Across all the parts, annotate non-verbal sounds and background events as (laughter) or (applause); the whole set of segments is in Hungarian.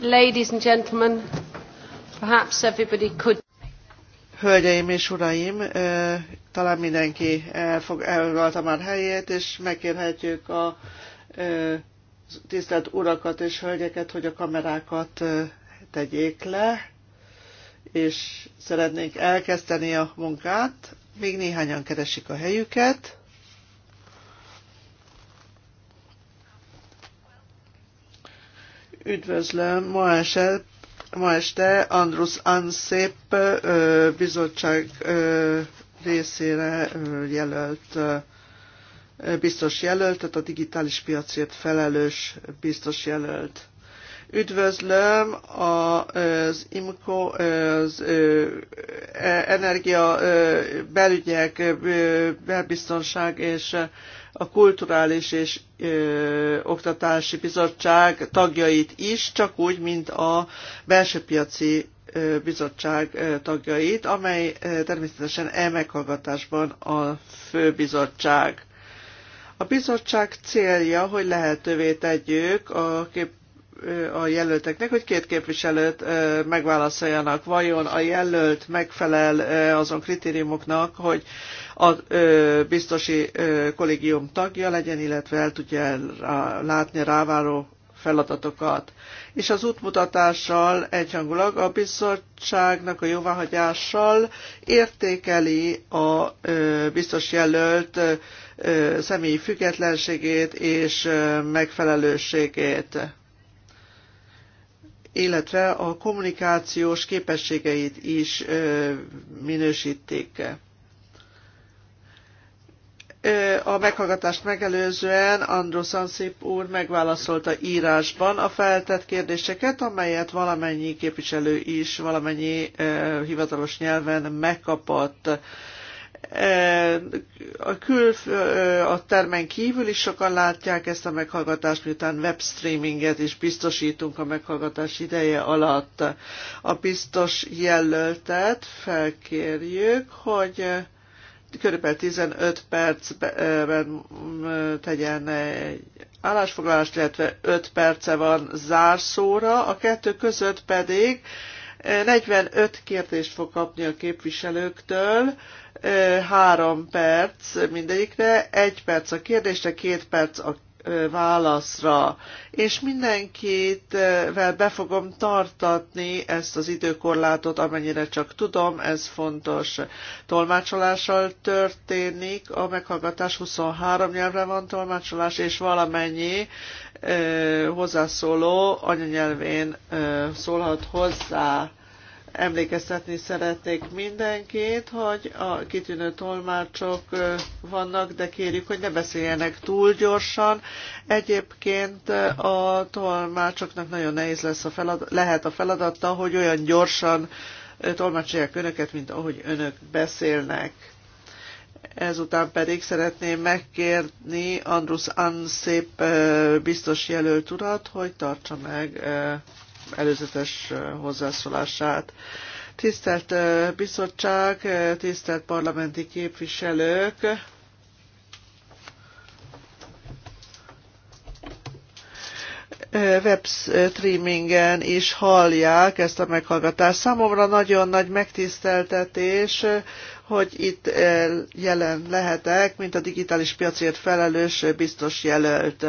Ladies and gentlemen, perhaps everybody could... Hölgyeim és uraim, talán mindenki elfog, elfoglalta már helyét, és megkérhetjük a tisztelt urakat és hölgyeket, hogy a kamerákat tegyék le, és szeretnénk elkezdeni a munkát. Még néhányan keresik a helyüket. Üdvözlöm ma, eset, ma este Andrus Ansép bizottság részére jelölt biztos jelölt, tehát a digitális piacért felelős biztos jelölt. Üdvözlöm az IMCO, az e, energia, belügyek, belbiztonság és a Kulturális és ö, Oktatási Bizottság tagjait is, csak úgy, mint a Belső Piaci Bizottság tagjait, amely természetesen e meghallgatásban a főbizottság. A bizottság célja, hogy lehetővé tegyük a a jelölteknek, hogy két képviselőt megválaszoljanak. Vajon a jelölt megfelel azon kritériumoknak, hogy a biztosi kollégium tagja legyen, illetve el tudja látni ráváró feladatokat. És az útmutatással egyhangulag a bizottságnak a jóváhagyással értékeli a biztos jelölt személyi függetlenségét és megfelelőségét illetve a kommunikációs képességeit is minősítik a meghallgatást megelőzően Andró Szanszép úr megválaszolta írásban a feltett kérdéseket, amelyet valamennyi képviselő is valamennyi hivatalos nyelven megkapott. A, kül, a termen kívül is sokan látják ezt a meghallgatást, miután webstreaminget is biztosítunk a meghallgatás ideje alatt. A biztos jelöltet felkérjük, hogy körülbelül 15 percben tegyen egy állásfoglalást, illetve 5 perce van zárszóra, a kettő között pedig 45 kérdést fog kapni a képviselőktől, 3 perc mindegyikre, 1 perc a kérdésre, 2 perc a válaszra, és mindenkitvel be fogom tartatni ezt az időkorlátot, amennyire csak tudom, ez fontos. Tolmácsolással történik, a meghallgatás 23 nyelvre van tolmácsolás, és valamennyi hozzászóló anyanyelvén szólhat hozzá. Emlékeztetni szeretnék mindenkit, hogy a kitűnő tolmácsok vannak, de kérjük, hogy ne beszéljenek túl gyorsan. Egyébként a tolmácsoknak nagyon nehéz lesz a feladat, lehet a feladata, hogy olyan gyorsan tolmácsolják önöket, mint ahogy önök beszélnek. Ezután pedig szeretném megkérni Andrus Anszép biztos jelölt urat, hogy tartsa meg előzetes hozzászólását. Tisztelt bizottság, tisztelt parlamenti képviselők! webstreamingen is hallják ezt a meghallgatást. Számomra nagyon nagy megtiszteltetés, hogy itt eh, jelen lehetek, mint a digitális piacért felelős eh, biztos jelölt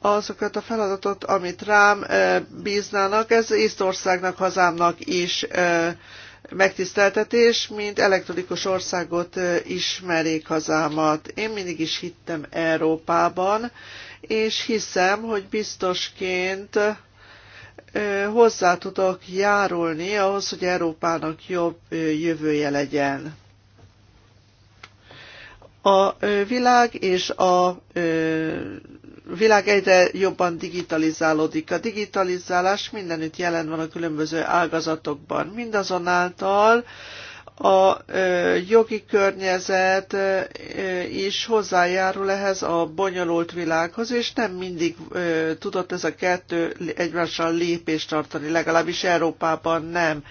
azokat a feladatot, amit rám eh, bíznának, ez Észtországnak, hazámnak is megtiszteltetés, mint elektronikus országot ismerik hazámat. Én mindig is hittem Európában, és hiszem, hogy biztosként hozzá tudok járulni ahhoz, hogy Európának jobb jövője legyen. A világ és a világ egyre jobban digitalizálódik. A digitalizálás mindenütt jelen van a különböző ágazatokban. Mindazonáltal a jogi környezet is hozzájárul ehhez a bonyolult világhoz, és nem mindig tudott ez a kettő egymással lépést tartani, legalábbis Európában nem.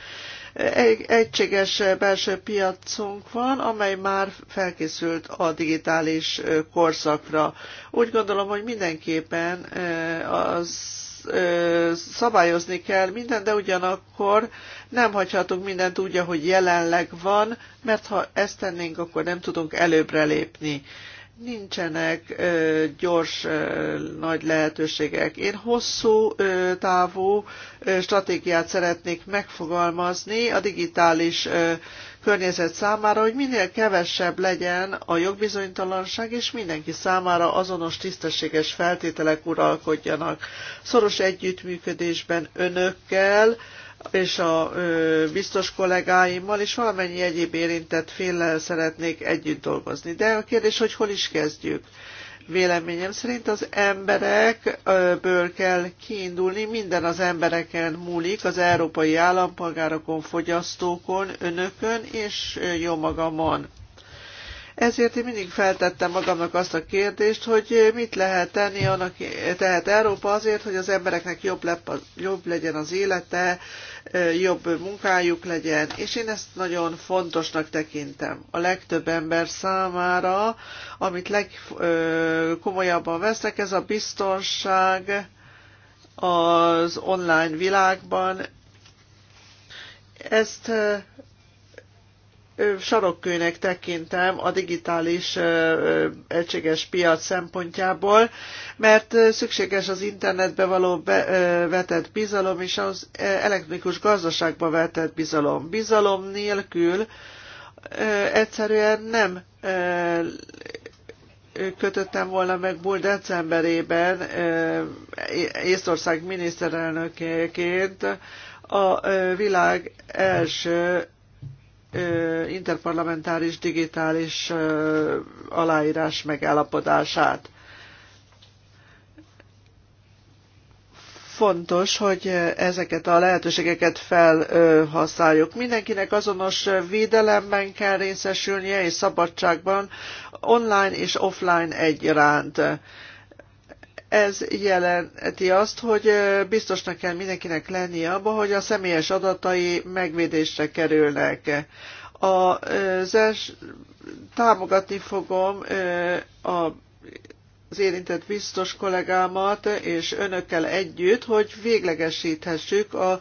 Egy egységes belső piacunk van, amely már felkészült a digitális korszakra. Úgy gondolom, hogy mindenképpen az szabályozni kell minden, de ugyanakkor nem hagyhatunk mindent úgy, ahogy jelenleg van, mert ha ezt tennénk, akkor nem tudunk előbbre lépni. Nincsenek ö, gyors, ö, nagy lehetőségek. Én hosszú ö, távú ö, stratégiát szeretnék megfogalmazni a digitális ö, környezet számára, hogy minél kevesebb legyen a jogbizonytalanság, és mindenki számára azonos tisztességes feltételek uralkodjanak. Szoros együttműködésben önökkel, és a ö, biztos kollégáimmal, és valamennyi egyéb érintett féllel szeretnék együtt dolgozni. De a kérdés, hogy hol is kezdjük. Véleményem szerint az emberekből kell kiindulni, minden az embereken múlik, az európai állampolgárokon, fogyasztókon, önökön és jómagamon. Ezért én mindig feltettem magamnak azt a kérdést, hogy mit lehet tenni, annak, tehát Európa azért, hogy az embereknek jobb, jobb legyen az élete, jobb munkájuk legyen, és én ezt nagyon fontosnak tekintem. A legtöbb ember számára, amit legkomolyabban vesznek, ez a biztonság az online világban. Ezt sarokkőnek tekintem a digitális egységes piac szempontjából, mert szükséges az internetbe való vetett bizalom és az elektronikus gazdaságba vetett bizalom. Bizalom nélkül egyszerűen nem kötöttem volna meg múlt decemberében Észország miniszterelnökéként a világ első interparlamentáris digitális aláírás megállapodását. fontos, hogy ezeket a lehetőségeket felhasználjuk. Mindenkinek azonos védelemben kell részesülnie és szabadságban, online és offline egyaránt ez jelenti azt, hogy biztosnak kell mindenkinek lennie abba, hogy a személyes adatai megvédésre kerülnek. A, els, támogatni fogom a az érintett biztos kollégámat és önökkel együtt, hogy véglegesíthessük az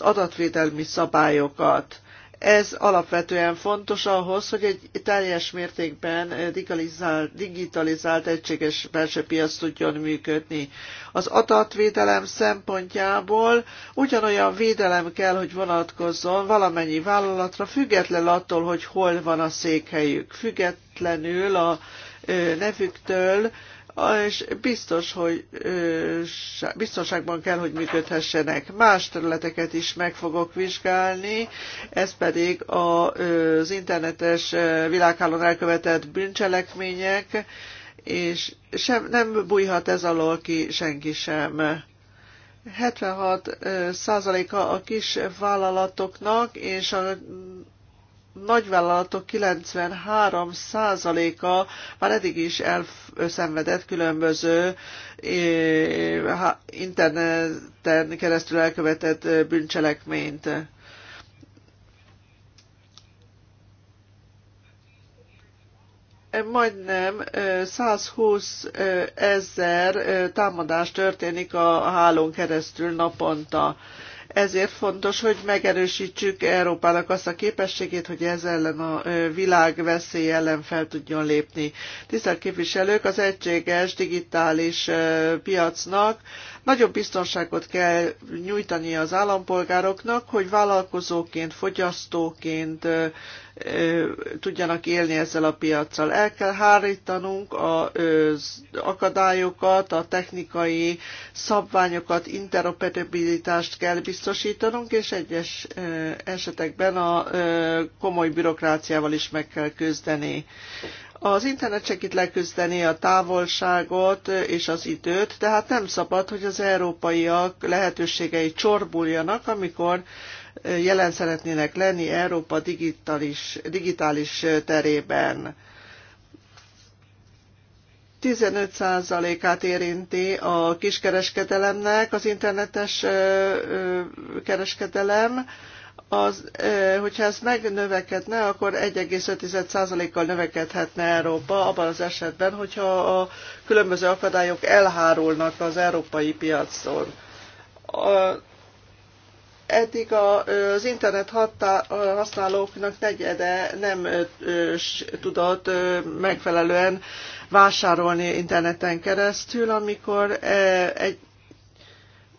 adatvédelmi szabályokat. Ez alapvetően fontos ahhoz, hogy egy teljes mértékben digitalizált, digitalizált egységes belső piac tudjon működni. Az adatvédelem szempontjából ugyanolyan védelem kell, hogy vonatkozzon valamennyi vállalatra, független attól, hogy hol van a székhelyük, függetlenül a nevüktől, és biztos, hogy biztonságban kell, hogy működhessenek. Más területeket is meg fogok vizsgálni, ez pedig az internetes világhálón elkövetett bűncselekmények, és sem, nem bújhat ez alól ki senki sem. 76 százaléka a kis vállalatoknak, és a nagyvállalatok 93%-a már eddig is elszenvedett különböző interneten keresztül elkövetett bűncselekményt. majdnem 120 ezer támadás történik a hálón keresztül naponta. Ezért fontos, hogy megerősítsük Európának azt a képességét, hogy ez ellen a világ veszély ellen fel tudjon lépni. Tisztelt képviselők, az egységes digitális piacnak Nagyobb biztonságot kell nyújtani az állampolgároknak, hogy vállalkozóként, fogyasztóként tudjanak élni ezzel a piaccal. El kell hárítanunk az akadályokat, a technikai szabványokat, interoperabilitást kell biztosítanunk, és egyes esetekben a komoly bürokráciával is meg kell küzdeni. Az internet segít leküzdeni a távolságot és az időt, tehát nem szabad, hogy az európaiak lehetőségei csorbuljanak, amikor eh, jelen szeretnének lenni Európa digitális, digitális eh, terében. 15%-át érinti a kiskereskedelemnek az internetes eh, kereskedelem, az, hogyha ez megnövekedne, akkor 1,5%-kal növekedhetne Európa abban az esetben, hogyha a különböző akadályok elhárulnak az európai piacon. A, eddig az internet hatá, használóknak negyede nem tudott megfelelően vásárolni interneten keresztül, amikor egy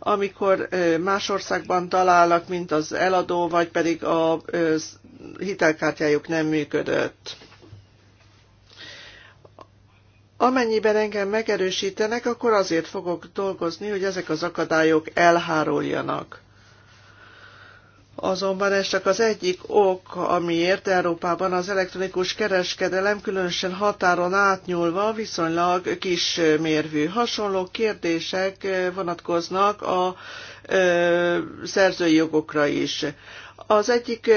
amikor más országban találnak, mint az eladó, vagy pedig a hitelkártyájuk nem működött. Amennyiben engem megerősítenek, akkor azért fogok dolgozni, hogy ezek az akadályok elháruljanak. Azonban ez csak az egyik ok, amiért Európában az elektronikus kereskedelem különösen határon átnyúlva viszonylag mérvű Hasonló kérdések vonatkoznak a ö, szerzői jogokra is. Az egyik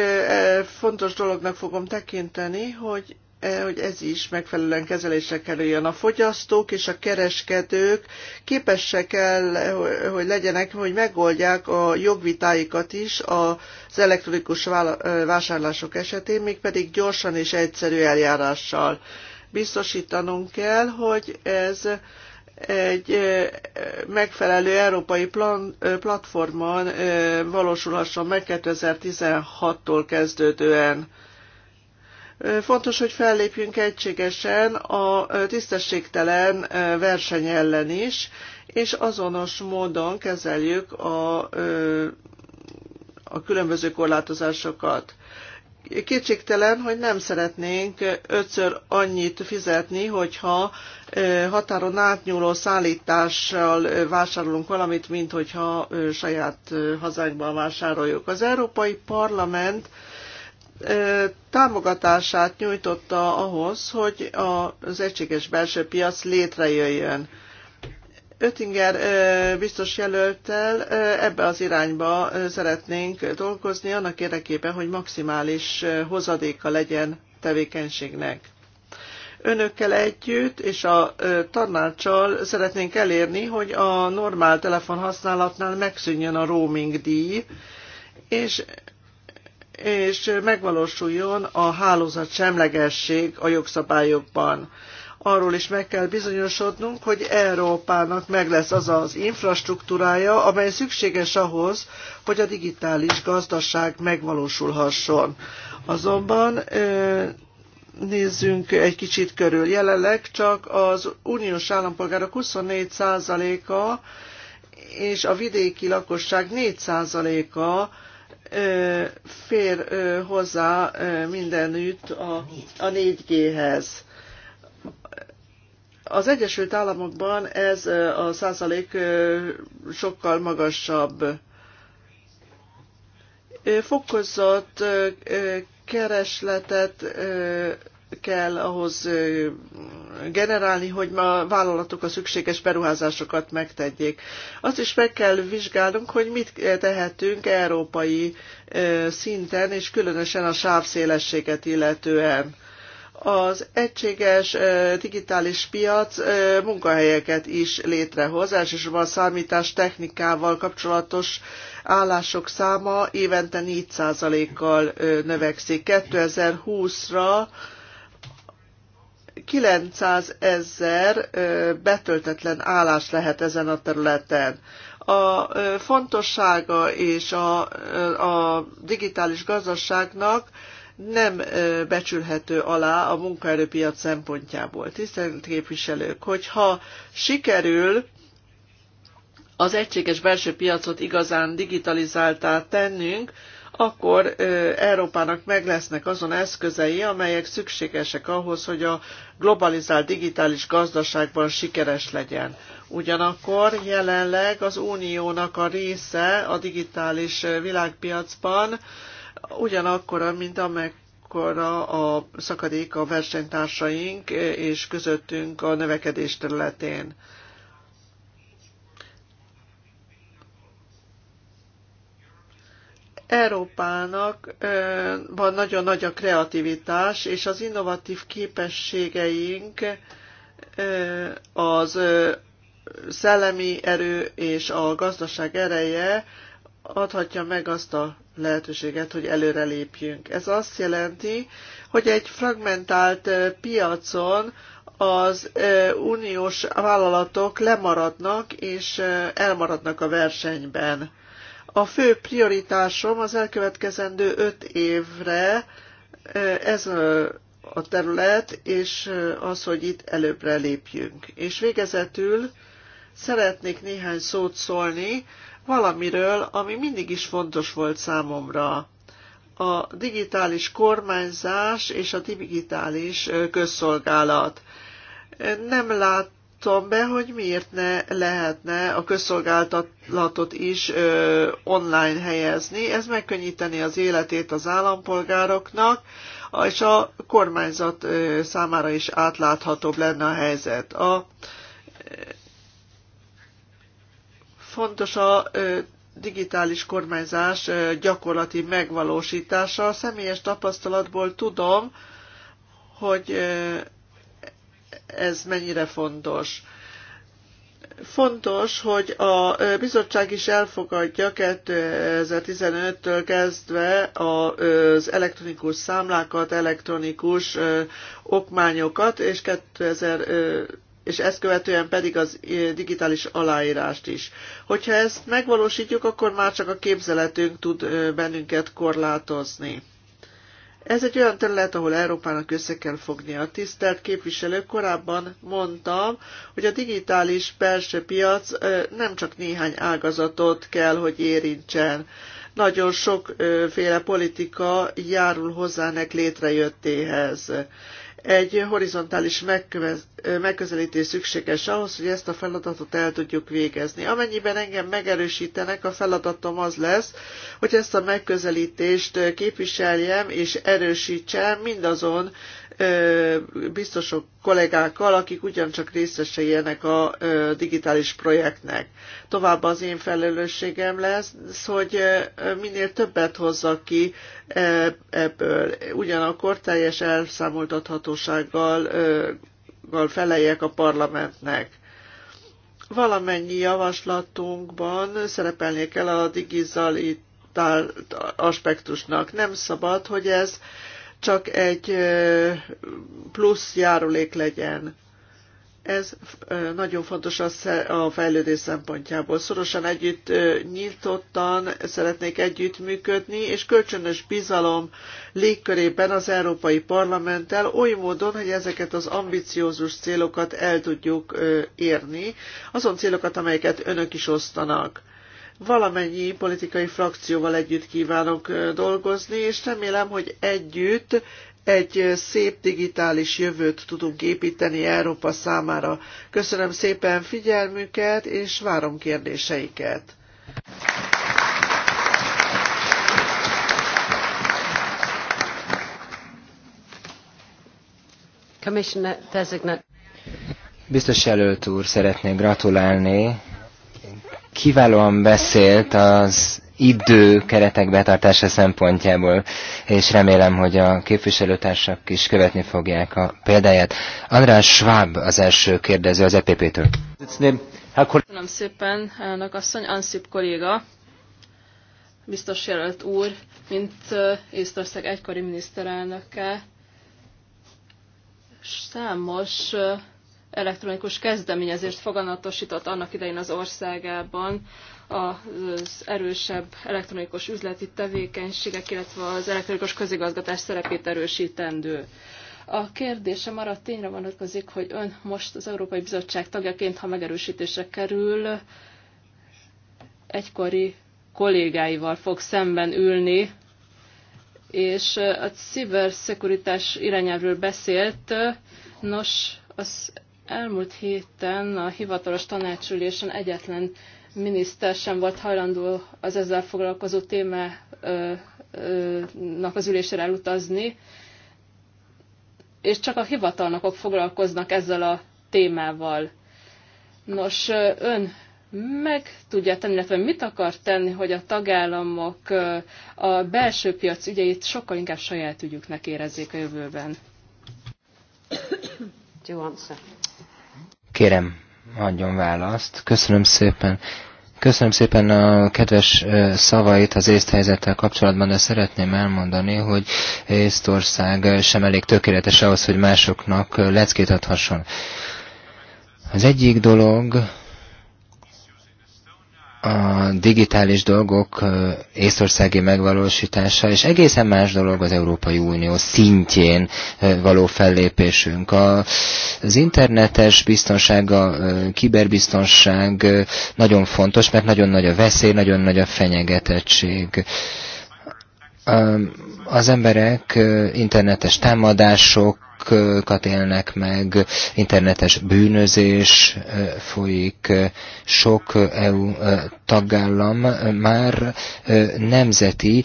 fontos dolognak fogom tekinteni, hogy E, hogy ez is megfelelően kezelésre kerüljön. A fogyasztók és a kereskedők képesek el, hogy legyenek, hogy megoldják a jogvitáikat is az elektronikus e, vásárlások esetén, mégpedig gyorsan és egyszerű eljárással. Biztosítanunk kell, hogy ez egy e, megfelelő európai plan, platformon valósulhasson meg 2016-tól kezdődően. Fontos, hogy fellépjünk egységesen a tisztességtelen verseny ellen is, és azonos módon kezeljük a, a különböző korlátozásokat. Kétségtelen, hogy nem szeretnénk ötször annyit fizetni, hogyha határon átnyúló szállítással vásárolunk valamit, mint hogyha saját hazánkban vásároljuk. Az Európai Parlament támogatását nyújtotta ahhoz, hogy az egységes belső piac létrejöjjön. Öttinger biztos jelöltel ebbe az irányba szeretnénk dolgozni, annak érdekében, hogy maximális hozadéka legyen tevékenységnek. Önökkel együtt és a tanácssal szeretnénk elérni, hogy a normál telefonhasználatnál megszűnjön a roaming díj, és és megvalósuljon a hálózat semlegesség a jogszabályokban. Arról is meg kell bizonyosodnunk, hogy Európának meg lesz az az infrastruktúrája, amely szükséges ahhoz, hogy a digitális gazdaság megvalósulhasson. Azonban nézzünk egy kicsit körül. Jelenleg csak az uniós állampolgárok 24%-a és a vidéki lakosság 4%-a fér hozzá mindenütt a, a 4G-hez. Az Egyesült Államokban ez a százalék sokkal magasabb. Fokozott keresletet kell ahhoz generálni, hogy ma a vállalatok a szükséges beruházásokat megtegyék. Azt is meg kell vizsgálnunk, hogy mit tehetünk európai szinten, és különösen a sávszélességet illetően. Az egységes digitális piac munkahelyeket is létrehoz, elsősorban a számítás technikával kapcsolatos állások száma évente 4%-kal növekszik. 2020-ra 900 ezer betöltetlen állás lehet ezen a területen. A fontossága és a, a digitális gazdaságnak nem becsülhető alá a munkaerőpiac szempontjából. Tisztelt képviselők, hogyha sikerül az egységes belső piacot igazán digitalizáltá tennünk, akkor Európának meg lesznek azon eszközei, amelyek szükségesek ahhoz, hogy a globalizált digitális gazdaságban sikeres legyen. Ugyanakkor jelenleg az uniónak a része a digitális világpiacban ugyanakkora, mint amekkora a szakadék a versenytársaink és közöttünk a növekedés területén. Európának van nagyon nagy a kreativitás, és az innovatív képességeink az szellemi erő és a gazdaság ereje adhatja meg azt a lehetőséget, hogy előrelépjünk. Ez azt jelenti, hogy egy fragmentált piacon az uniós vállalatok lemaradnak és elmaradnak a versenyben a fő prioritásom az elkövetkezendő öt évre ez a terület, és az, hogy itt előbbre lépjünk. És végezetül szeretnék néhány szót szólni valamiről, ami mindig is fontos volt számomra. A digitális kormányzás és a digitális közszolgálat. Nem lát tudom be, hogy miért ne lehetne a közszolgáltatlatot is ö, online helyezni. Ez megkönnyíteni az életét az állampolgároknak, és a kormányzat ö, számára is átláthatóbb lenne a helyzet. A, ö, fontos a ö, digitális kormányzás ö, gyakorlati megvalósítása. A személyes tapasztalatból tudom, hogy ö, ez mennyire fontos. Fontos, hogy a bizottság is elfogadja 2015-től kezdve az elektronikus számlákat, elektronikus okmányokat, és 2000 és ezt követően pedig az digitális aláírást is. Hogyha ezt megvalósítjuk, akkor már csak a képzeletünk tud bennünket korlátozni. Ez egy olyan terület, ahol Európának össze kell fognia. Tisztelt képviselő, korábban mondtam, hogy a digitális belső piac nem csak néhány ágazatot kell, hogy érintsen. Nagyon sokféle politika járul hozzá nek létrejöttéhez egy horizontális megközelítés szükséges ahhoz, hogy ezt a feladatot el tudjuk végezni. Amennyiben engem megerősítenek, a feladatom az lesz, hogy ezt a megközelítést képviseljem és erősítsem mindazon biztosok kollégákkal, akik ugyancsak részesei ennek a digitális projektnek. Továbbá az én felelősségem lesz, hogy minél többet hozzak ki ebből, ugyanakkor teljes elszámoltathatósággal feleljek a parlamentnek. Valamennyi javaslatunkban szerepelnie kell a digitalitált aspektusnak. Nem szabad, hogy ez csak egy plusz járulék legyen. Ez nagyon fontos a fejlődés szempontjából. Szorosan együtt nyíltottan szeretnék együttműködni, és kölcsönös bizalom légkörében az Európai Parlamenttel oly módon, hogy ezeket az ambiciózus célokat el tudjuk érni, azon célokat, amelyeket önök is osztanak. Valamennyi politikai frakcióval együtt kívánok dolgozni, és remélem, hogy együtt egy szép digitális jövőt tudunk építeni Európa számára. Köszönöm szépen figyelmüket, és várom kérdéseiket. Biztos jelölt úr, szeretnék gratulálni kiválóan beszélt az idő keretek betartása szempontjából, és remélem, hogy a képviselőtársak is követni fogják a példáját. András Schwab az első kérdező az EPP-től. Köszönöm szépen, elnök asszony, Ansip kolléga, biztos jelölt úr, mint Észtország egykori miniszterelnöke, számos elektronikus kezdeményezést foganatosított annak idején az országában az erősebb elektronikus üzleti tevékenységek, illetve az elektronikus közigazgatás szerepét erősítendő. A kérdése maradt tényre vonatkozik, hogy ön most az Európai Bizottság tagjaként, ha megerősítésre kerül, egykori kollégáival fog szemben ülni, és a ciberszekuritás irányelvről beszélt. Nos, az Elmúlt héten a hivatalos tanácsülésen egyetlen miniszter sem volt hajlandó az ezzel foglalkozó témának az ülésre elutazni, és csak a hivatalnokok foglalkoznak ezzel a témával. Nos, ön meg tudja tenni, illetve mit akar tenni, hogy a tagállamok a belső piac ügyeit sokkal inkább saját ügyüknek érezzék a jövőben? Do you answer? Kérem, adjon választ. Köszönöm szépen. Köszönöm szépen a kedves szavait az észthelyzettel helyzettel kapcsolatban, de szeretném elmondani, hogy Észtország sem elég tökéletes ahhoz, hogy másoknak leckét adhasson. Az egyik dolog, a digitális dolgok észországi megvalósítása, és egészen más dolog az Európai Unió szintjén való fellépésünk. A, az internetes biztonság, a kiberbiztonság nagyon fontos, mert nagyon nagy a veszély, nagyon nagy a fenyegetettség. Az emberek internetes támadások, erőszakat élnek meg, internetes bűnözés folyik, sok EU tagállam már nemzeti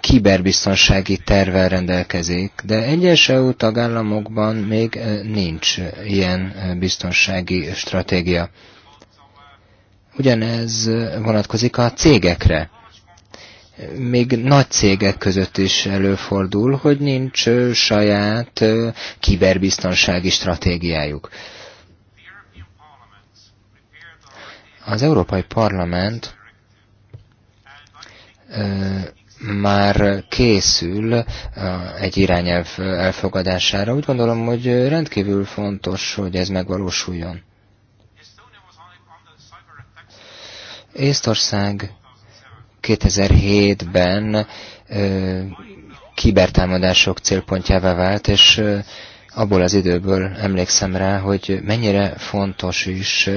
kiberbiztonsági tervel rendelkezik, de egyes EU tagállamokban még nincs ilyen biztonsági stratégia. Ugyanez vonatkozik a cégekre még nagy cégek között is előfordul, hogy nincs saját kiberbiztonsági stratégiájuk. Az Európai Parlament már készül egy irányelv elfogadására. Úgy gondolom, hogy rendkívül fontos, hogy ez megvalósuljon. Észtország 2007-ben kibertámadások célpontjává vált, és abból az időből emlékszem rá, hogy mennyire fontos is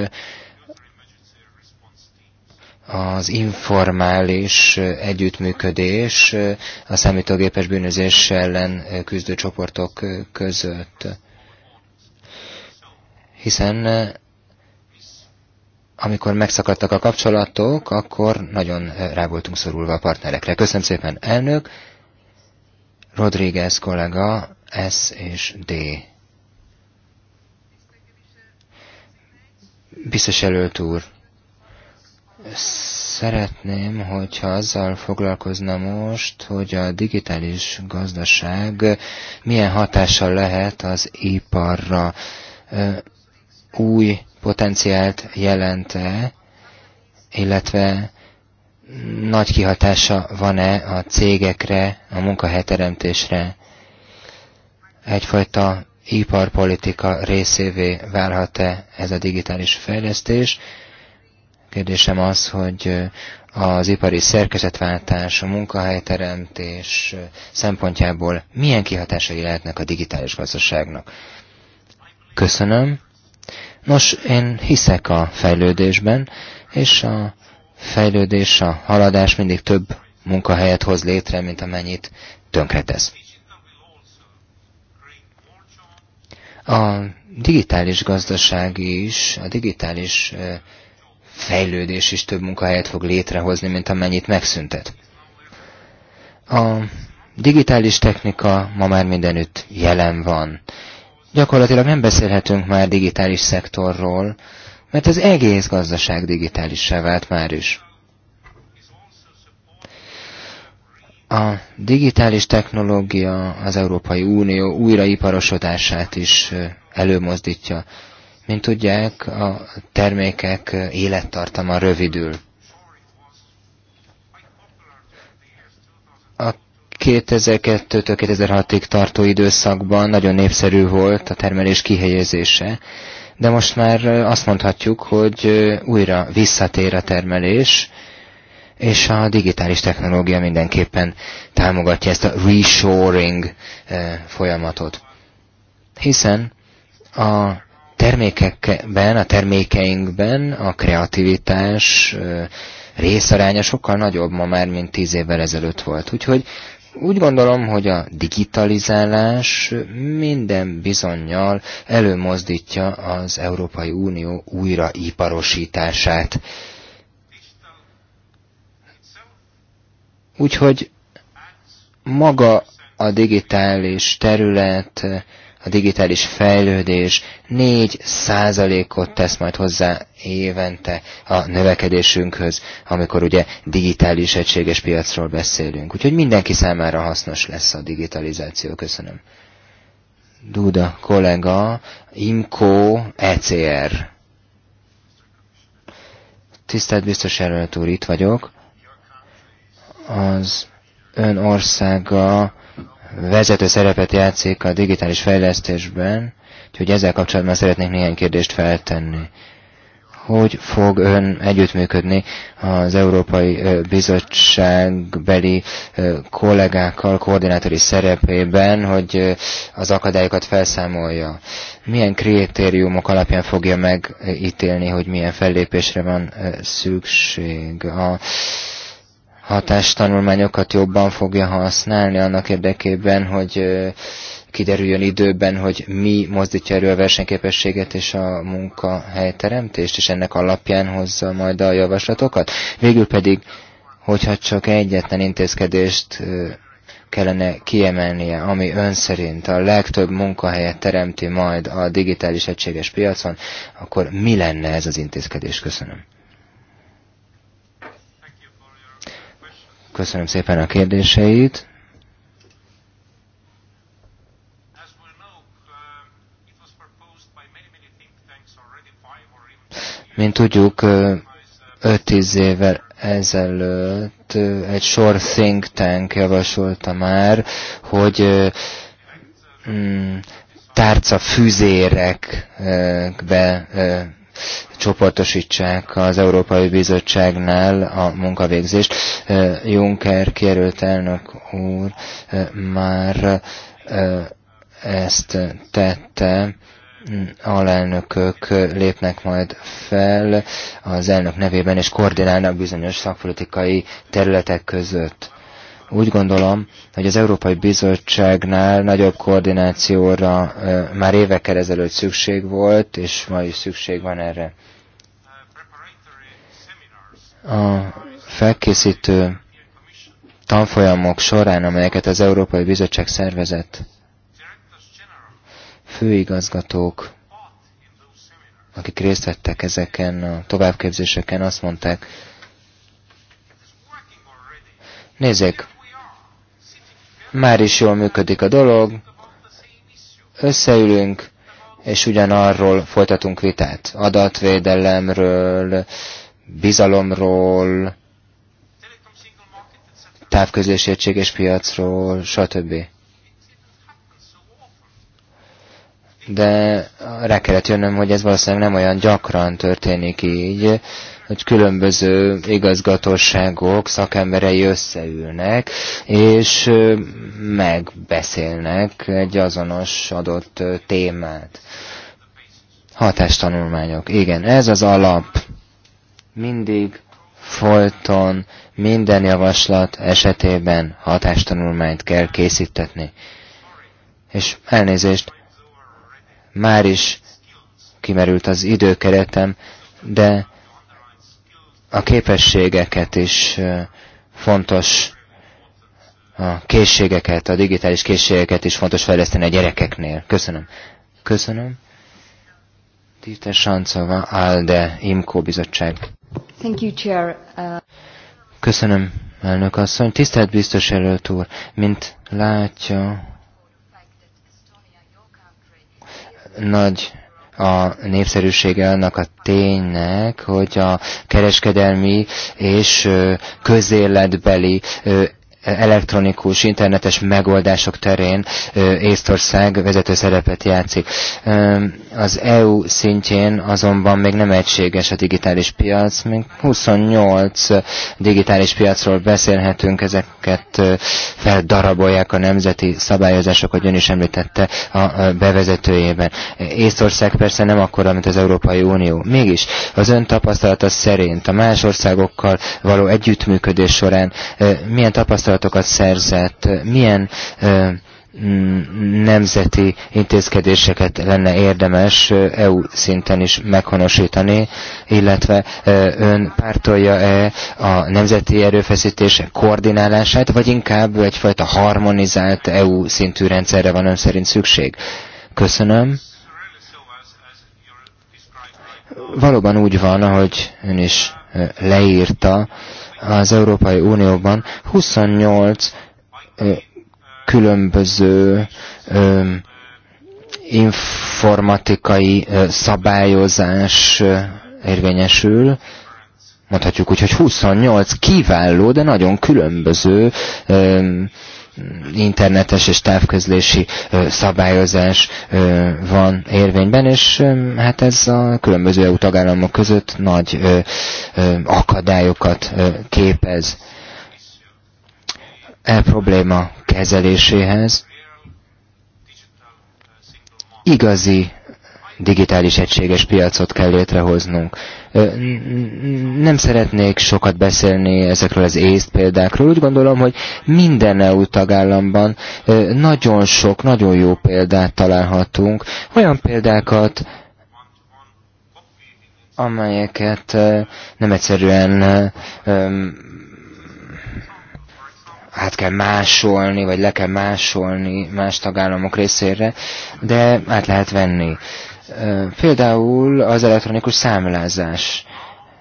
az informális együttműködés a számítógépes bűnözés ellen küzdő csoportok között. Hiszen amikor megszakadtak a kapcsolatok, akkor nagyon eh, rá voltunk szorulva a partnerekre. Köszönöm szépen, elnök! Rodriguez kollega, S és D. Biztos előtt úr, szeretném, hogyha azzal foglalkozna most, hogy a digitális gazdaság milyen hatással lehet az iparra. Új potenciált jelente, illetve nagy kihatása van-e a cégekre, a munkahelyteremtésre. Egyfajta iparpolitika részévé válhat-e ez a digitális fejlesztés? Kérdésem az, hogy az ipari szerkezetváltás, a munkahelyteremtés szempontjából milyen kihatásai lehetnek a digitális gazdaságnak. Köszönöm. Nos, én hiszek a fejlődésben, és a fejlődés, a haladás mindig több munkahelyet hoz létre, mint amennyit tönkretesz. A digitális gazdaság is, a digitális fejlődés is több munkahelyet fog létrehozni, mint amennyit megszüntet. A digitális technika ma már mindenütt jelen van gyakorlatilag nem beszélhetünk már digitális szektorról, mert az egész gazdaság digitálissá vált már is. A digitális technológia az Európai Unió újraiparosodását is előmozdítja. Mint tudják, a termékek élettartama rövidül. 2002-től 2006-ig tartó időszakban nagyon népszerű volt a termelés kihelyezése, de most már azt mondhatjuk, hogy újra visszatér a termelés, és a digitális technológia mindenképpen támogatja ezt a reshoring folyamatot. Hiszen a termékekben, a termékeinkben a kreativitás részaránya sokkal nagyobb ma már, mint tíz évvel ezelőtt volt. Úgyhogy úgy gondolom, hogy a digitalizálás minden bizonyal előmozdítja az Európai Unió újraiparosítását. Úgyhogy maga a digitális terület a digitális fejlődés 4 százalékot tesz majd hozzá évente a növekedésünkhöz, amikor ugye digitális egységes piacról beszélünk. Úgyhogy mindenki számára hasznos lesz a digitalizáció. Köszönöm. Duda kollega, IMCO, ECR. Tisztelt biztos jelölt úr, itt vagyok. Az ön országa vezető szerepet játszik a digitális fejlesztésben, úgyhogy ezzel kapcsolatban szeretnék néhány kérdést feltenni. Hogy fog ön együttműködni az Európai Bizottság beli kollégákkal koordinátori szerepében, hogy az akadályokat felszámolja? Milyen kritériumok alapján fogja megítélni, hogy milyen fellépésre van szükség? A hatástanulmányokat jobban fogja használni annak érdekében, hogy kiderüljön időben, hogy mi mozdítja elő a versenyképességet és a munkahelyteremtést, és ennek alapján hozza majd a javaslatokat. Végül pedig, hogyha csak egyetlen intézkedést kellene kiemelnie, ami ön szerint a legtöbb munkahelyet teremti majd a digitális egységes piacon, akkor mi lenne ez az intézkedés? Köszönöm. Köszönöm szépen a kérdéseit. Mint tudjuk, 5-10 évvel ezelőtt egy sor think tank javasolta már, hogy mm, tárcafűzérekbe csoportosítsák az Európai Bizottságnál a munkavégzést. Juncker kérült elnök úr már ezt tette, alelnökök lépnek majd fel az elnök nevében, és koordinálnak bizonyos szakpolitikai területek között. Úgy gondolom, hogy az Európai Bizottságnál nagyobb koordinációra már évekkel ezelőtt szükség volt, és ma is szükség van erre. A felkészítő tanfolyamok során, amelyeket az Európai Bizottság szervezett, főigazgatók, akik részt vettek ezeken a továbbképzéseken, azt mondták, nézzék, már is jól működik a dolog, összeülünk, és ugyanarról folytatunk vitát. Adatvédelemről, bizalomról, távközlési egységes piacról, stb. De rá kellett jönnöm, hogy ez valószínűleg nem olyan gyakran történik így, hogy különböző igazgatóságok szakemberei összeülnek, és megbeszélnek egy azonos adott témát. Hatástanulmányok. Igen, ez az alap. Mindig folyton minden javaslat esetében hatástanulmányt kell készítetni. És elnézést, már is kimerült az időkeretem, de a képességeket is fontos, a készségeket, a digitális készségeket is fontos fejleszteni a gyerekeknél. Köszönöm. Köszönöm. Tite Sancova, ALDE, Imkó bizottság. Thank you, Chair. Uh, Köszönöm, elnök asszony. Tisztelt biztos előtt úr, mint látja, nagy a népszerűsége annak a ténynek, hogy a kereskedelmi és közéletbeli elektronikus, internetes megoldások terén Észtország vezető szerepet játszik. Az EU szintjén azonban még nem egységes a digitális piac, még 28 digitális piacról beszélhetünk, ezeket feldarabolják a nemzeti szabályozások, hogy ön is említette a bevezetőjében. Észtország persze nem akkora, mint az Európai Unió. Mégis az ön tapasztalata szerint a más országokkal való együttműködés során milyen tapasztalat tapasztalatokat szerzett, milyen mm, nemzeti intézkedéseket lenne érdemes EU szinten is meghonosítani, illetve ön pártolja-e a nemzeti erőfeszítés koordinálását, vagy inkább egyfajta harmonizált EU szintű rendszerre van ön szerint szükség? Köszönöm. Valóban úgy van, ahogy ön is leírta, az Európai Unióban 28 különböző informatikai szabályozás érvényesül, mondhatjuk úgy, hogy 28 kiváló, de nagyon különböző internetes és távközlési szabályozás van érvényben, és hát ez a különböző EU tagállamok között nagy akadályokat képez. E probléma kezeléséhez igazi digitális egységes piacot kell létrehoznunk. Nem szeretnék sokat beszélni ezekről az észt példákról. Úgy gondolom, hogy minden EU tagállamban nagyon sok, nagyon jó példát találhatunk. Olyan példákat, amelyeket nem egyszerűen hát kell másolni, vagy le kell másolni más tagállamok részére, de át lehet venni. Például az elektronikus számlázás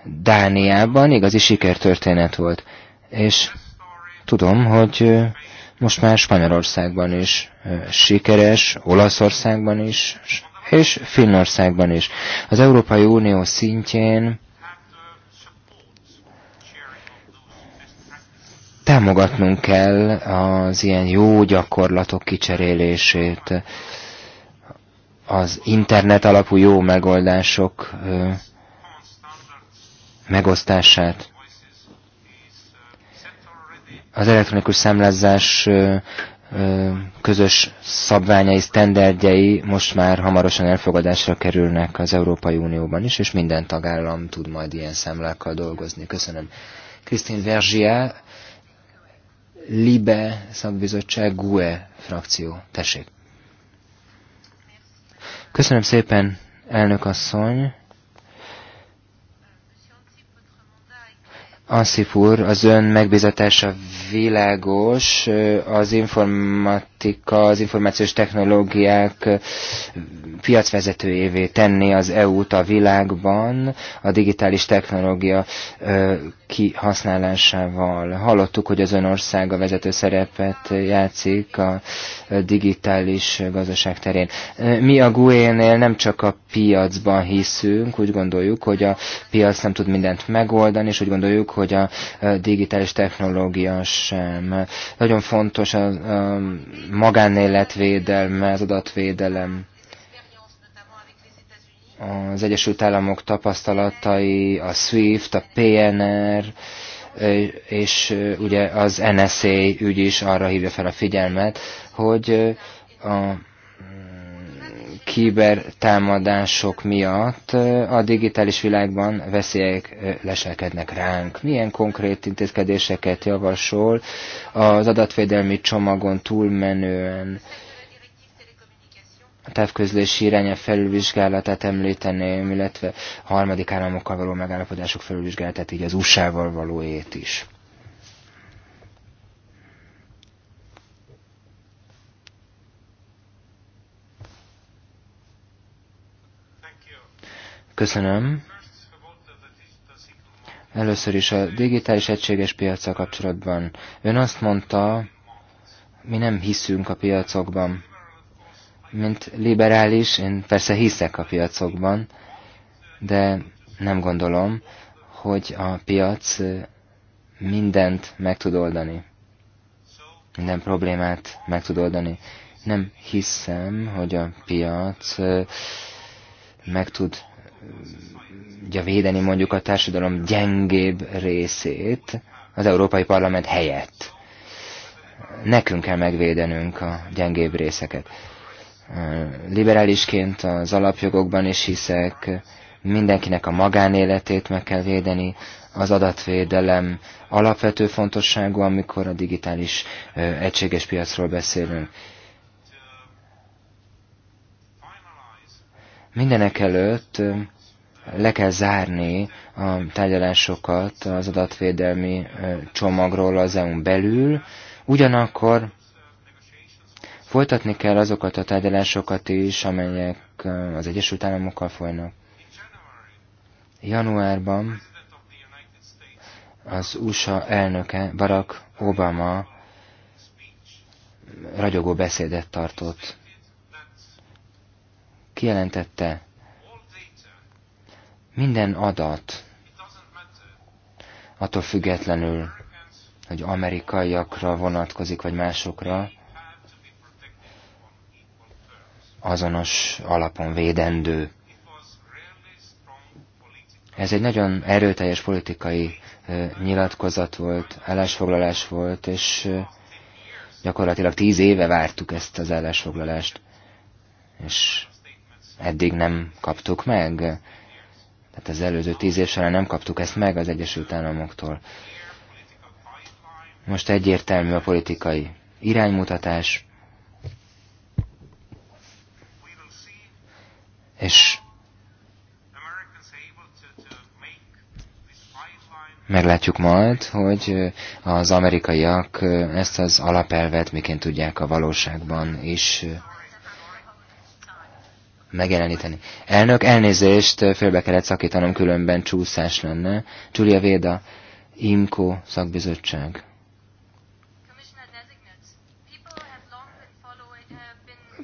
Dániában igazi sikertörténet volt, és tudom, hogy most már Spanyolországban is sikeres, Olaszországban is, és Finnországban is. Az Európai Unió szintjén támogatnunk kell az ilyen jó gyakorlatok kicserélését, az internet alapú jó megoldások megosztását. Az elektronikus számlázás közös szabványai, sztenderdjei most már hamarosan elfogadásra kerülnek az Európai Unióban is, és minden tagállam tud majd ilyen számlákkal dolgozni. Köszönöm. Krisztin Vergia, Libe szabbizottság, GUE frakció. Tessék. Köszönöm szépen, elnök asszony. Anszif úr, az ön megbízatása világos, az informat politika, az információs technológiák piacvezetőjévé tenni az EU-t a világban a digitális technológia kihasználásával. Hallottuk, hogy az ország a vezető szerepet játszik a digitális gazdaság terén. Mi a GUE-nél nem csak a piacban hiszünk, úgy gondoljuk, hogy a piac nem tud mindent megoldani, és úgy gondoljuk, hogy a digitális technológia sem. Nagyon fontos a, a magánéletvédelme, az adatvédelem az Egyesült Államok tapasztalatai, a SWIFT, a PNR, és ugye az NSA ügy is arra hívja fel a figyelmet, hogy a támadások miatt a digitális világban veszélyek leselkednek ránk. Milyen konkrét intézkedéseket javasol az adatvédelmi csomagon túlmenően? A távközlési iránya felülvizsgálatát említeném, illetve a harmadik államokkal való megállapodások felülvizsgálatát, így az USA-val valóét is. Köszönöm. Először is a digitális egységes piacsal kapcsolatban. Ön azt mondta, mi nem hiszünk a piacokban. Mint liberális, én persze hiszek a piacokban, de nem gondolom, hogy a piac mindent meg tud oldani. Minden problémát meg tud oldani. Nem hiszem, hogy a piac meg tud ugye védeni mondjuk a társadalom gyengébb részét az Európai Parlament helyett. Nekünk kell megvédenünk a gyengébb részeket. Liberálisként az alapjogokban is hiszek, mindenkinek a magánéletét meg kell védeni, az adatvédelem alapvető fontosságú, amikor a digitális egységes piacról beszélünk. Mindenek előtt le kell zárni a tárgyalásokat az adatvédelmi csomagról az EU-n belül, ugyanakkor folytatni kell azokat a tárgyalásokat is, amelyek az Egyesült Államokkal folynak. Januárban az USA elnöke Barack Obama ragyogó beszédet tartott kijelentette, minden adat, attól függetlenül, hogy amerikaiakra vonatkozik, vagy másokra, azonos alapon védendő. Ez egy nagyon erőteljes politikai nyilatkozat volt, állásfoglalás volt, és gyakorlatilag tíz éve vártuk ezt az állásfoglalást. És eddig nem kaptuk meg. Tehát az előző tíz év során nem kaptuk ezt meg az Egyesült Államoktól. Most egyértelmű a politikai iránymutatás, és meglátjuk majd, hogy az amerikaiak ezt az alapelvet miként tudják a valóságban is megjeleníteni. Elnök, elnézést, félbe kellett szakítanom, különben csúszás lenne. Julia Véda, IMCO szakbizottság.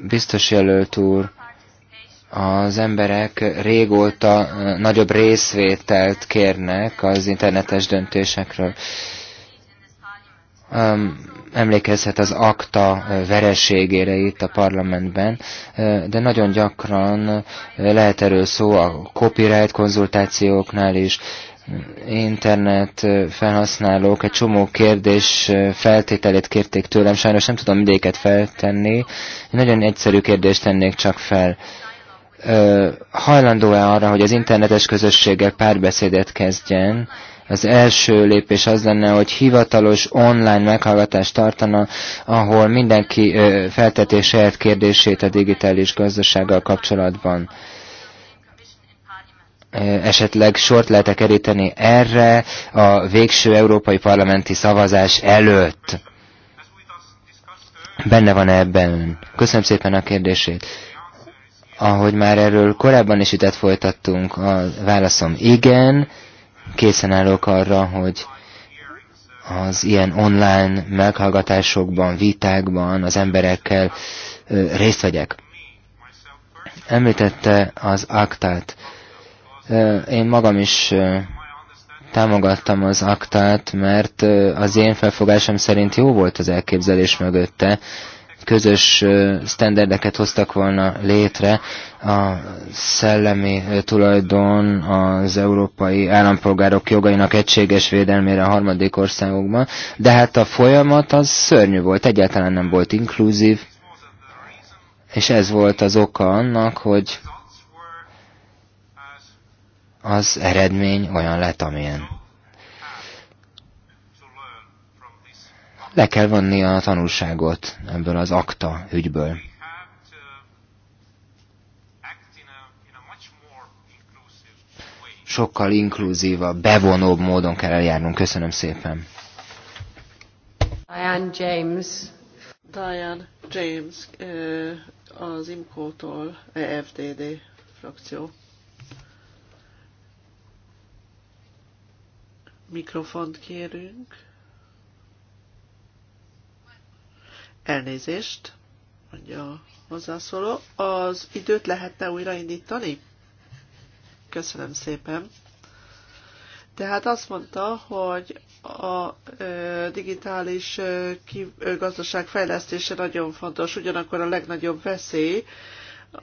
Biztos jelölt úr, az emberek régóta nagyobb részvételt kérnek az internetes döntésekről emlékezhet az akta vereségére itt a parlamentben, de nagyon gyakran lehet erről szó a copyright konzultációknál is, internet felhasználók egy csomó kérdés feltételét kérték tőlem, sajnos nem tudom mindéket feltenni. Én nagyon egyszerű kérdést tennék csak fel. Hajlandó-e arra, hogy az internetes közösséggel párbeszédet kezdjen, az első lépés az lenne, hogy hivatalos online meghallgatást tartana, ahol mindenki felteti saját kérdését a digitális gazdasággal kapcsolatban esetleg sort lehet -e keríteni erre a végső európai parlamenti szavazás előtt? Benne van -e ebben? Köszönöm szépen a kérdését. Ahogy már erről korábban is ütett folytattunk, a válaszom igen, készen állok arra, hogy az ilyen online meghallgatásokban, vitákban az emberekkel részt vegyek. Említette az aktát. Én magam is támogattam az aktát, mert az én felfogásom szerint jó volt az elképzelés mögötte, közös sztenderdeket hoztak volna létre, a szellemi tulajdon az európai állampolgárok jogainak egységes védelmére a harmadik országokban, de hát a folyamat az szörnyű volt, egyáltalán nem volt inkluzív, és ez volt az oka annak, hogy az eredmény olyan lett, amilyen. Le kell vonni a tanulságot ebből az akta ügyből. Sokkal inkluzívabb, bevonóbb módon kell eljárnunk. Köszönöm szépen. Diane James. Diane James az IMCO-tól, FDD frakció. Mikrofont kérünk. Elnézést, mondja a hozzászóló. Az időt lehetne újraindítani? Köszönöm szépen. Tehát azt mondta, hogy a digitális gazdaság fejlesztése nagyon fontos, ugyanakkor a legnagyobb veszély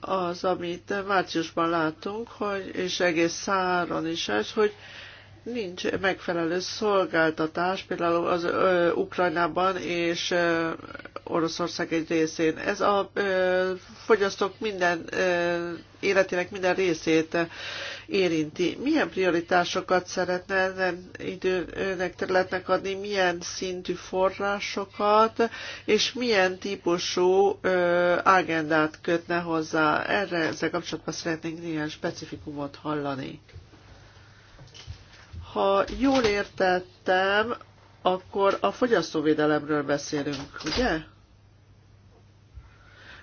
az, amit márciusban látunk, hogy, és egész száron is ez, hogy nincs megfelelő szolgáltatás, például az ö, Ukrajnában és ö, Oroszország egy részén. Ez a ö, fogyasztók minden ö, életének minden részét érinti. Milyen prioritásokat szeretne ezen időnek, területnek adni, milyen szintű forrásokat, és milyen típusú ö, agendát kötne hozzá. Erre ezzel kapcsolatban szeretnénk néhány specifikumot hallani. Ha jól értettem, akkor a fogyasztóvédelemről beszélünk, ugye?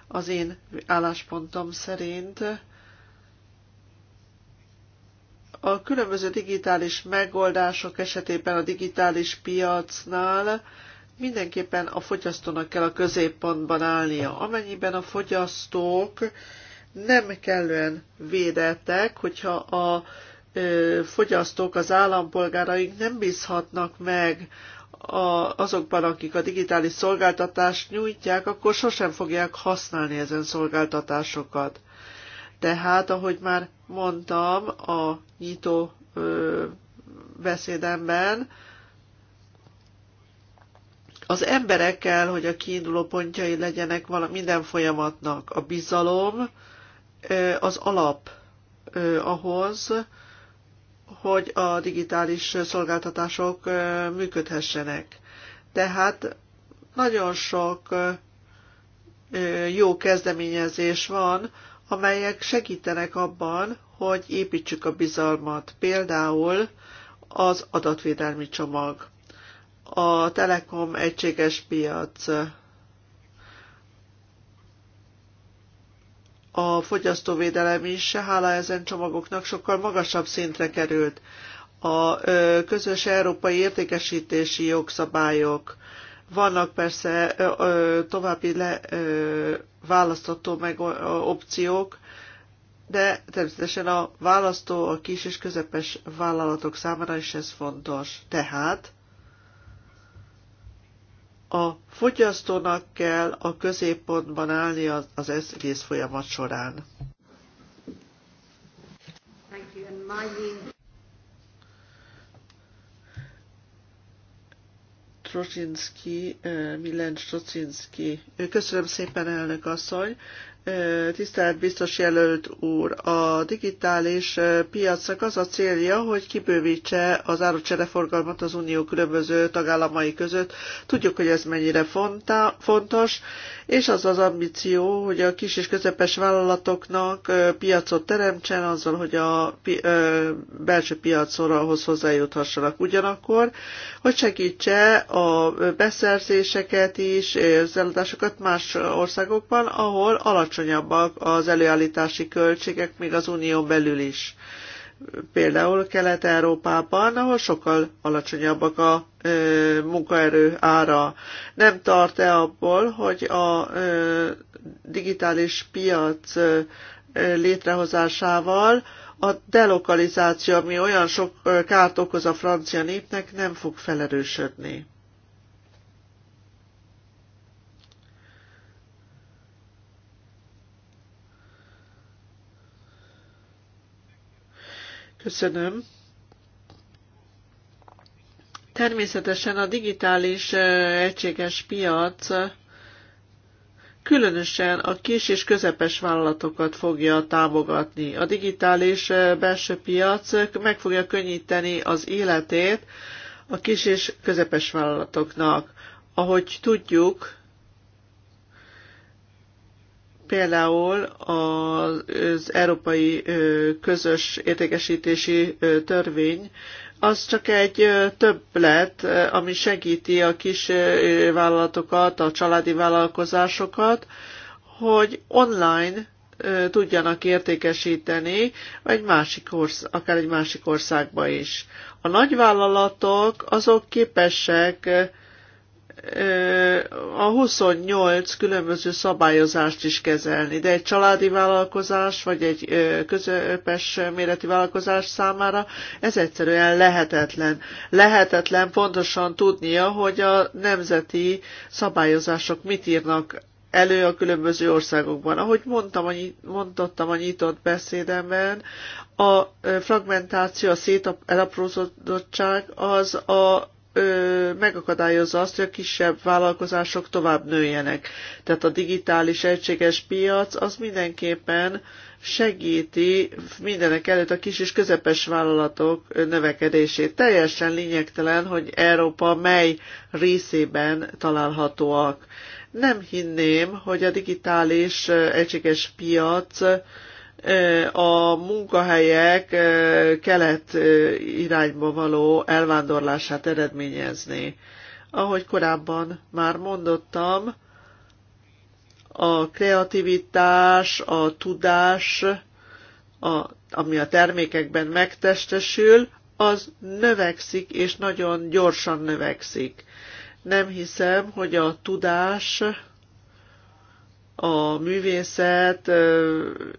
Az én álláspontom szerint a különböző digitális megoldások esetében a digitális piacnál mindenképpen a fogyasztónak kell a középpontban állnia. Amennyiben a fogyasztók nem kellően védettek, hogyha a fogyasztók, az állampolgáraink nem bízhatnak meg a, azokban, akik a digitális szolgáltatást nyújtják, akkor sosem fogják használni ezen szolgáltatásokat. Tehát, ahogy már mondtam a nyitó ö, beszédemben, az emberekkel, hogy a kiinduló pontjai legyenek vala, minden folyamatnak. A bizalom ö, az alap ö, ahhoz, hogy a digitális szolgáltatások működhessenek. Tehát nagyon sok jó kezdeményezés van, amelyek segítenek abban, hogy építsük a bizalmat. Például az adatvédelmi csomag, a Telekom egységes piac, a fogyasztóvédelem is, hála ezen csomagoknak sokkal magasabb szintre került. A közös európai értékesítési jogszabályok. Vannak persze további le, választható meg opciók, de természetesen a választó a kis és közepes vállalatok számára is ez fontos. Tehát a fogyasztónak kell a középpontban állni az egész folyamat során. Trocinski, eh, Millen Trocinski. Köszönöm szépen, elnök asszony. Tisztelt biztos jelölt úr, a digitális piacnak az a célja, hogy kibővítse az árucsereforgalmat az unió különböző tagállamai között. Tudjuk, hogy ez mennyire fontos, és az az ambíció, hogy a kis és közepes vállalatoknak piacot teremtsen azzal, hogy a belső piacra hozzájuthassanak. Ugyanakkor, hogy segítse a beszerzéseket is, az eladásokat más országokban, ahol alacsony alacsonyabbak az előállítási költségek még az unió belül is. Például Kelet-Európában, ahol sokkal alacsonyabbak a ö, munkaerő ára. Nem tart-e abból, hogy a ö, digitális piac ö, létrehozásával a delokalizáció, ami olyan sok kárt okoz a francia népnek, nem fog felerősödni? Köszönöm. Természetesen a digitális eh, egységes piac eh, különösen a kis és közepes vállalatokat fogja támogatni. A digitális eh, belső piac meg fogja könnyíteni az életét a kis és közepes vállalatoknak. Ahogy tudjuk, Például az Európai Közös Értékesítési Törvény az csak egy többlet, ami segíti a kis vállalatokat, a családi vállalkozásokat, hogy online tudjanak értékesíteni, egy másik ország, akár egy másik országba is. A nagyvállalatok azok képesek a 28 különböző szabályozást is kezelni, de egy családi vállalkozás, vagy egy közepes méretű vállalkozás számára ez egyszerűen lehetetlen. Lehetetlen pontosan tudnia, hogy a nemzeti szabályozások mit írnak elő a különböző országokban. Ahogy mondtam, mondottam a nyitott beszédemben, a fragmentáció, a szétaprózottság az a ö, megakadályozza azt, hogy a kisebb vállalkozások tovább nőjenek. Tehát a digitális egységes piac az mindenképpen segíti mindenek előtt a kis és közepes vállalatok növekedését. Teljesen lényegtelen, hogy Európa mely részében találhatóak. Nem hinném, hogy a digitális egységes piac a munkahelyek kelet irányba való elvándorlását eredményezni. Ahogy korábban már mondottam, a kreativitás, a tudás, a, ami a termékekben megtestesül, az növekszik, és nagyon gyorsan növekszik. Nem hiszem, hogy a tudás a művészet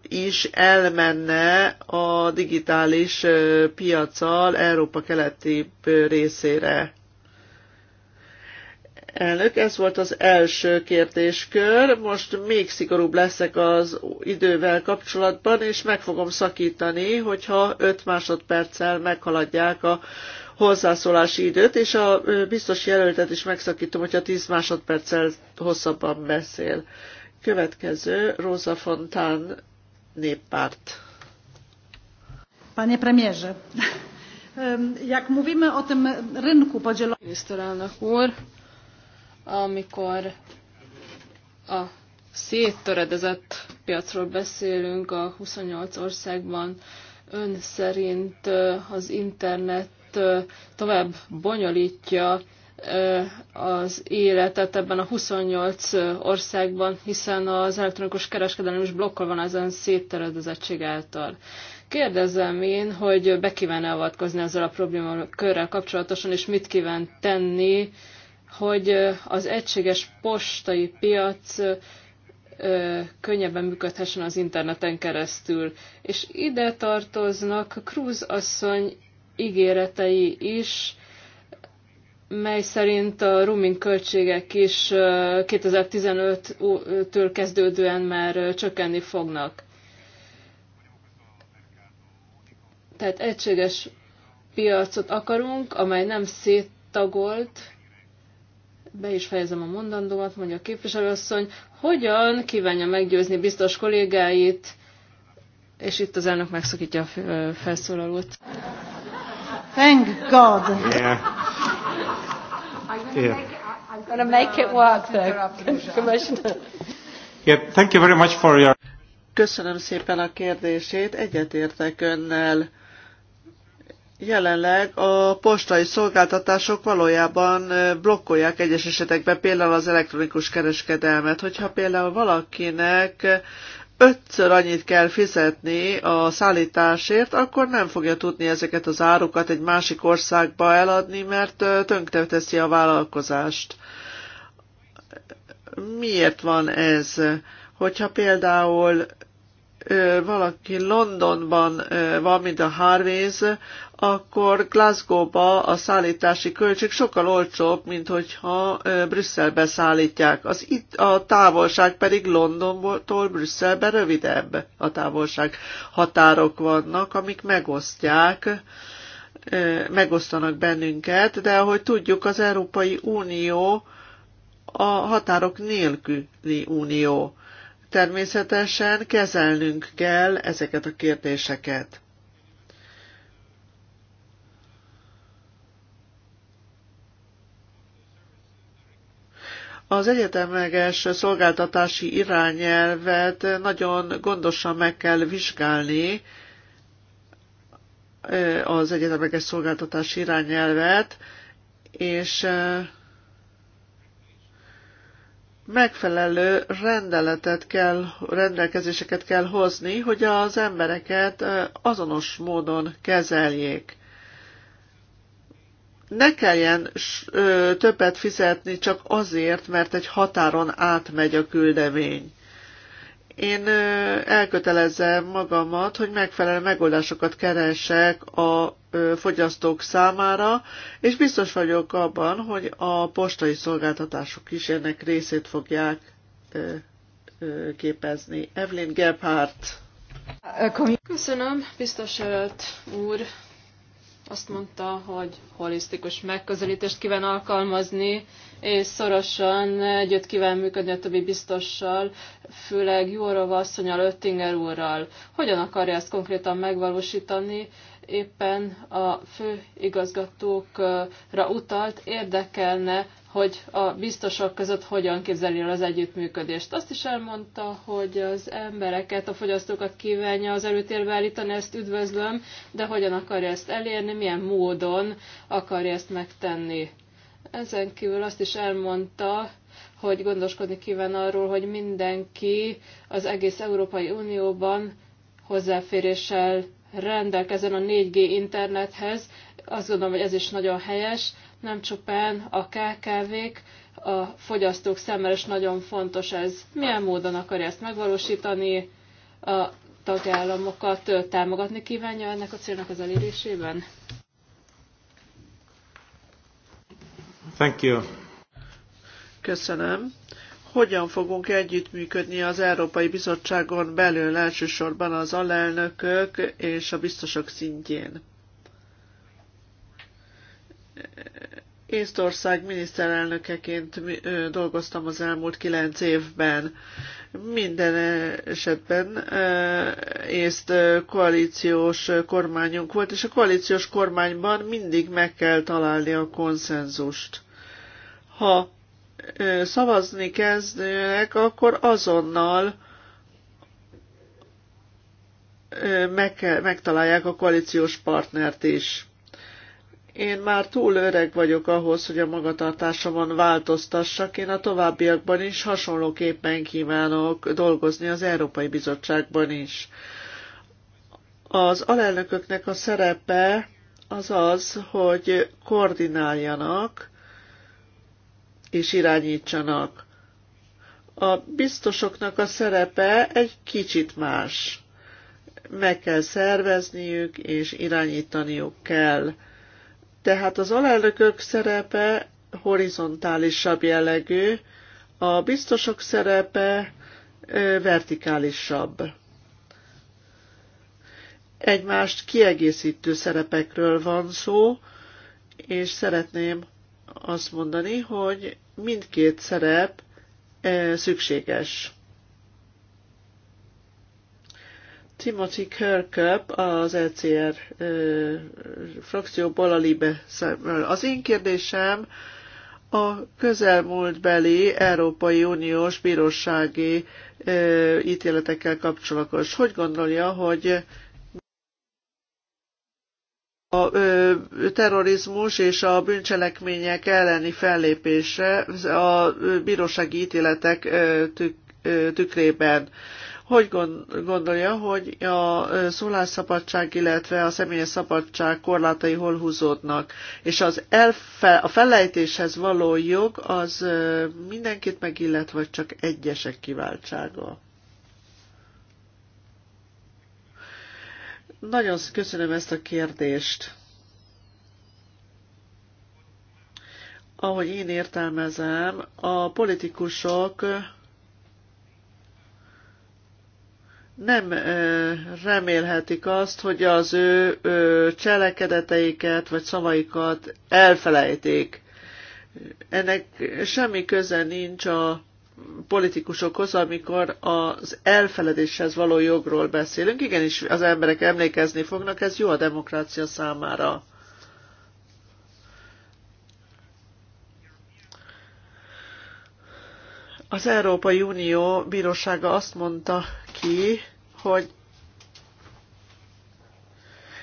is elmenne a digitális piacal Európa keleti részére. Elnök, ez volt az első kérdéskör. Most még szigorúbb leszek az idővel kapcsolatban, és meg fogom szakítani, hogyha 5 másodperccel meghaladják a hozzászólási időt, és a biztos jelöltet is megszakítom, hogyha 10 másodperccel hosszabban beszél. Következő Rosa Fontán néppárt. Panie premierze, jak mówimy o tym rynku podzielonym... Miniszterelnök úr, amikor a széttöredezett piacról beszélünk a 28 országban, ön szerint az internet tovább bonyolítja az életet ebben a 28 országban, hiszen az elektronikus kereskedelem is blokkol van ezen szétteredezettség által. Kérdezem én, hogy be kíván avatkozni ezzel a problémakörrel kapcsolatosan, és mit kíván tenni, hogy az egységes postai piac könnyebben működhessen az interneten keresztül. És ide tartoznak Cruz asszony ígéretei is, mely szerint a roaming költségek is 2015-től kezdődően már csökkenni fognak. Tehát egységes piacot akarunk, amely nem széttagolt, be is fejezem a mondandómat, mondja a képviselőasszony, hogyan kívánja meggyőzni biztos kollégáit, és itt az elnök megszakítja a felszólalót. Thank God! Yeah. I'm going to make it work, though, (laughs) Commissioner. Yeah, thank you very much for your... Köszönöm szépen a kérdését, egyetértek önnel. Jelenleg a postai szolgáltatások valójában blokkolják egyes esetekben például az elektronikus kereskedelmet. Hogyha például valakinek ötször annyit kell fizetni a szállításért, akkor nem fogja tudni ezeket az árukat egy másik országba eladni, mert tönkreteszi a vállalkozást. Miért van ez? Hogyha például valaki Londonban van, mint a Harvey's, akkor Glasgow-ba a szállítási költség sokkal olcsóbb, mint hogyha Brüsszelbe szállítják. Az itt a távolság pedig Londonból Brüsszelbe rövidebb a távolság. Határok vannak, amik megosztják megosztanak bennünket, de ahogy tudjuk, az Európai Unió a határok nélküli unió természetesen kezelnünk kell ezeket a kérdéseket. Az egyetemleges szolgáltatási irányelvet nagyon gondosan meg kell vizsgálni, az egyetemleges szolgáltatási irányelvet, és megfelelő rendeletet kell, rendelkezéseket kell hozni, hogy az embereket azonos módon kezeljék. Ne kelljen többet fizetni csak azért, mert egy határon átmegy a küldemény én elkötelezem magamat, hogy megfelelő megoldásokat keresek a fogyasztók számára, és biztos vagyok abban, hogy a postai szolgáltatások is ennek részét fogják képezni. Evelyn Gebhardt. Köszönöm, biztos előtt úr azt mondta, hogy holisztikus megközelítést kíván alkalmazni, és szorosan együtt kíván működni a többi biztossal, főleg Jórova asszonyal, Öttinger úrral. Hogyan akarja ezt konkrétan megvalósítani, éppen a főigazgatókra utalt, érdekelne, hogy a biztosok között hogyan képzeli el az együttműködést. Azt is elmondta, hogy az embereket, a fogyasztókat kívánja az előtérbe állítani, ezt üdvözlöm, de hogyan akarja ezt elérni, milyen módon akarja ezt megtenni. Ezen kívül azt is elmondta, hogy gondoskodni kíván arról, hogy mindenki az egész Európai Unióban hozzáféréssel rendelkezzen a 4G internethez. Azt gondolom, hogy ez is nagyon helyes, nem csupán a KKV-k, a fogyasztók számára is nagyon fontos ez. Milyen módon akarja ezt megvalósítani, a tagállamokat támogatni kívánja ennek a célnak az elérésében? Thank you. Köszönöm hogyan fogunk együttműködni az Európai Bizottságon belül elsősorban az alelnökök és a biztosok szintjén. Észtország miniszterelnökeként dolgoztam az elmúlt kilenc évben. Minden esetben észt koalíciós kormányunk volt, és a koalíciós kormányban mindig meg kell találni a konszenzust. Ha szavazni kezdőnek, akkor azonnal meg megtalálják a koalíciós partnert is. Én már túl öreg vagyok ahhoz, hogy a magatartásomon változtassak, én a továbbiakban is hasonlóképpen kívánok dolgozni az Európai Bizottságban is. Az alelnököknek a szerepe az az, hogy koordináljanak, és irányítsanak. A biztosoknak a szerepe egy kicsit más. Meg kell szervezniük, és irányítaniuk kell. Tehát az alelnökök szerepe horizontálisabb jellegű, a biztosok szerepe vertikálisabb. Egymást kiegészítő szerepekről van szó, és szeretném, azt mondani, hogy mindkét szerep e, szükséges. Timothy Kirkup az ECR e, frakcióból a Libe szemmel. Az én kérdésem a közelmúltbeli Európai Uniós bírósági e, ítéletekkel kapcsolatos. Hogy gondolja, hogy a terrorizmus és a bűncselekmények elleni fellépésre a bírósági ítéletek tük, tükrében. Hogy gondolja, hogy a szólásszabadság, illetve a személyes szabadság korlátai hol húzódnak, és az elfe, a felejtéshez való jog az mindenkit megillet, vagy csak egyesek kiváltsága? Nagyon köszönöm ezt a kérdést. Ahogy én értelmezem, a politikusok nem remélhetik azt, hogy az ő cselekedeteiket vagy szavaikat elfelejték. Ennek semmi köze nincs a politikusokhoz, amikor az elfeledéshez való jogról beszélünk. Igenis, az emberek emlékezni fognak, ez jó a demokrácia számára. Az Európai Unió bírósága azt mondta ki, hogy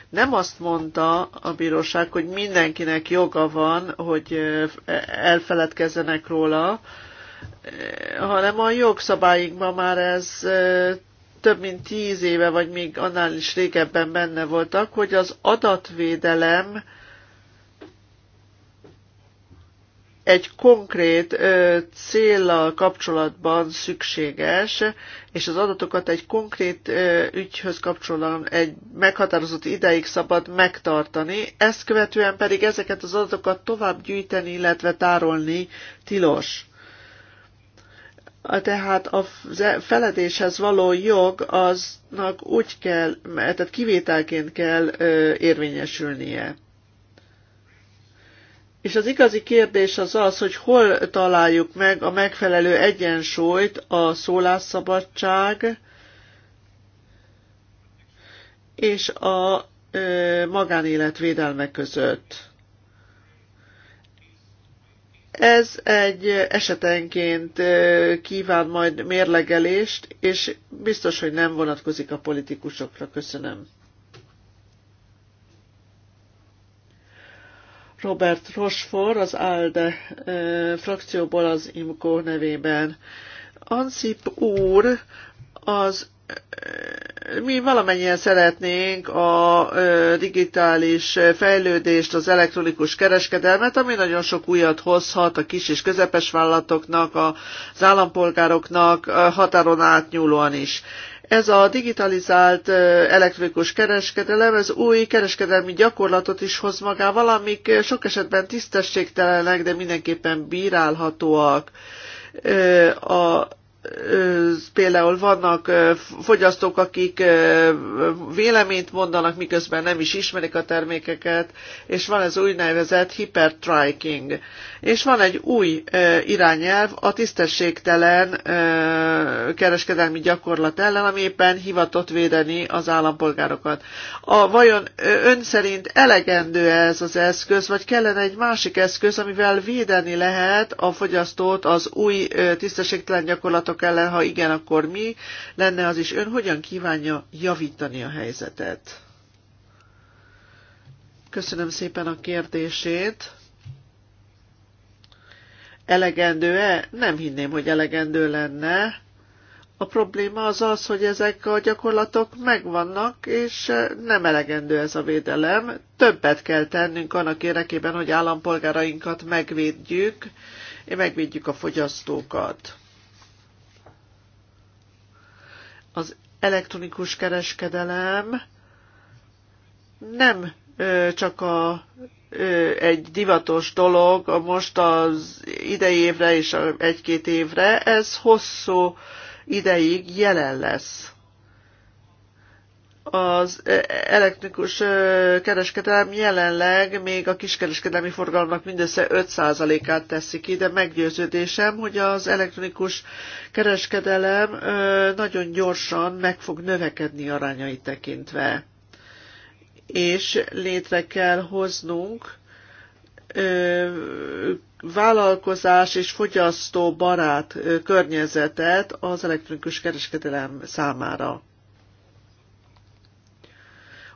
nem azt mondta a bíróság, hogy mindenkinek joga van, hogy elfeledkezzenek róla, hanem a jogszabályikban már ez több mint tíz éve, vagy még annál is régebben benne voltak, hogy az adatvédelem egy konkrét ö, kapcsolatban szükséges, és az adatokat egy konkrét ügyhöz kapcsolatban egy meghatározott ideig szabad megtartani, ezt követően pedig ezeket az adatokat tovább gyűjteni, illetve tárolni tilos. Tehát a feledéshez való jog aznak úgy kell, tehát kivételként kell érvényesülnie. És az igazi kérdés az az, hogy hol találjuk meg a megfelelő egyensúlyt a szólásszabadság és a magánélet védelme között. Ez egy esetenként kíván majd mérlegelést, és biztos, hogy nem vonatkozik a politikusokra. Köszönöm. Robert Rochefort az ALDE frakcióból az IMCO nevében. Ansip úr az mi valamennyien szeretnénk a digitális fejlődést, az elektronikus kereskedelmet, ami nagyon sok újat hozhat a kis és közepes vállalatoknak, az állampolgároknak, határon átnyúlóan is. Ez a digitalizált elektronikus kereskedelem, ez új kereskedelmi gyakorlatot is hoz magával, amik sok esetben tisztességtelenek, de mindenképpen bírálhatóak. A például vannak fogyasztók, akik véleményt mondanak, miközben nem is ismerik a termékeket, és van ez úgynevezett hipertriking. És van egy új irányelv a tisztességtelen kereskedelmi gyakorlat ellen, ami éppen hivatott védeni az állampolgárokat. A, vajon ön szerint elegendő -e ez az eszköz, vagy kellene egy másik eszköz, amivel védeni lehet a fogyasztót az új tisztességtelen gyakorlatok gyakorlatok ellen, ha igen, akkor mi lenne az is? Ön hogyan kívánja javítani a helyzetet? Köszönöm szépen a kérdését. Elegendő-e? Nem hinném, hogy elegendő lenne. A probléma az az, hogy ezek a gyakorlatok megvannak, és nem elegendő ez a védelem. Többet kell tennünk annak érdekében, hogy állampolgárainkat megvédjük, és megvédjük a fogyasztókat. az elektronikus kereskedelem nem csak a, egy divatos dolog a most az idei évre és egy-két évre, ez hosszú ideig jelen lesz az e, elektronikus e, kereskedelem jelenleg még a kiskereskedelmi forgalomnak mindössze 5%-át teszi ki, de meggyőződésem, hogy az elektronikus kereskedelem e, nagyon gyorsan meg fog növekedni arányait tekintve. És létre kell hoznunk vállalkozás és fogyasztó barát környezetet az elektronikus kereskedelem számára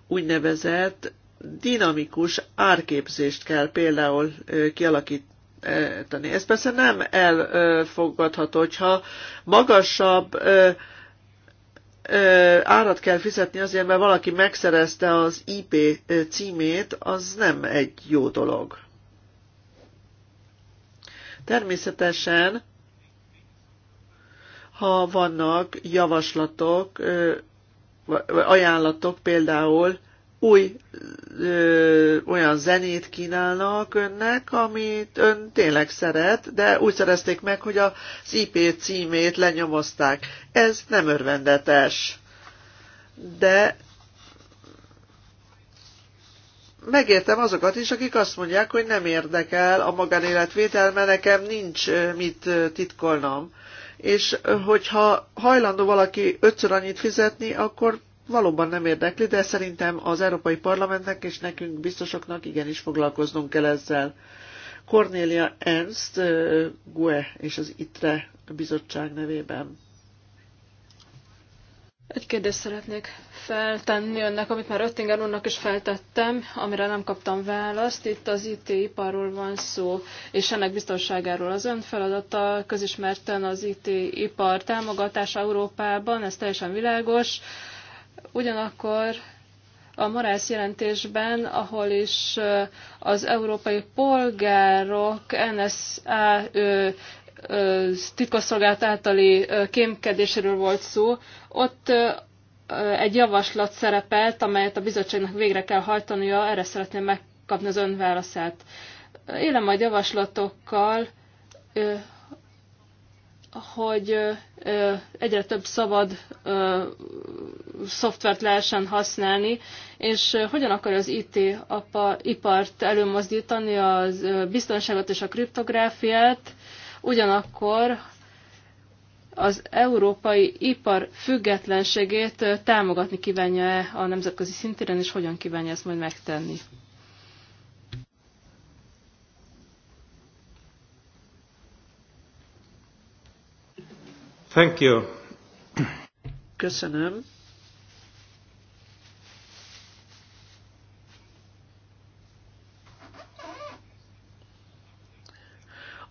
úgynevezett dinamikus árképzést kell például kialakítani Ez persze nem elfogadható, hogyha magasabb árat kell fizetni azért, mert valaki megszerezte az IP címét, az nem egy jó dolog. Természetesen, ha vannak javaslatok, ajánlatok például új ö, olyan zenét kínálnak önnek, amit ön tényleg szeret, de úgy szerezték meg, hogy az IP címét lenyomozták. Ez nem örvendetes. De megértem azokat is, akik azt mondják, hogy nem érdekel a magánélet nekem nincs mit titkolnom és hogyha hajlandó valaki ötször annyit fizetni, akkor valóban nem érdekli, de szerintem az Európai Parlamentnek és nekünk biztosoknak igenis foglalkoznunk kell ezzel. Cornelia Ernst, GUE és az ITRE bizottság nevében. Egy kérdést szeretnék feltenni önnek, amit már Öttinger úrnak is feltettem, amire nem kaptam választ. Itt az IT-iparról van szó, és ennek biztonságáról az ön feladata, közismerten az IT-ipar támogatása Európában, ez teljesen világos. Ugyanakkor a Morász jelentésben, ahol is az európai polgárok NSA titkosszolgálat általi kémkedéséről volt szó, ott egy javaslat szerepelt, amelyet a bizottságnak végre kell hajtania, erre szeretném megkapni az ön válaszát. Élem majd javaslatokkal, hogy egyre több szabad szoftvert lehessen használni, és hogyan akarja az IT ipart előmozdítani, az biztonságot és a kriptográfiát, ugyanakkor az európai ipar függetlenségét támogatni kívánja-e a nemzetközi szintéren, és hogyan kívánja ezt majd megtenni? Thank you. Köszönöm.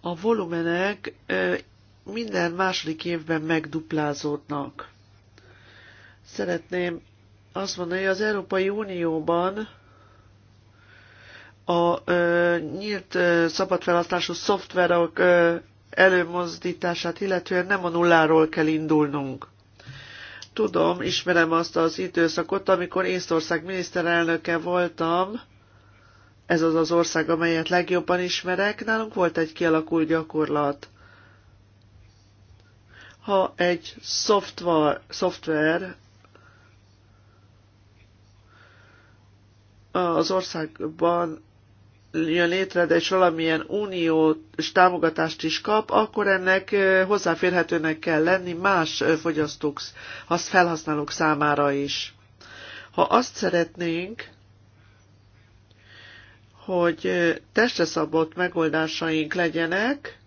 a volumenek minden második évben megduplázódnak. Szeretném azt mondani, hogy az Európai Unióban a ö, nyílt ö, szabadfelhasználású szoftverek ö, előmozdítását illetően nem a nulláról kell indulnunk. Tudom, ismerem azt az időszakot, amikor Észtország miniszterelnöke voltam, ez az az ország, amelyet legjobban ismerek. Nálunk volt egy kialakult gyakorlat. Ha egy szoftver, az országban jön létre, de és valamilyen uniós támogatást is kap, akkor ennek hozzáférhetőnek kell lenni más fogyasztók, felhasználók számára is. Ha azt szeretnénk, hogy testre szabott megoldásaink legyenek,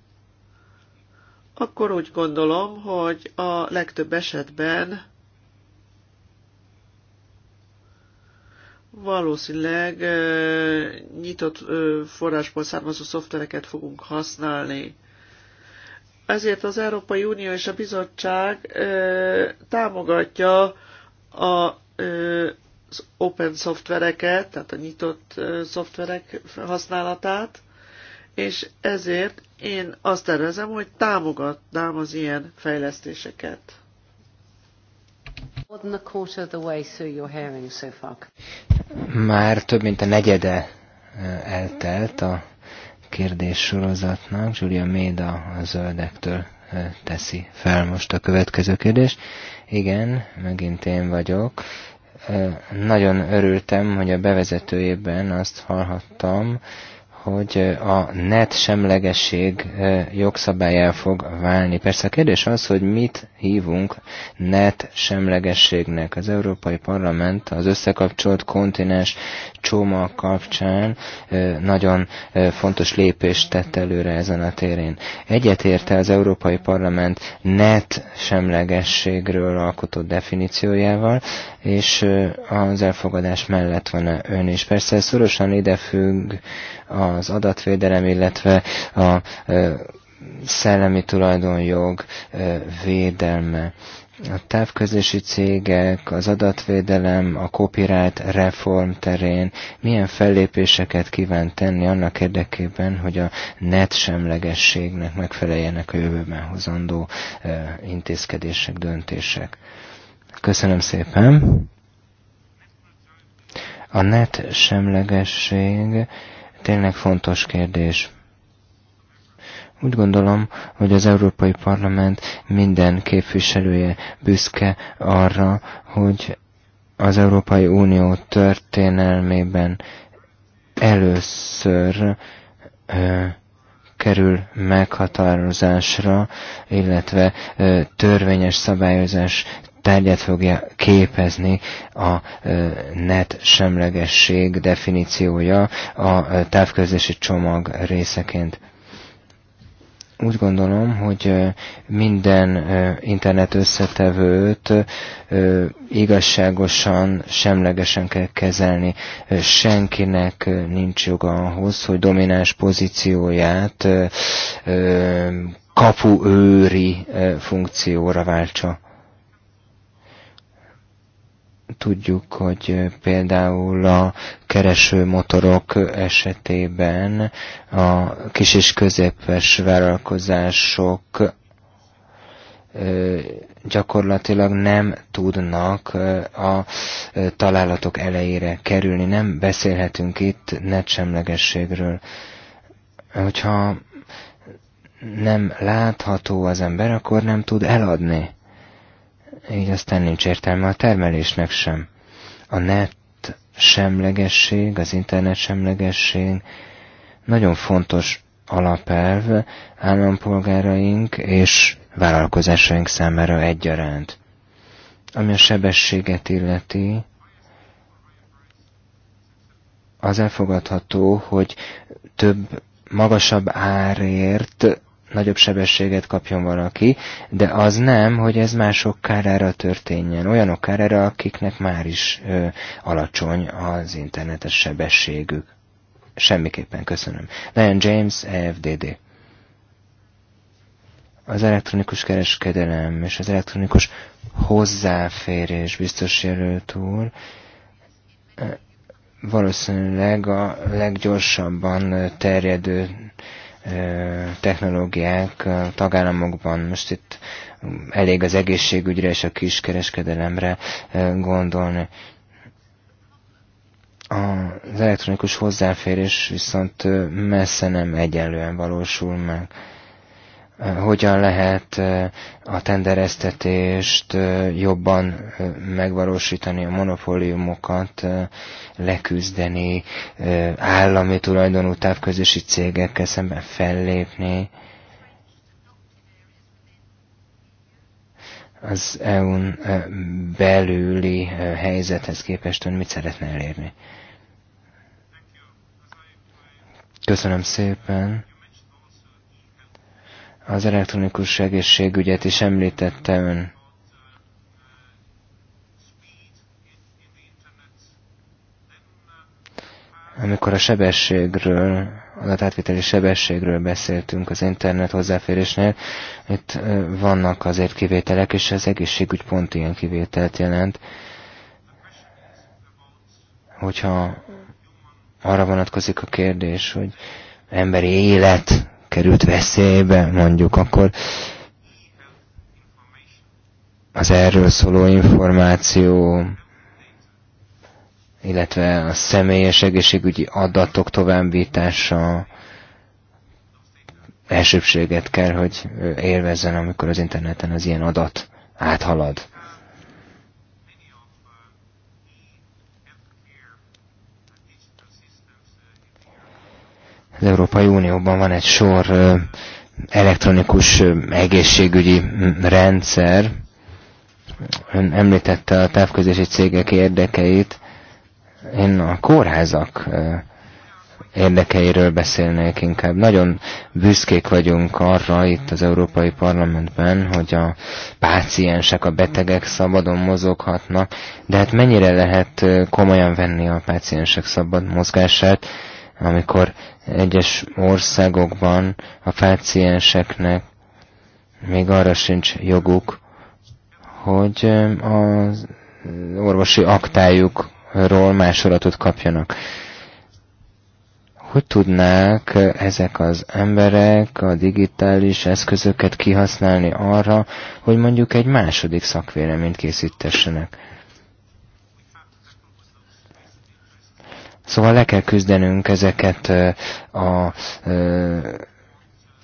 akkor úgy gondolom, hogy a legtöbb esetben valószínűleg nyitott forrásból származó szoftvereket fogunk használni. Ezért az Európai Unió és a Bizottság támogatja a az open szoftvereket, tehát a nyitott szoftverek használatát, és ezért én azt tervezem, hogy támogatnám az ilyen fejlesztéseket. Már több mint a negyede eltelt a kérdés sorozatnak. Julia Méda a zöldektől teszi fel most a következő kérdést. Igen, megint én vagyok. Nagyon örültem, hogy a bevezetőjében azt hallhattam, hogy a net semlegesség jogszabályá fog válni. Persze a kérdés az, hogy mit hívunk net semlegességnek. Az Európai Parlament az összekapcsolt kontinens csoma kapcsán nagyon fontos lépést tett előre ezen a térén. Egyetérte az Európai Parlament net semlegességről alkotott definíciójával, és az elfogadás mellett van -e ön is. Persze szorosan ide függ az adatvédelem, illetve a szellemi tulajdonjog védelme a távközlési cégek, az adatvédelem, a copyright reform terén milyen fellépéseket kíván tenni annak érdekében, hogy a net semlegességnek megfeleljenek a jövőben hozandó intézkedések, döntések. Köszönöm szépen! A net semlegesség tényleg fontos kérdés. Úgy gondolom, hogy az Európai Parlament minden képviselője büszke arra, hogy az Európai Unió történelmében először ö, kerül meghatározásra, illetve ö, törvényes szabályozás tárgyát fogja képezni a net semlegesség definíciója a távközlési csomag részeként úgy gondolom, hogy minden internet összetevőt igazságosan, semlegesen kell kezelni. Senkinek nincs joga ahhoz, hogy domináns pozícióját kapuőri funkcióra váltsa Tudjuk, hogy eh, például a kereső motorok esetében a kis és középes vállalkozások eh, gyakorlatilag nem tudnak eh, a találatok elejére kerülni. Nem beszélhetünk itt netsemlegességről. Hogyha nem látható az ember, akkor nem tud eladni így aztán nincs értelme a termelésnek sem. A net semlegesség, az internet semlegesség nagyon fontos alapelv állampolgáraink és vállalkozásaink számára egyaránt. Ami a sebességet illeti, az elfogadható, hogy több magasabb árért nagyobb sebességet kapjon valaki, de az nem, hogy ez mások kárára történjen, olyanok kárára, akiknek már is ö, alacsony az internetes sebességük. Semmiképpen köszönöm. Lion James, EFDD. Az elektronikus kereskedelem és az elektronikus hozzáférés biztos jelölt úr valószínűleg a leggyorsabban terjedő technológiák tagállamokban. Most itt elég az egészségügyre és a kiskereskedelemre gondolni. Az elektronikus hozzáférés viszont messze nem egyenlően valósul meg hogyan lehet a tendereztetést jobban megvalósítani, a monopóliumokat leküzdeni, állami tulajdonú távközési cégekkel szemben fellépni. Az EU-n belüli helyzethez képest ön mit szeretne elérni? Köszönöm szépen! Az elektronikus egészségügyet is említette ön. Amikor a sebességről, adatátviteli sebességről beszéltünk az internet hozzáférésnél, itt vannak azért kivételek, és az egészségügy pont ilyen kivételt jelent hogyha arra vonatkozik a kérdés, hogy emberi élet került veszélybe, mondjuk, akkor az erről szóló információ, illetve a személyes egészségügyi adatok továbbítása elsőbséget kell, hogy élvezzen, amikor az interneten az ilyen adat áthalad. Az Európai Unióban van egy sor elektronikus egészségügyi rendszer. Ön említette a távközési cégek érdekeit. Én a kórházak érdekeiről beszélnék inkább. Nagyon büszkék vagyunk arra itt az Európai Parlamentben, hogy a páciensek, a betegek szabadon mozoghatnak, de hát mennyire lehet komolyan venni a páciensek szabad mozgását, amikor egyes országokban a pácienseknek még arra sincs joguk, hogy az orvosi aktájukról másolatot kapjanak. Hogy tudnák ezek az emberek a digitális eszközöket kihasználni arra, hogy mondjuk egy második szakvéleményt készítessenek? Szóval le kell küzdenünk ezeket a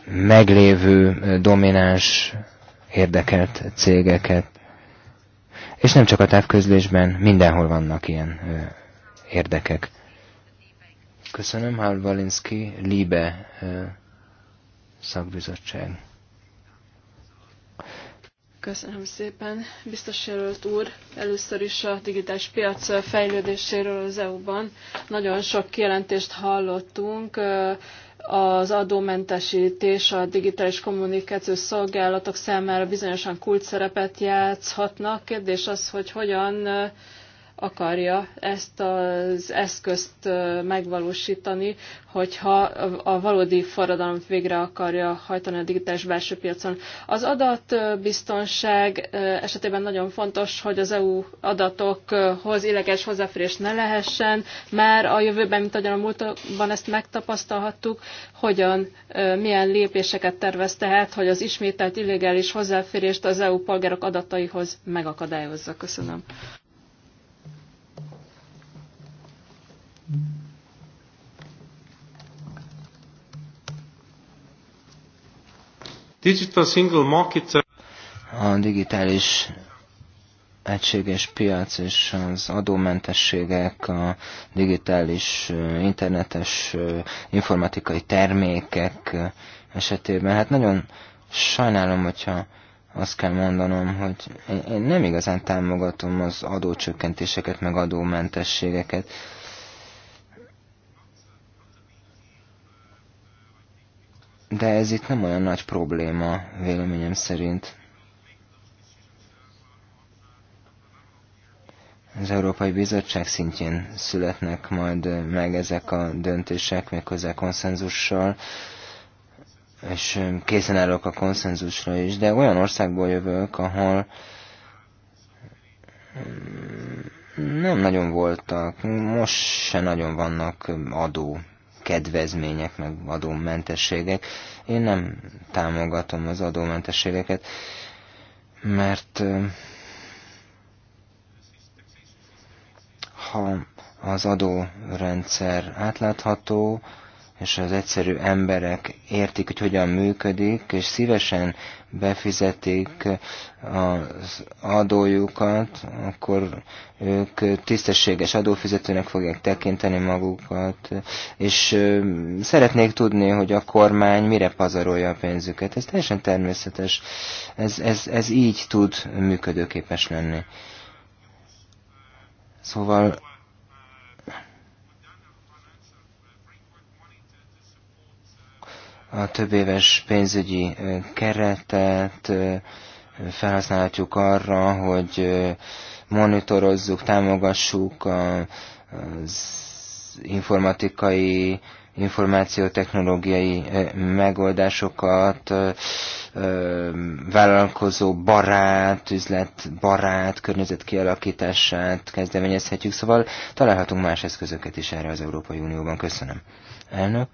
meglévő domináns érdekelt cégeket. És nem csak a távközlésben, mindenhol vannak ilyen érdekek. Köszönöm, Hal Valinszki, Libe szakbizottság. Köszönöm szépen. Biztos jelölt úr, először is a digitális piac fejlődéséről az EU-ban. Nagyon sok kijelentést hallottunk az adómentesítés a digitális kommunikációs szolgálatok számára bizonyosan kult szerepet játszhatnak. Kérdés az, hogy hogyan akarja ezt az eszközt megvalósítani, hogyha a valódi forradalmat végre akarja hajtani a digitális belső piacon. Az adatbiztonság esetében nagyon fontos, hogy az EU adatokhoz illeges hozzáférés ne lehessen, már a jövőben, mint ahogyan a múltban ezt megtapasztalhattuk, hogyan, milyen lépéseket tervez tehát, hogy az ismételt illegális hozzáférést az EU polgárok adataihoz megakadályozza. Köszönöm. Digital single market a digitális egységes piac és az adómentességek, a digitális internetes informatikai termékek esetében. Hát nagyon sajnálom, hogyha azt kell mondanom, hogy én nem igazán támogatom az adócsökkentéseket, meg adómentességeket. de ez itt nem olyan nagy probléma, véleményem szerint. Az Európai Bizottság szintjén születnek majd meg ezek a döntések, méghozzá konszenzussal, és készen állok a konszenzusra is, de olyan országból jövök, ahol mm, nem nagyon voltak, most se nagyon vannak adó kedvezmények, meg adómentességek. Én nem támogatom az adómentességeket, mert ha az adórendszer átlátható, és az egyszerű emberek értik, hogy hogyan működik, és szívesen befizetik az adójukat, akkor ők tisztességes adófizetőnek fogják tekinteni magukat, és szeretnék tudni, hogy a kormány mire pazarolja a pénzüket. Ez teljesen természetes. Ez, ez, ez így tud működőképes lenni. Szóval a éves pénzügyi keretet felhasználhatjuk arra, hogy monitorozzuk, támogassuk az informatikai, információtechnológiai megoldásokat, vállalkozó barát, üzlet barát, környezet kialakítását kezdeményezhetjük, szóval találhatunk más eszközöket is erre az Európai Unióban. Köszönöm. Elnök.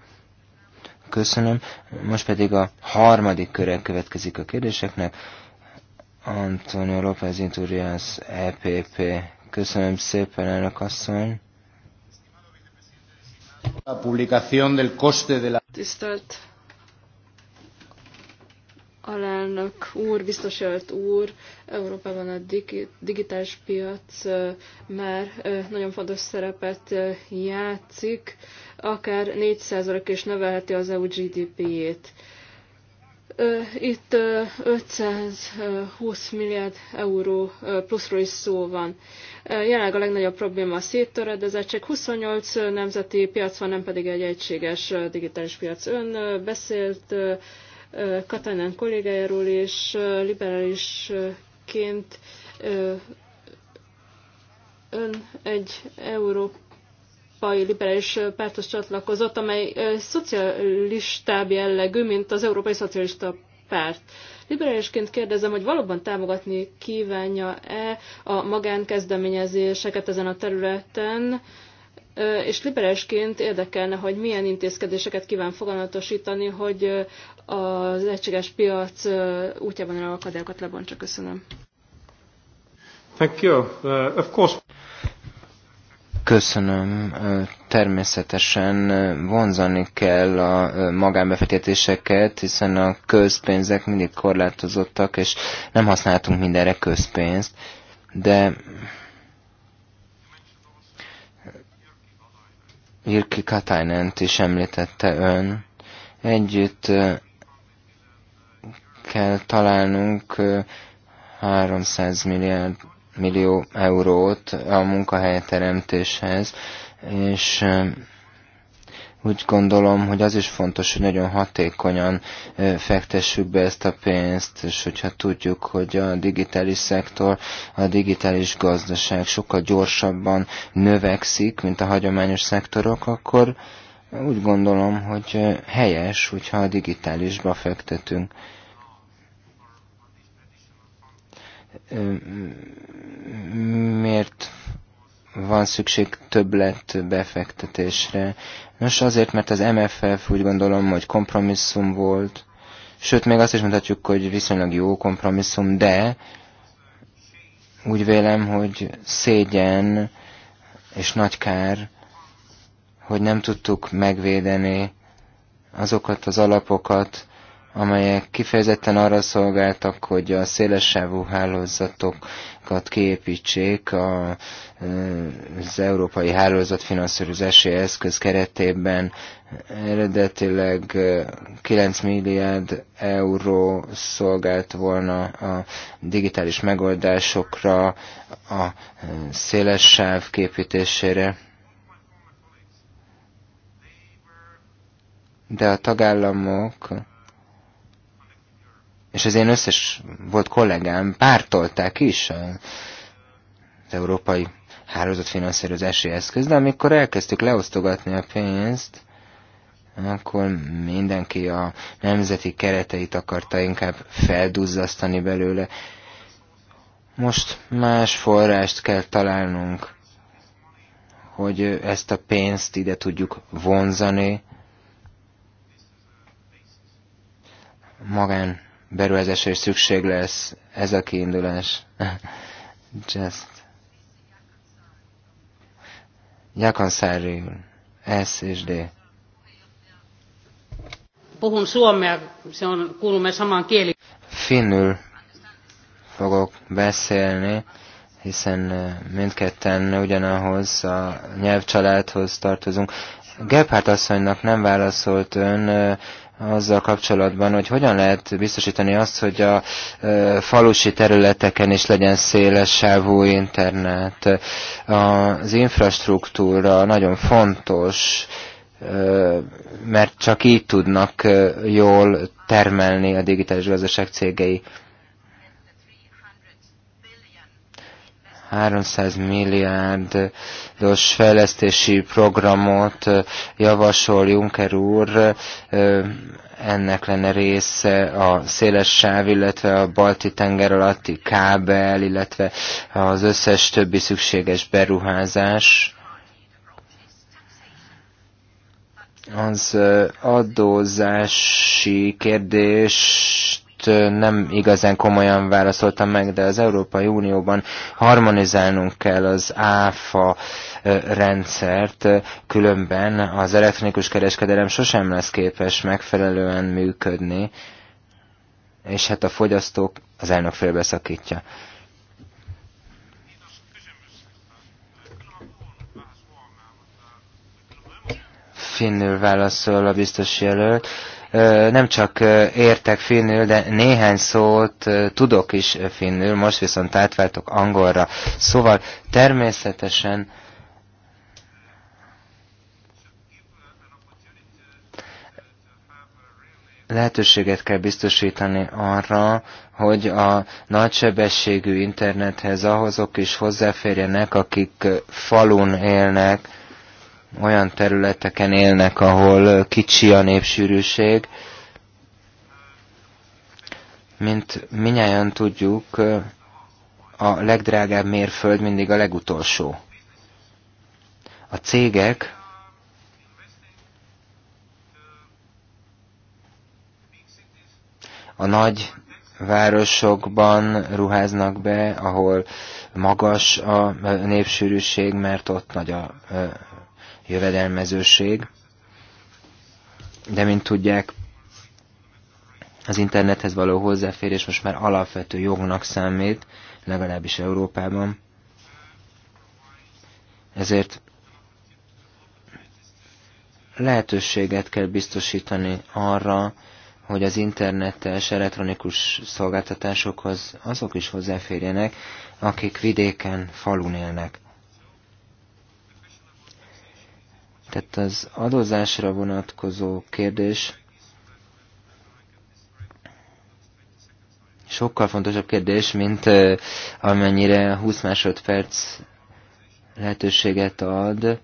Köszönöm. Most pedig a harmadik köre következik a kérdéseknek. Antonio López Inturias, EPP. Köszönöm szépen, elnök asszony. Tisztelt alelnök úr, biztosért úr, Európában a digitális piac már nagyon fontos szerepet játszik, akár 4% is növelheti az EU GDP-jét. Itt 520 milliárd euró pluszról is szó van. Jelenleg a legnagyobb probléma a széttöredezettség. 28 nemzeti piac van, nem pedig egy egységes digitális piac. Ön beszélt Katajnán kollégájáról, és liberálisként ön egy európai liberális párthoz csatlakozott, amely szocialistább jellegű, mint az Európai Szocialista Párt. Liberálisként kérdezem, hogy valóban támogatni kívánja-e a magánkezdeményezéseket ezen a területen, és liberálisként érdekelne, hogy milyen intézkedéseket kíván foganatosítani, hogy az egységes piac útjában álló akadályokat lebontsa. Köszönöm. Thank you. Uh, of course. Köszönöm. Természetesen vonzani kell a magánbefektetéseket, hiszen a közpénzek mindig korlátozottak, és nem használhatunk mindenre közpénzt, de Jirki Katainent is említette ön. Együtt kell találnunk 300 milliárd, millió eurót a munkahelyteremtéshez, és úgy gondolom, hogy az is fontos, hogy nagyon hatékonyan fektessük be ezt a pénzt, és hogyha tudjuk, hogy a digitális szektor, a digitális gazdaság sokkal gyorsabban növekszik, mint a hagyományos szektorok, akkor úgy gondolom, hogy helyes, hogyha a digitálisba fektetünk van szükség többlet befektetésre. Nos, azért, mert az MFF úgy gondolom, hogy kompromisszum volt, sőt, még azt is mondhatjuk, hogy viszonylag jó kompromisszum, de úgy vélem, hogy szégyen és nagy kár, hogy nem tudtuk megvédeni azokat az alapokat, amelyek kifejezetten arra szolgáltak, hogy a szélessávú hálózatokat kiépítsék a, az Európai Hálózat finanszírozási eszköz keretében. Eredetileg 9 milliárd euró szolgált volna a digitális megoldásokra, a szélessáv képítésére. De a tagállamok és az én összes volt kollégám pártolták is az európai hálózatfinanszírozási eszköz, de amikor elkezdtük leosztogatni a pénzt, akkor mindenki a nemzeti kereteit akarta inkább felduzzasztani belőle. Most más forrást kell találnunk, hogy ezt a pénzt ide tudjuk vonzani magán beruházásra is szükség lesz. Ez a kiindulás. (laughs) Just. Jakanszári S és D. Puhun suomea, se on, kuulumme samaan kieli. Finnül fogok beszélni, hiszen mindketten ugyanahoz a nyelvcsaládhoz tartozunk. Gebhardt asszonynak nem válaszolt ön azzal kapcsolatban, hogy hogyan lehet biztosítani azt, hogy a falusi területeken is legyen széles sávú internet. Az infrastruktúra nagyon fontos, mert csak így tudnak jól termelni a digitális gazdaság cégei. 300 milliárdos fejlesztési programot javasol Juncker úr, ennek lenne része a széles sáv, illetve a balti tenger alatti kábel, illetve az összes többi szükséges beruházás. Az adózási kérdést nem igazán komolyan válaszoltam meg, de az Európai Unióban harmonizálnunk kell az áfa rendszert, különben az elektronikus kereskedelem sosem lesz képes megfelelően működni, és hát a fogyasztók az elnök félbeszakítja. Finnül válaszol a biztos jelölt nem csak értek finnül, de néhány szót tudok is finnül, most viszont átváltok angolra. Szóval természetesen lehetőséget kell biztosítani arra, hogy a nagysebességű internethez ahhozok is hozzáférjenek, akik falun élnek, olyan területeken élnek, ahol kicsi a népsűrűség. Mint minnyáján tudjuk, a legdrágább mérföld mindig a legutolsó. A cégek a nagy városokban ruháznak be, ahol magas a népsűrűség, mert ott nagy a jövedelmezőség, de mint tudják, az internethez való hozzáférés most már alapvető jognak számít, legalábbis Európában. Ezért lehetőséget kell biztosítani arra, hogy az internetes elektronikus szolgáltatásokhoz azok is hozzáférjenek, akik vidéken, falun élnek. Tehát az adózásra vonatkozó kérdés sokkal fontosabb kérdés, mint amennyire 20 másodperc lehetőséget ad.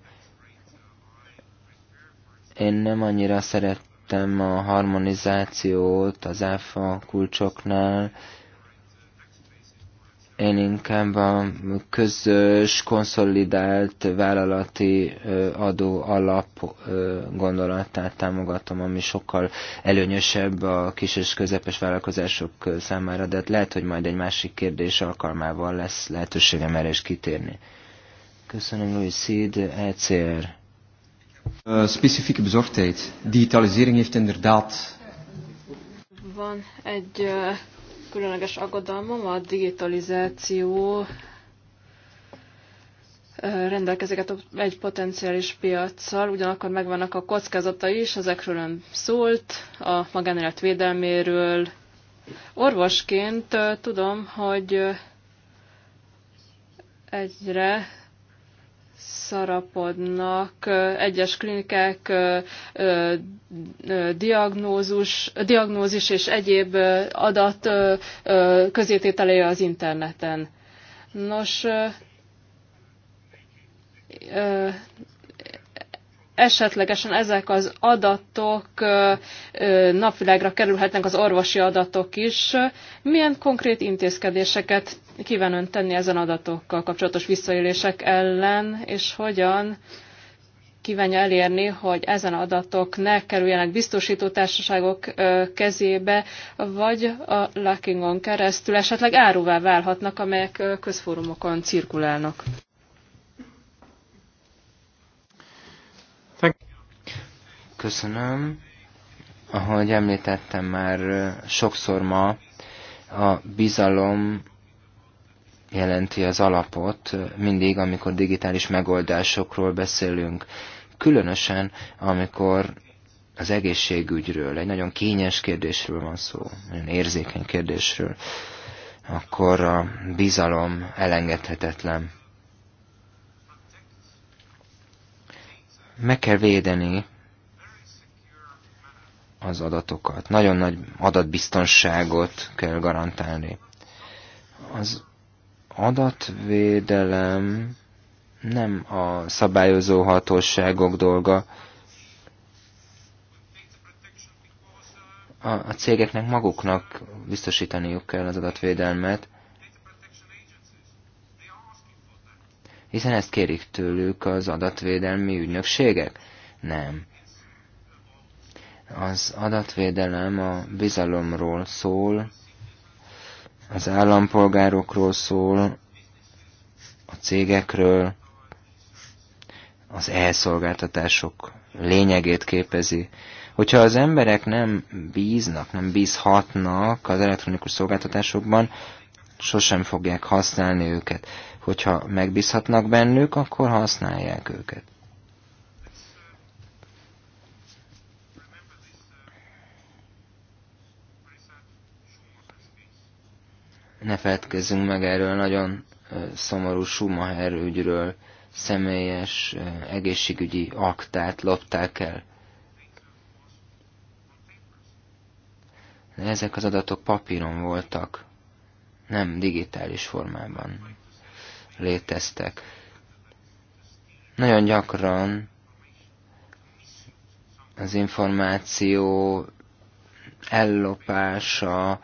Én nem annyira szerettem a harmonizációt az áfa kulcsoknál, én inkább a közös, konszolidált vállalati adó alap gondolatát támogatom, ami sokkal előnyösebb a kis és közepes vállalkozások számára, de hát lehet, hogy majd egy másik kérdés alkalmával lesz lehetőségem erre is kitérni. Köszönöm, Louis Seed, ECR. Uh, specifieke bezorgdheid. Digitalisering heeft inderdaad. Van egy uh különleges aggodalmam a digitalizáció rendelkezik egy potenciális piaccal, ugyanakkor megvannak a kockázata is, ezekről ön szólt, a magánélet védelméről. Orvosként tudom, hogy egyre szarapodnak egyes klinikák diagnózus, diagnózis és egyéb adat közétételeje az interneten. Nos, esetlegesen ezek az adatok napvilágra kerülhetnek az orvosi adatok is. Milyen konkrét intézkedéseket kíván ön tenni ezen adatokkal kapcsolatos visszaélések ellen, és hogyan kívánja elérni, hogy ezen adatok ne kerüljenek biztosító társaságok kezébe, vagy a lockingon keresztül esetleg áruvá válhatnak, amelyek közfórumokon cirkulálnak. Köszönöm. Ahogy említettem már sokszor ma, a bizalom jelenti az alapot mindig, amikor digitális megoldásokról beszélünk. Különösen, amikor az egészségügyről, egy nagyon kényes kérdésről van szó, nagyon érzékeny kérdésről, akkor a bizalom elengedhetetlen. Meg kell védeni az adatokat. Nagyon nagy adatbiztonságot kell garantálni. Az adatvédelem nem a szabályozó hatóságok dolga. A, a cégeknek maguknak biztosítaniuk kell az adatvédelmet, hiszen ezt kérik tőlük az adatvédelmi ügynökségek? Nem. Az adatvédelem a bizalomról szól, az állampolgárokról szól, a cégekről, az elszolgáltatások lényegét képezi. Hogyha az emberek nem bíznak, nem bízhatnak az elektronikus szolgáltatásokban, sosem fogják használni őket. Hogyha megbízhatnak bennük, akkor használják őket. ne feledkezzünk meg erről nagyon szomorú Schumacher ügyről, személyes egészségügyi aktát lopták el. De ezek az adatok papíron voltak, nem digitális formában léteztek. Nagyon gyakran az információ ellopása,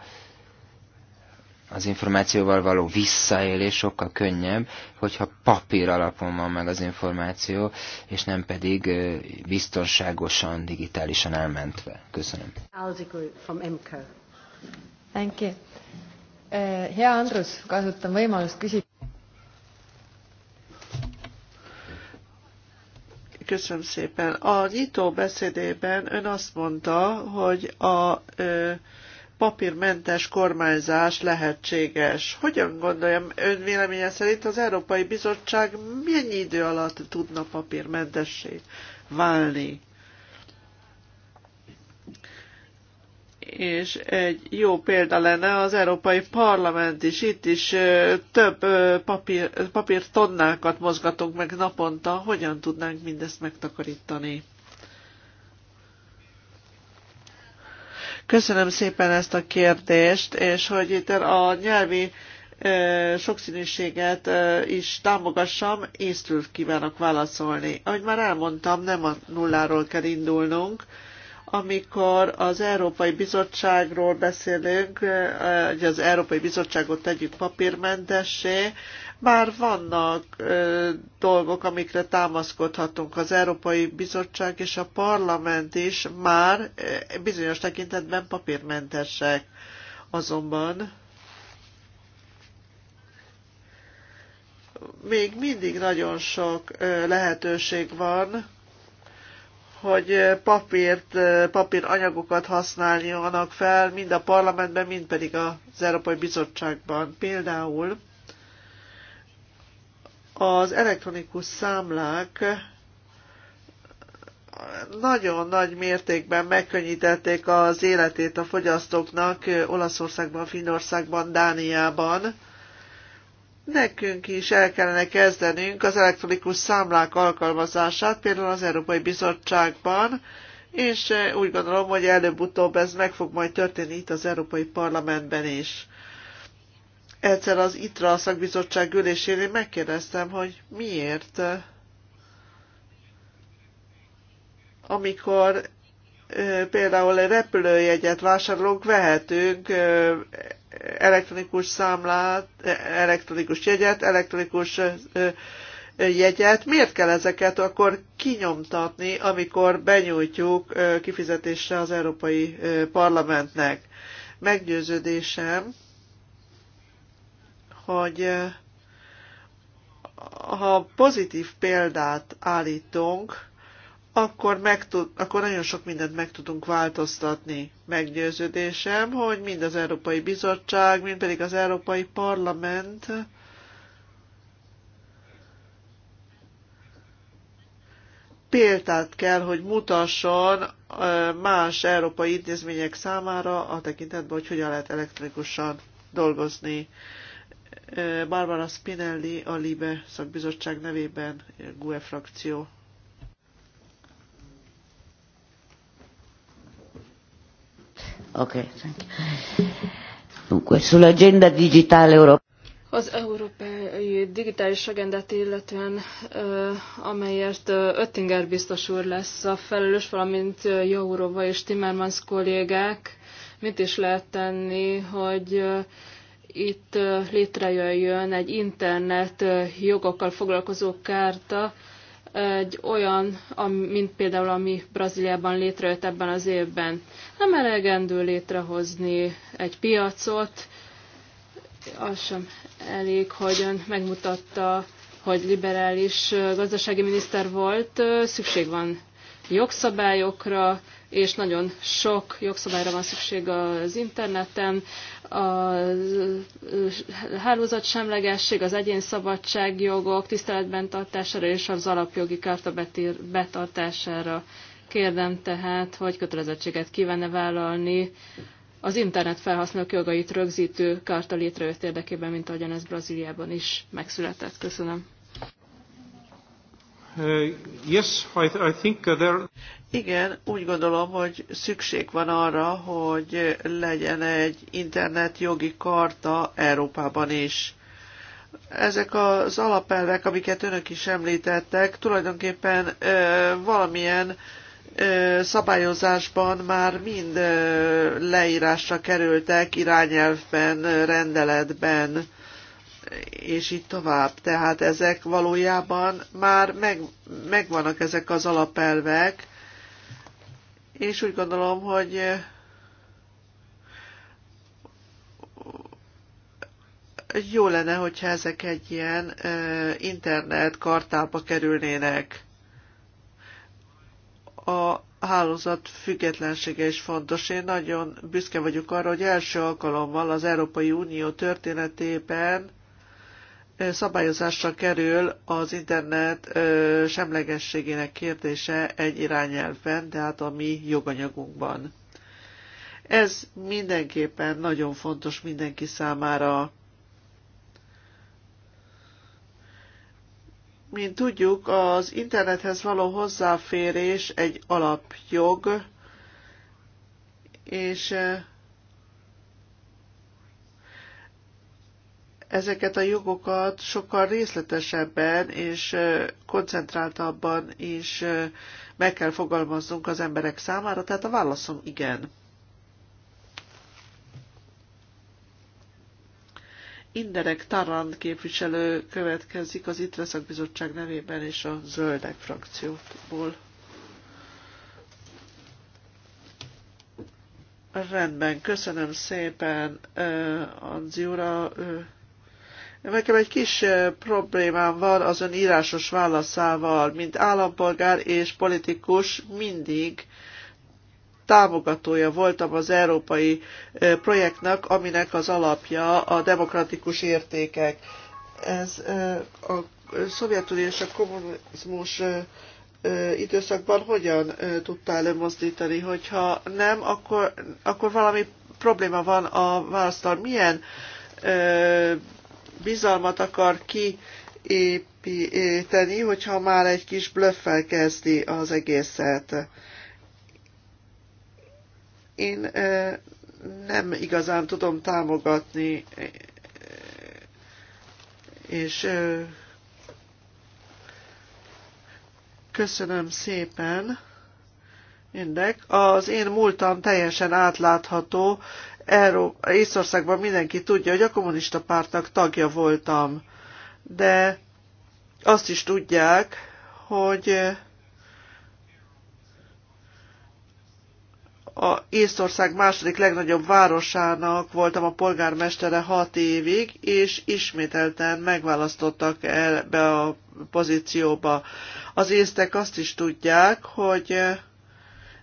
az információval való visszaélés sokkal könnyebb, hogyha papír alapon van meg az információ, és nem pedig biztonságosan, digitálisan elmentve. Köszönöm. Thank you. Hea Andrus, kasutan võimalust küsida. Köszönöm szépen. A nyitó beszédében ön azt mondta, hogy a ö, papírmentes kormányzás lehetséges. Hogyan gondolja ön véleménye szerint az Európai Bizottság mennyi idő alatt tudna papírmentessé válni? és egy jó példa lenne az Európai Parlament is. Itt is több papír, papírtonnákat mozgatunk meg naponta. Hogyan tudnánk mindezt megtakarítani? Köszönöm szépen ezt a kérdést, és hogy itt a nyelvi sokszínűséget is támogassam, észtül kívánok válaszolni. Ahogy már elmondtam, nem a nulláról kell indulnunk. Amikor az Európai Bizottságról beszélünk, hogy az Európai Bizottságot tegyük papírmentessé, bár vannak ö, dolgok, amikre támaszkodhatunk. Az Európai Bizottság és a Parlament is már ö, bizonyos tekintetben papírmentesek. Azonban még mindig nagyon sok ö, lehetőség van, hogy papírt, papíranyagokat használjanak fel, mind a parlamentben, mind pedig az Európai Bizottságban. Például az elektronikus számlák nagyon nagy mértékben megkönnyítették az életét a fogyasztóknak Olaszországban, Finnországban, Dániában. Nekünk is el kellene kezdenünk az elektronikus számlák alkalmazását, például az Európai Bizottságban, és úgy gondolom, hogy előbb-utóbb ez meg fog majd történni itt az Európai Parlamentben is egyszer az ITRA szakbizottság ülésén én megkérdeztem, hogy miért, amikor például egy repülőjegyet vásárolunk, vehetünk elektronikus számlát, elektronikus jegyet, elektronikus jegyet, miért kell ezeket akkor kinyomtatni, amikor benyújtjuk kifizetésre az Európai Parlamentnek? Meggyőződésem, hogy eh, ha pozitív példát állítunk, akkor, meg tud, akkor nagyon sok mindent meg tudunk változtatni. Meggyőződésem, hogy mind az Európai Bizottság, mind pedig az Európai Parlament példát kell, hogy mutasson eh, más európai intézmények számára a tekintetben, hogy hogyan lehet elektronikusan dolgozni. Barbara Spinelli, a LIBE szakbizottság nevében, GUE frakció. Okay, thank you. Dunque, sull'agenda digitale Az európai digitális agendát illetően, amelyért Öttinger biztos úr lesz a felelős, valamint Jaurova és Timmermans kollégák, mit is lehet tenni, hogy itt létrejöjjön egy internet jogokkal foglalkozó kárta, egy olyan, mint például ami Brazíliában létrejött ebben az évben. Nem elegendő létrehozni egy piacot, az sem elég, hogy ön megmutatta, hogy liberális gazdasági miniszter volt, szükség van jogszabályokra, és nagyon sok jogszabályra van szükség az interneten, a hálózatsemlegesség, az egyén szabadságjogok tiszteletben tartására és az alapjogi karta betartására. Kérdem tehát, hogy kötelezettséget kívánne vállalni az internet felhasználók jogait rögzítő karta létrejött érdekében, mint ahogyan ez Brazíliában is megszületett. Köszönöm. Uh, yes, I, I think uh, there... Igen, úgy gondolom, hogy szükség van arra, hogy legyen egy jogi karta Európában is. Ezek az alapelvek, amiket önök is említettek, tulajdonképpen ö, valamilyen ö, szabályozásban már mind ö, leírásra kerültek, irányelvben, rendeletben, és így tovább. Tehát ezek valójában már meg, megvannak ezek az alapelvek, és úgy gondolom, hogy eh, jó lenne, hogyha ezek egy ilyen eh, internet kartába kerülnének. A hálózat függetlensége is fontos. Én nagyon büszke vagyok arra, hogy első alkalommal az Európai Unió történetében szabályozásra kerül az internet semlegességének kérdése egy irányelven, tehát a mi joganyagunkban. Ez mindenképpen nagyon fontos mindenki számára. Mint tudjuk, az internethez való hozzáférés egy alapjog, és ezeket a jogokat sokkal részletesebben és koncentráltabban is meg kell fogalmaznunk az emberek számára, tehát a válaszom igen. Inderek Tarand képviselő következik az ITRE bizottság nevében és a Zöldek frakcióból. Rendben, köszönöm szépen, uh, Anzi ura. Uh, Nekem egy kis problémám van az ön írásos válaszával, mint állampolgár és politikus mindig támogatója voltam az európai projektnek, aminek az alapja a demokratikus értékek. Ez a Szovjetunió és a kommunizmus időszakban hogyan tudta előmozdítani, hogyha nem, akkor, akkor valami probléma van a választal. Milyen bizalmat akar kiépíteni, hogyha már egy kis blöffel kezdi az egészet. Én nem igazán tudom támogatni, és köszönöm szépen. Mindek. Az én múltam teljesen átlátható, Európa, Észországban mindenki tudja, hogy a kommunista pártnak tagja voltam, de azt is tudják, hogy a Észország második legnagyobb városának voltam a polgármestere hat évig, és ismételten megválasztottak el be a pozícióba. Az észtek azt is tudják, hogy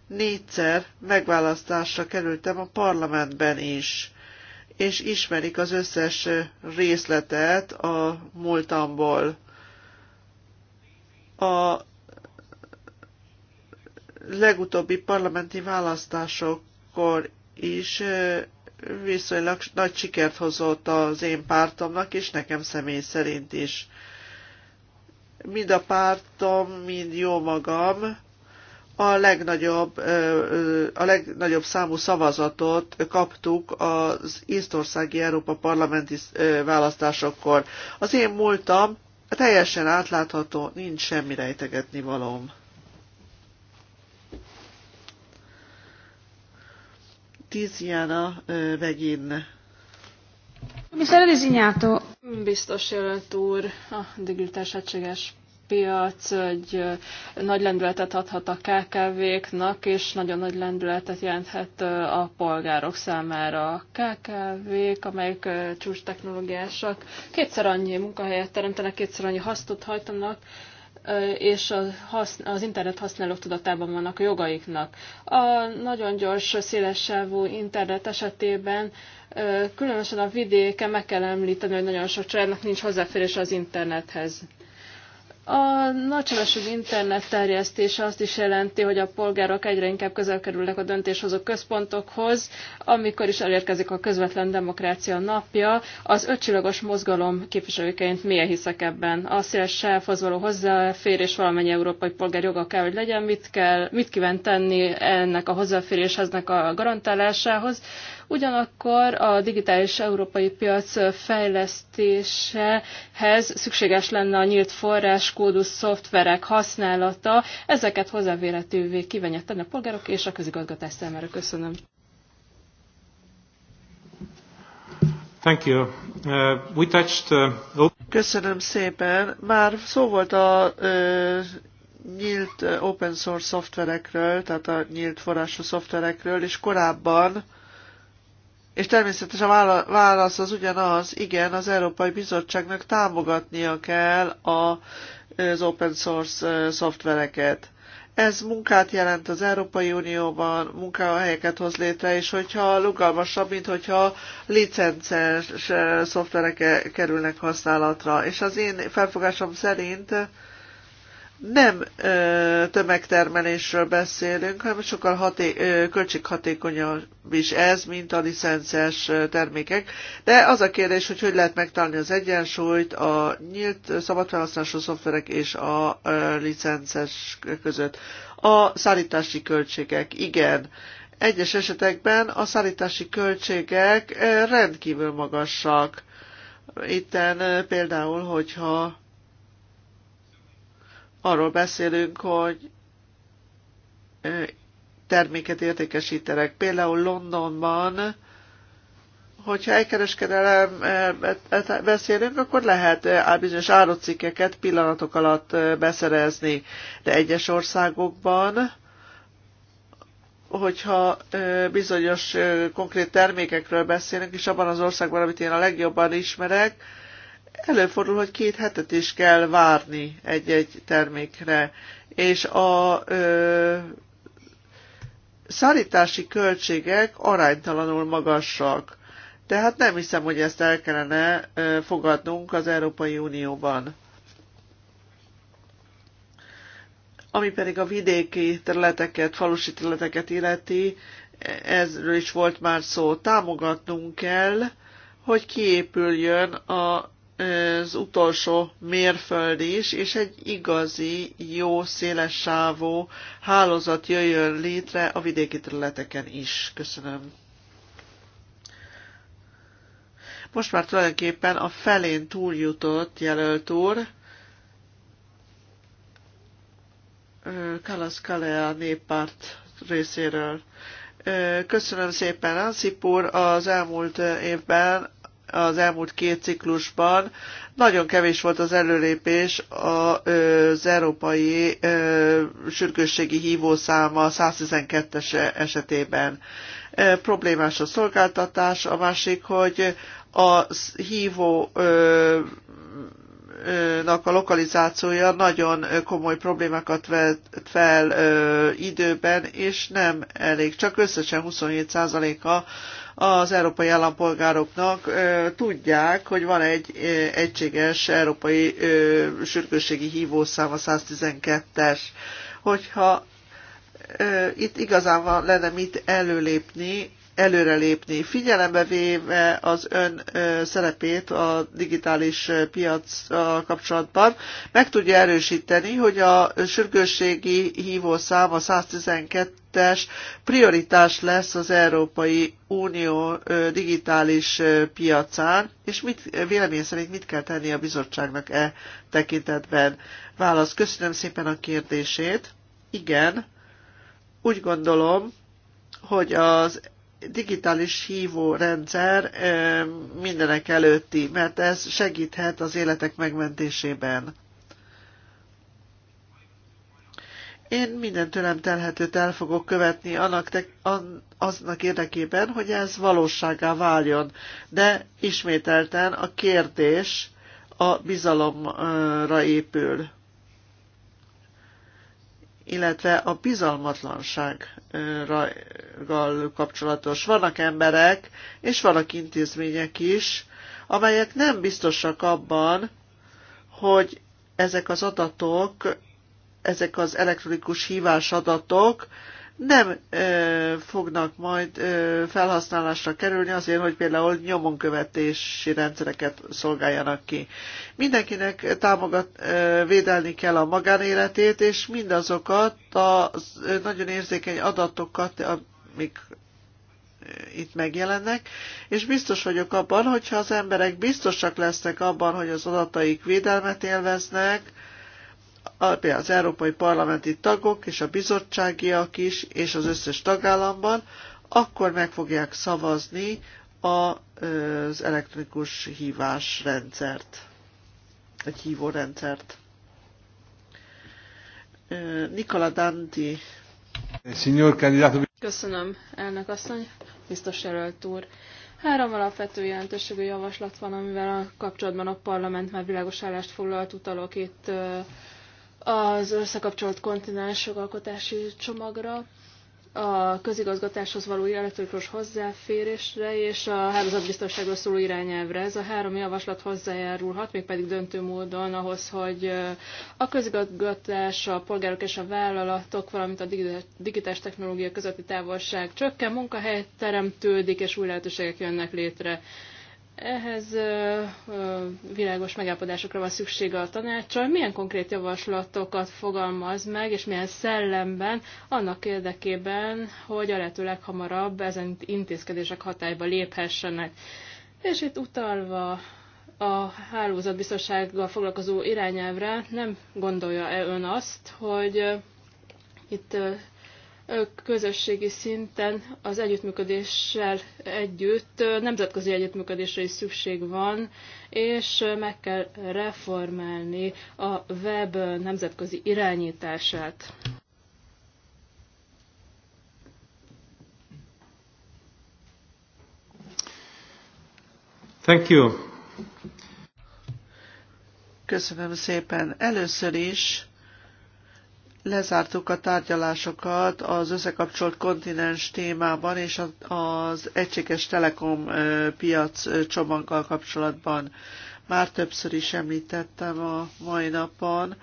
négyszer megválasztásra kerültem a parlamentben is, és ismerik az összes részletet a múltamból. A legutóbbi parlamenti választásokkor is viszonylag nagy sikert hozott az én pártomnak, és nekem személy szerint is. Mind a pártom, mind jó magam, a legnagyobb, a legnagyobb számú szavazatot kaptuk az Észtországi Európa Parlamenti választásokkor. Az én múltam teljesen átlátható, nincs semmi rejtegetni valóm. Tiziana Vegin. Mi szerint Biztos jelölt úr, a digitális egységes piac egy nagy lendületet adhat a KKV-knak, és nagyon nagy lendületet jelenthet a polgárok számára. A KKV-k, amelyek csúcs technológiásak, kétszer annyi munkahelyet teremtenek, kétszer annyi hasztot hajtanak, és az internet használók tudatában vannak a jogaiknak. A nagyon gyors, szélessávú internet esetében különösen a vidéken meg kell említeni, hogy nagyon sok családnak nincs hozzáférés az internethez. A nagysebességű internet terjesztése azt is jelenti, hogy a polgárok egyre inkább közel kerülnek a döntéshozó központokhoz, amikor is elérkezik a közvetlen demokrácia napja. Az ötcsillagos mozgalom képviselőként milyen hiszek ebben? A széles sávhoz való hozzáférés valamennyi európai polgár joga kell, hogy legyen. Mit, kell, mit kíván tenni ennek a hozzáféréshez, a garantálásához? Ugyanakkor a digitális európai piac fejlesztésehez szükséges lenne a nyílt forrás, kódus, szoftverek használata. Ezeket hozzávéletővé kívánja tenni a polgárok és a közigazgatás számára. Köszönöm. Thank you. Uh, we touched, uh... Köszönöm szépen. Már szó volt a uh, nyílt open source szoftverekről, tehát a nyílt forrású szoftverekről, és korábban és természetesen a válasz az ugyanaz, igen, az Európai Bizottságnak támogatnia kell a, az open source szoftvereket. Ez munkát jelent az Európai Unióban, munkahelyeket hoz létre, és hogyha rugalmasabb, mint hogyha licences szoftverek kerülnek használatra. És az én felfogásom szerint nem ö, tömegtermelésről beszélünk, hanem sokkal haté, ö, költséghatékonyabb is ez, mint a licences termékek. De az a kérdés, hogy hogy lehet megtalálni az egyensúlyt a nyílt szabadfelhasználású szoftverek és a ö, licences között. A szállítási költségek, igen. Egyes esetekben a szállítási költségek rendkívül magasak. Itten például, hogyha arról beszélünk, hogy terméket értékesítenek. Például Londonban, hogyha egy kereskedelem e, e, e, beszélünk, akkor lehet bizonyos árucikkeket pillanatok alatt beszerezni. De egyes országokban, hogyha bizonyos konkrét termékekről beszélünk, és abban az országban, amit én a legjobban ismerek, Előfordul, hogy két hetet is kell várni egy-egy termékre, és a ö, szállítási költségek aránytalanul magasak. Tehát nem hiszem, hogy ezt el kellene fogadnunk az Európai Unióban. Ami pedig a vidéki területeket, falusi területeket illeti, ezről is volt már szó, támogatnunk kell, hogy kiépüljön a az utolsó mérföld is, és egy igazi, jó, széles sávú hálózat jöjjön létre a vidéki területeken is. Köszönöm. Most már tulajdonképpen a felén túljutott jelölt úr, Kalas Kalea néppárt részéről. Köszönöm szépen, Ansip úr, az elmúlt évben az elmúlt két ciklusban nagyon kevés volt az előlépés az európai sürgősségi hívószáma 112-es esetében. Problémás a szolgáltatás, a másik, hogy a hívó a lokalizációja nagyon komoly problémákat vett fel időben, és nem elég. Csak összesen 27%-a az európai állampolgároknak tudják, hogy van egy egységes európai sürgősségi hívószám, a 112-es. Hogyha itt igazán van, lenne mit előlépni, előrelépni, figyelembe véve az ön szerepét a digitális piac kapcsolatban, meg tudja erősíteni, hogy a sürgősségi hívószám a 112-es prioritás lesz az Európai Unió digitális piacán, és mit, vélemény szerint mit kell tenni a bizottságnak e tekintetben? Válasz, köszönöm szépen a kérdését. Igen, úgy gondolom, hogy az digitális hívó rendszer mindenek előtti, mert ez segíthet az életek megmentésében. Én minden tőlem telhetőt el fogok követni annak te, an, aznak érdekében, hogy ez valóságá váljon. De ismételten a kérdés a bizalomra épül illetve a bizalmatlansággal kapcsolatos. Vannak emberek, és vannak intézmények is, amelyek nem biztosak abban, hogy ezek az adatok, ezek az elektronikus hívás adatok nem ö, fognak majd ö, felhasználásra kerülni azért, hogy például nyomonkövetési rendszereket szolgáljanak ki. Mindenkinek támogat, ö, védelni kell a magánéletét, és mindazokat a nagyon érzékeny adatokat, amik itt megjelennek, és biztos vagyok abban, hogyha az emberek biztosak lesznek abban, hogy az adataik védelmet élveznek, az európai parlamenti tagok és a bizottságiak is, és az összes tagállamban, akkor meg fogják szavazni az elektronikus hívás rendszert, egy hívórendszert. Nikola Danti. Köszönöm, elnök asszony, biztos jelölt úr. Három alapvető jelentőségű javaslat van, amivel a kapcsolatban a parlament már világos állást foglalt, utalok itt az összekapcsolt kontinensok alkotási csomagra, a közigazgatáshoz való elektronikus hozzáférésre és a hálózatbiztonságról szóló irányelvre. Ez a három javaslat hozzájárulhat, mégpedig döntő módon ahhoz, hogy a közigazgatás, a polgárok és a vállalatok, valamint a digitális technológia közötti távolság csökken, munkahely teremtődik és új lehetőségek jönnek létre. Ehhez világos megállapodásokra van szüksége a tanácsal. Milyen konkrét javaslatokat fogalmaz meg, és milyen szellemben annak érdekében, hogy a lehető leghamarabb ezen intézkedések hatályba léphessenek. És itt utalva a hálózatbiztonsággal foglalkozó irányelvre nem gondolja-e ön azt, hogy itt közösségi szinten az együttműködéssel együtt nemzetközi együttműködésre is szükség van, és meg kell reformálni a web nemzetközi irányítását. Thank you. Köszönöm szépen. Először is lezártuk a tárgyalásokat az összekapcsolt kontinens témában és az egységes telekom piac csomaggal kapcsolatban. Már többször is említettem a mai napon.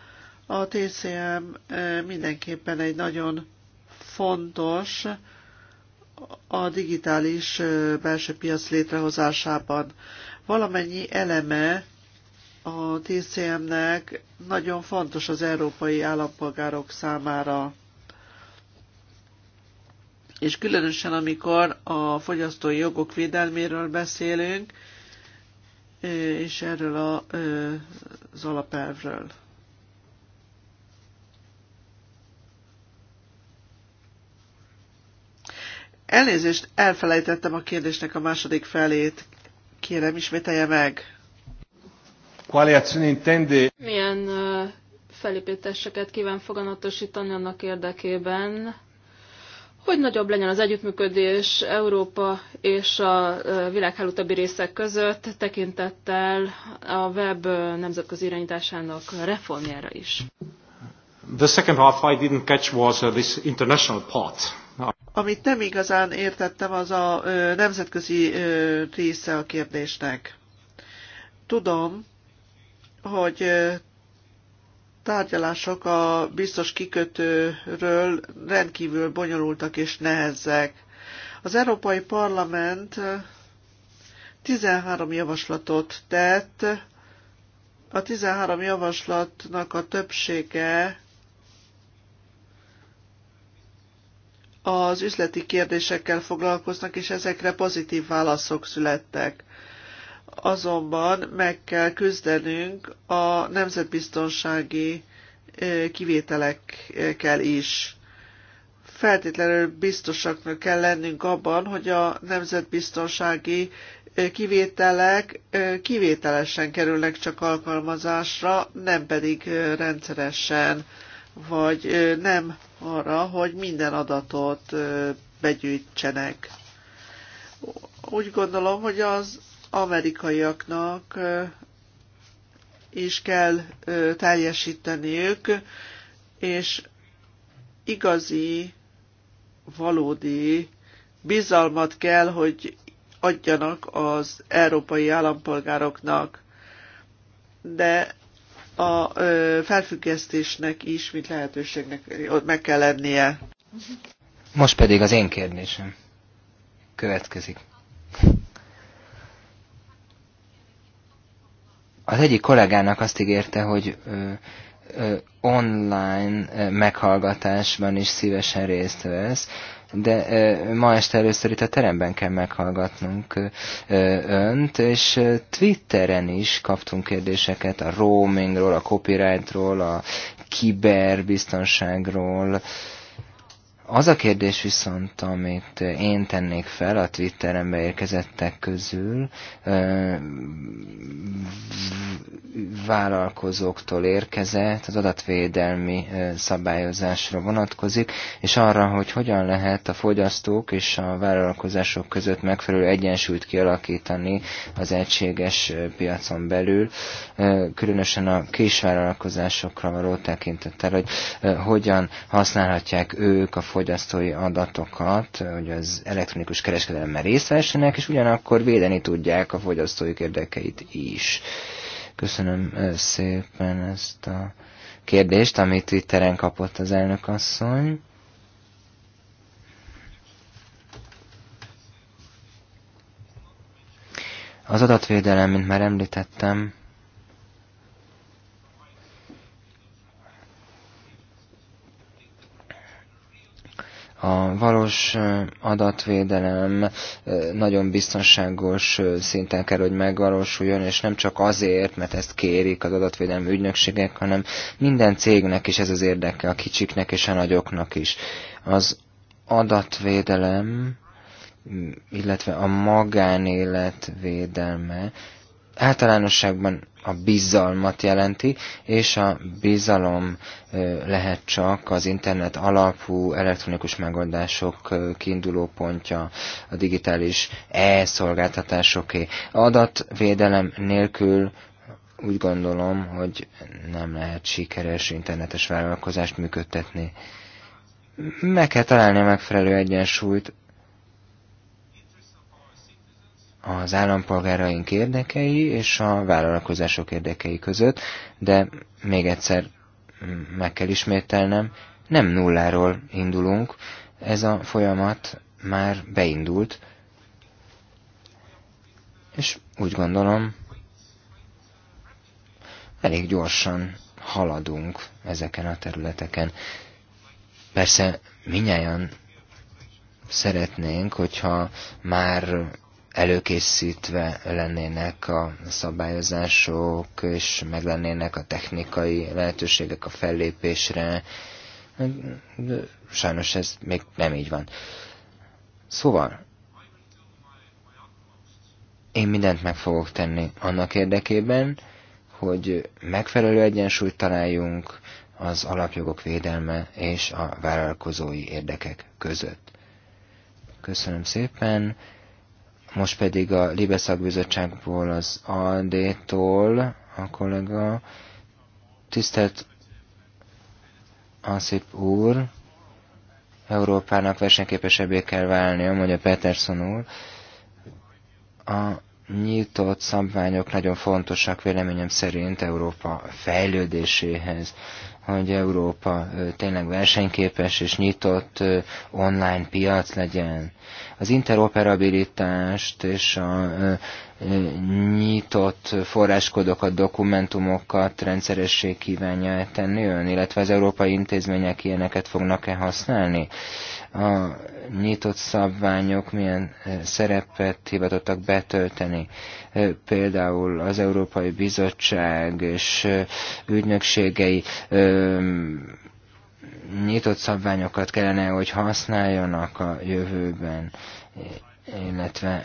A TCM mindenképpen egy nagyon fontos a digitális belső piac létrehozásában. Valamennyi eleme a TCM-nek nagyon fontos az európai állampolgárok számára. És különösen, amikor a fogyasztói jogok védelméről beszélünk, és erről a, az alapelvről. Elnézést, elfelejtettem a kérdésnek a második felét. Kérem, ismételje meg. Milyen felépítéseket kíván foganatosítani annak érdekében, hogy nagyobb legyen az együttműködés Európa és a világháló többi részek között, tekintettel a web nemzetközi irányításának reformjára is. The second half I didn't catch was uh, this international part. Amit nem igazán értettem, az a nemzetközi része a kérdésnek. Tudom, hogy tárgyalások a biztos kikötőről rendkívül bonyolultak és nehezek. Az Európai Parlament 13 javaslatot tett, a 13 javaslatnak a többsége az üzleti kérdésekkel foglalkoznak, és ezekre pozitív válaszok születtek azonban meg kell küzdenünk a nemzetbiztonsági kivételekkel is. Feltétlenül biztosaknak kell lennünk abban, hogy a nemzetbiztonsági kivételek kivételesen kerülnek csak alkalmazásra, nem pedig rendszeresen, vagy nem arra, hogy minden adatot begyűjtsenek. Úgy gondolom, hogy az amerikaiaknak is kell teljesíteniük, és igazi, valódi bizalmat kell, hogy adjanak az európai állampolgároknak. De a felfüggesztésnek is, mint lehetőségnek ott meg kell lennie. Most pedig az én kérdésem következik. Az egyik kollégának azt ígérte, hogy online meghallgatásban is szívesen részt vesz, de ma este először itt a teremben kell meghallgatnunk önt, és Twitteren is kaptunk kérdéseket a roamingról, a copyrightról, a kiberbiztonságról, az a kérdés viszont, amit én tennék fel a Twitteren beérkezettek közül, vállalkozóktól érkezett, az adatvédelmi szabályozásra vonatkozik, és arra, hogy hogyan lehet a fogyasztók és a vállalkozások között megfelelő egyensúlyt kialakítani az egységes piacon belül, különösen a kisvállalkozásokra való tekintettel, hogy hogyan használhatják ők a fogyasztói adatokat, hogy az elektronikus kereskedelemben részt vessenek, és ugyanakkor védeni tudják a fogyasztóik érdekeit is. Köszönöm szépen ezt a kérdést, amit Twitteren kapott az elnök asszony. Az adatvédelem, mint már említettem, A valós adatvédelem nagyon biztonságos szinten kell, hogy megvalósuljon, és nem csak azért, mert ezt kérik az adatvédelmi ügynökségek, hanem minden cégnek is ez az érdeke, a kicsiknek és a nagyoknak is. Az adatvédelem, illetve a magánélet védelme általánosságban a bizalmat jelenti, és a bizalom lehet csak az internet alapú elektronikus megoldások kiinduló pontja a digitális e-szolgáltatásoké. Adatvédelem nélkül úgy gondolom, hogy nem lehet sikeres internetes vállalkozást működtetni. Meg kell találni a megfelelő egyensúlyt az állampolgáraink érdekei és a vállalkozások érdekei között, de még egyszer mm, meg kell ismételnem, nem nulláról indulunk, ez a folyamat már beindult, és úgy gondolom, elég gyorsan haladunk ezeken a területeken. Persze minnyáján szeretnénk, hogyha már előkészítve lennének a szabályozások, és meg lennének a technikai lehetőségek a fellépésre. sajnos ez még nem így van. Szóval, én mindent meg fogok tenni annak érdekében, hogy megfelelő egyensúlyt találjunk az alapjogok védelme és a vállalkozói érdekek között. Köszönöm szépen! Most pedig a Libe szakbizottságból az AD-tól a kollega. Tisztelt Ansip úr, Európának versenyképesebbé kell válnia, mondja Peterson úr. A nyitott szabványok nagyon fontosak véleményem szerint Európa fejlődéséhez hogy Európa tényleg versenyképes és nyitott online piac legyen. Az interoperabilitást és a nyitott forráskodokat, dokumentumokat rendszeressé kívánja -e tenni ön, illetve az európai intézmények ilyeneket fognak-e használni? A nyitott szabványok milyen eh, szerepet hivatottak betölteni? Eh, például az Európai Bizottság és eh, ügynökségei ehm, nyitott szabványokat kellene, hogy használjanak a jövőben illetve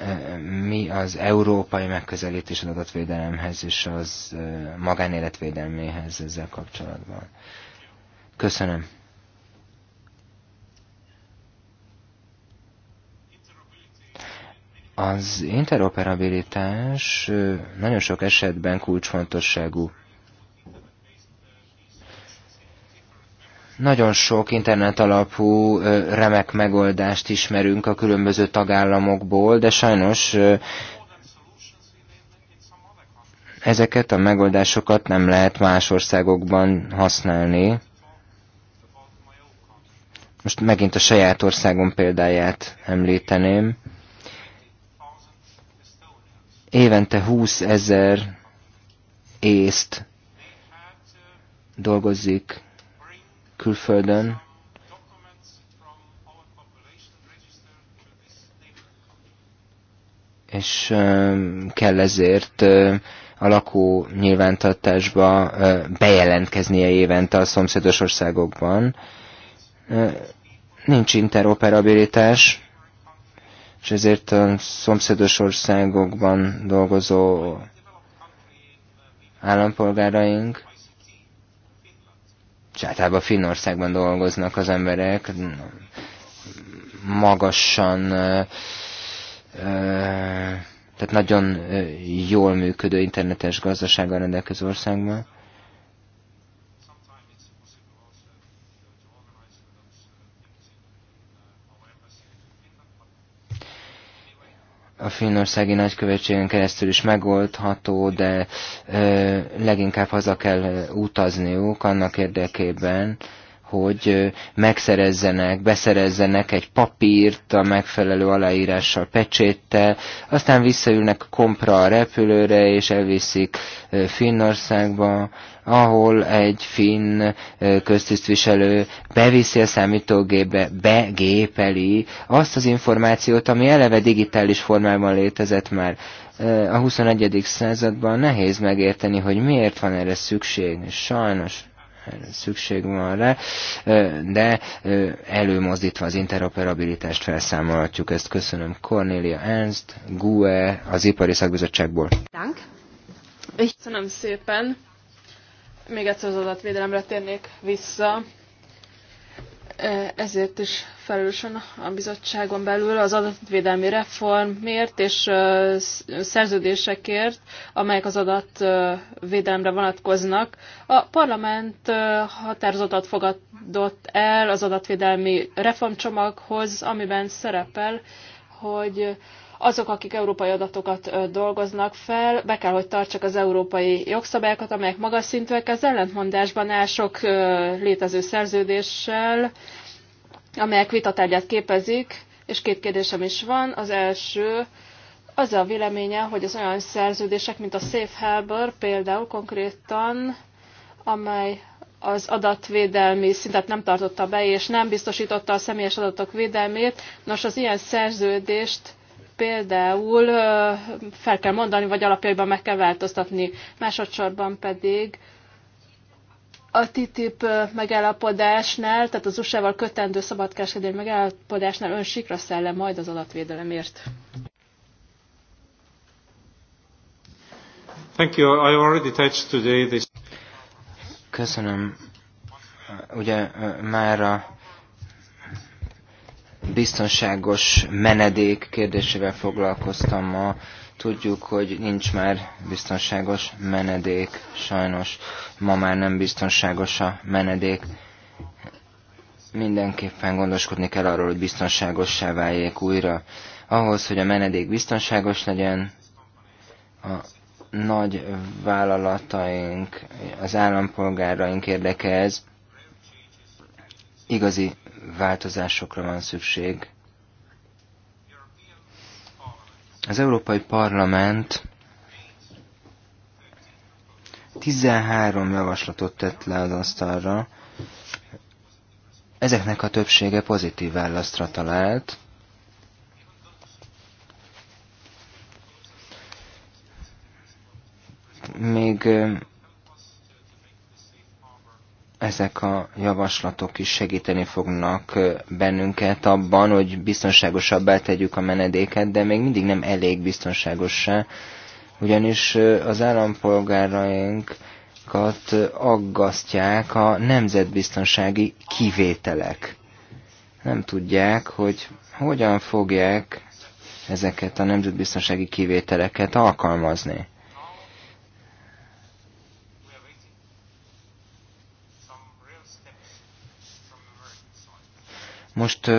mi az európai megközelítés az adatvédelemhez és az magánéletvédelméhez ezzel kapcsolatban. Köszönöm. Az interoperabilitás nagyon sok esetben kulcsfontosságú Nagyon sok internet alapú remek megoldást ismerünk a különböző tagállamokból, de sajnos ezeket a megoldásokat nem lehet más országokban használni. Most megint a saját országom példáját említeném. Évente 20 ezer észt dolgozik külföldön, és um, kell ezért um, a lakó nyilvántartásba um, bejelentkeznie évente a szomszédos országokban. Nincs interoperabilitás, és ezért a szomszédos országokban dolgozó állampolgáraink és általában Finnországban dolgoznak az emberek, magasan, tehát nagyon jól működő internetes gazdasággal rendelkező országban. finnországi nagykövetségen keresztül is megoldható, de ö, leginkább haza kell utazniuk annak érdekében, hogy megszerezzenek, beszerezzenek egy papírt a megfelelő aláírással, pecséttel, aztán visszaülnek kompra a repülőre, és elviszik Finnországba, ahol egy finn köztisztviselő beviszi a számítógépbe, begépeli azt az információt, ami eleve digitális formában létezett már a 21. században nehéz megérteni, hogy miért van erre szükség. Sajnos szükség van rá, de előmozdítva az interoperabilitást felszámolhatjuk ezt. Köszönöm Cornelia Ernst, GUE, az Ipari Szakbizottságból. Dank. Köszönöm szépen. Még egyszer az adatvédelemre térnék vissza. E, ezért is felelősen a bizottságon belül az adatvédelmi reformért és e, szerződésekért, amelyek az adatvédelemre vonatkoznak. A parlament e, határozatot fogadott el az adatvédelmi reformcsomaghoz, amiben szerepel, hogy azok, akik európai adatokat dolgoznak fel, be kell, hogy tartsak az európai jogszabályokat, amelyek magas szintűek, az ellentmondásban áll sok létező szerződéssel, amelyek vitatárgyát képezik, és két kérdésem is van. Az első, az a véleménye, hogy az olyan szerződések, mint a Safe Harbor például konkrétan, amely az adatvédelmi szintet nem tartotta be, és nem biztosította a személyes adatok védelmét. Nos, az ilyen szerződést például fel kell mondani, vagy alapjaiban meg kell változtatni. Másodszorban pedig a TTIP megállapodásnál, tehát az USA-val kötendő szabadkereskedelmi megállapodásnál ön sikra szellem majd az adatvédelemért. Thank you. I already touched today this. Köszönöm. Ugye már a biztonságos menedék kérdésével foglalkoztam ma. Tudjuk, hogy nincs már biztonságos menedék, sajnos ma már nem biztonságos a menedék. Mindenképpen gondoskodni kell arról, hogy biztonságossá váljék újra. Ahhoz, hogy a menedék biztonságos legyen, a nagy vállalataink, az állampolgáraink érdeke ez, igazi változásokra van szükség. Az Európai Parlament 13 javaslatot tett le az asztalra, ezeknek a többsége pozitív választra talált, még ezek a javaslatok is segíteni fognak bennünket abban, hogy biztonságosabbá tegyük a menedéket, de még mindig nem elég biztonságosá, ugyanis az állampolgárainkat aggasztják a nemzetbiztonsági kivételek. Nem tudják, hogy hogyan fogják ezeket a nemzetbiztonsági kivételeket alkalmazni. Most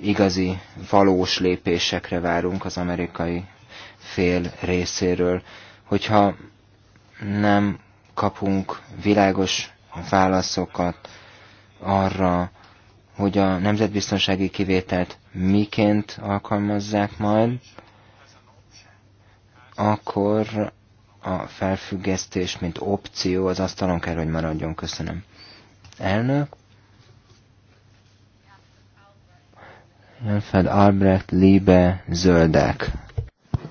igazi, valós lépésekre várunk az amerikai fél részéről. Hogyha nem kapunk világos válaszokat arra, hogy a nemzetbiztonsági kivételt miként alkalmazzák majd, akkor a felfüggesztés, mint opció az asztalon kell, hogy maradjon. Köszönöm. Elnök, Alfred Albrecht, Liebe, Zöldek.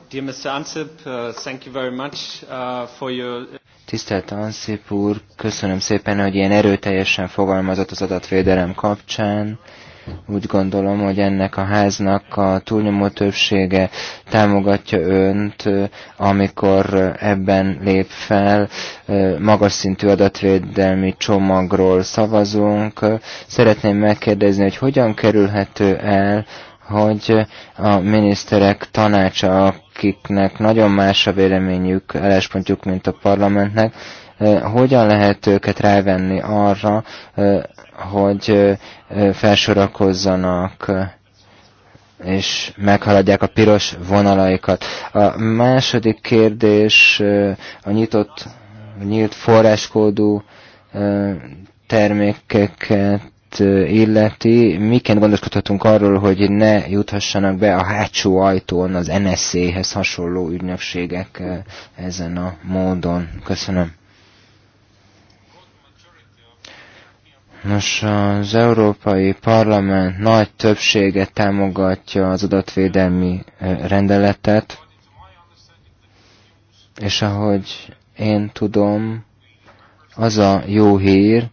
Dear Mr. Ansip, uh, thank you very much uh, for your... Tisztelt Ansip úr, köszönöm szépen, hogy ilyen erőteljesen fogalmazott az adatvédelem kapcsán. Úgy gondolom, hogy ennek a háznak a túlnyomó többsége támogatja önt, amikor ebben lép fel. Magas szintű adatvédelmi csomagról szavazunk. Szeretném megkérdezni, hogy hogyan kerülhető el, hogy a miniszterek tanácsa, akiknek nagyon más a véleményük, álláspontjuk, mint a parlamentnek, hogyan lehet őket rávenni arra, hogy felsorakozzanak és meghaladják a piros vonalaikat. A második kérdés a nyitott, nyílt forráskódú termékeket illeti, miként gondoskodhatunk arról, hogy ne juthassanak be a hátsó ajtón az NSZ-hez hasonló ügynökségek ezen a módon? Köszönöm. Nos, az Európai Parlament nagy többsége támogatja az adatvédelmi rendeletet, és ahogy én tudom, az a jó hír,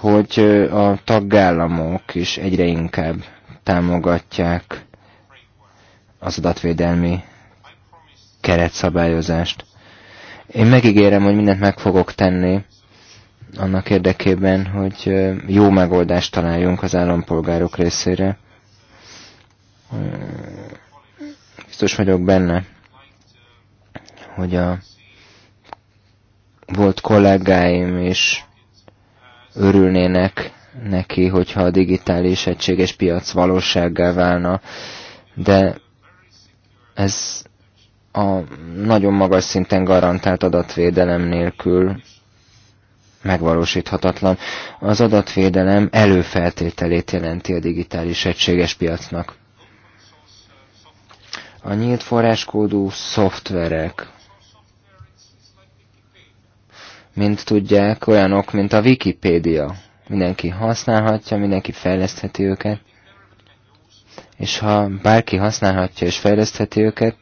hogy a tagállamok is egyre inkább támogatják az adatvédelmi keretszabályozást. Én megígérem, hogy mindent meg fogok tenni, annak érdekében, hogy jó megoldást találjunk az állampolgárok részére. Biztos vagyok benne, hogy a volt kollégáim is örülnének neki, hogyha a digitális egységes piac valósággá válna, de ez a nagyon magas szinten garantált adatvédelem nélkül megvalósíthatatlan. Az adatvédelem előfeltételét jelenti a digitális egységes piacnak. A nyílt forráskódú szoftverek, mint tudják, olyanok, mint a Wikipédia. Mindenki használhatja, mindenki fejlesztheti őket, és ha bárki használhatja és fejlesztheti őket,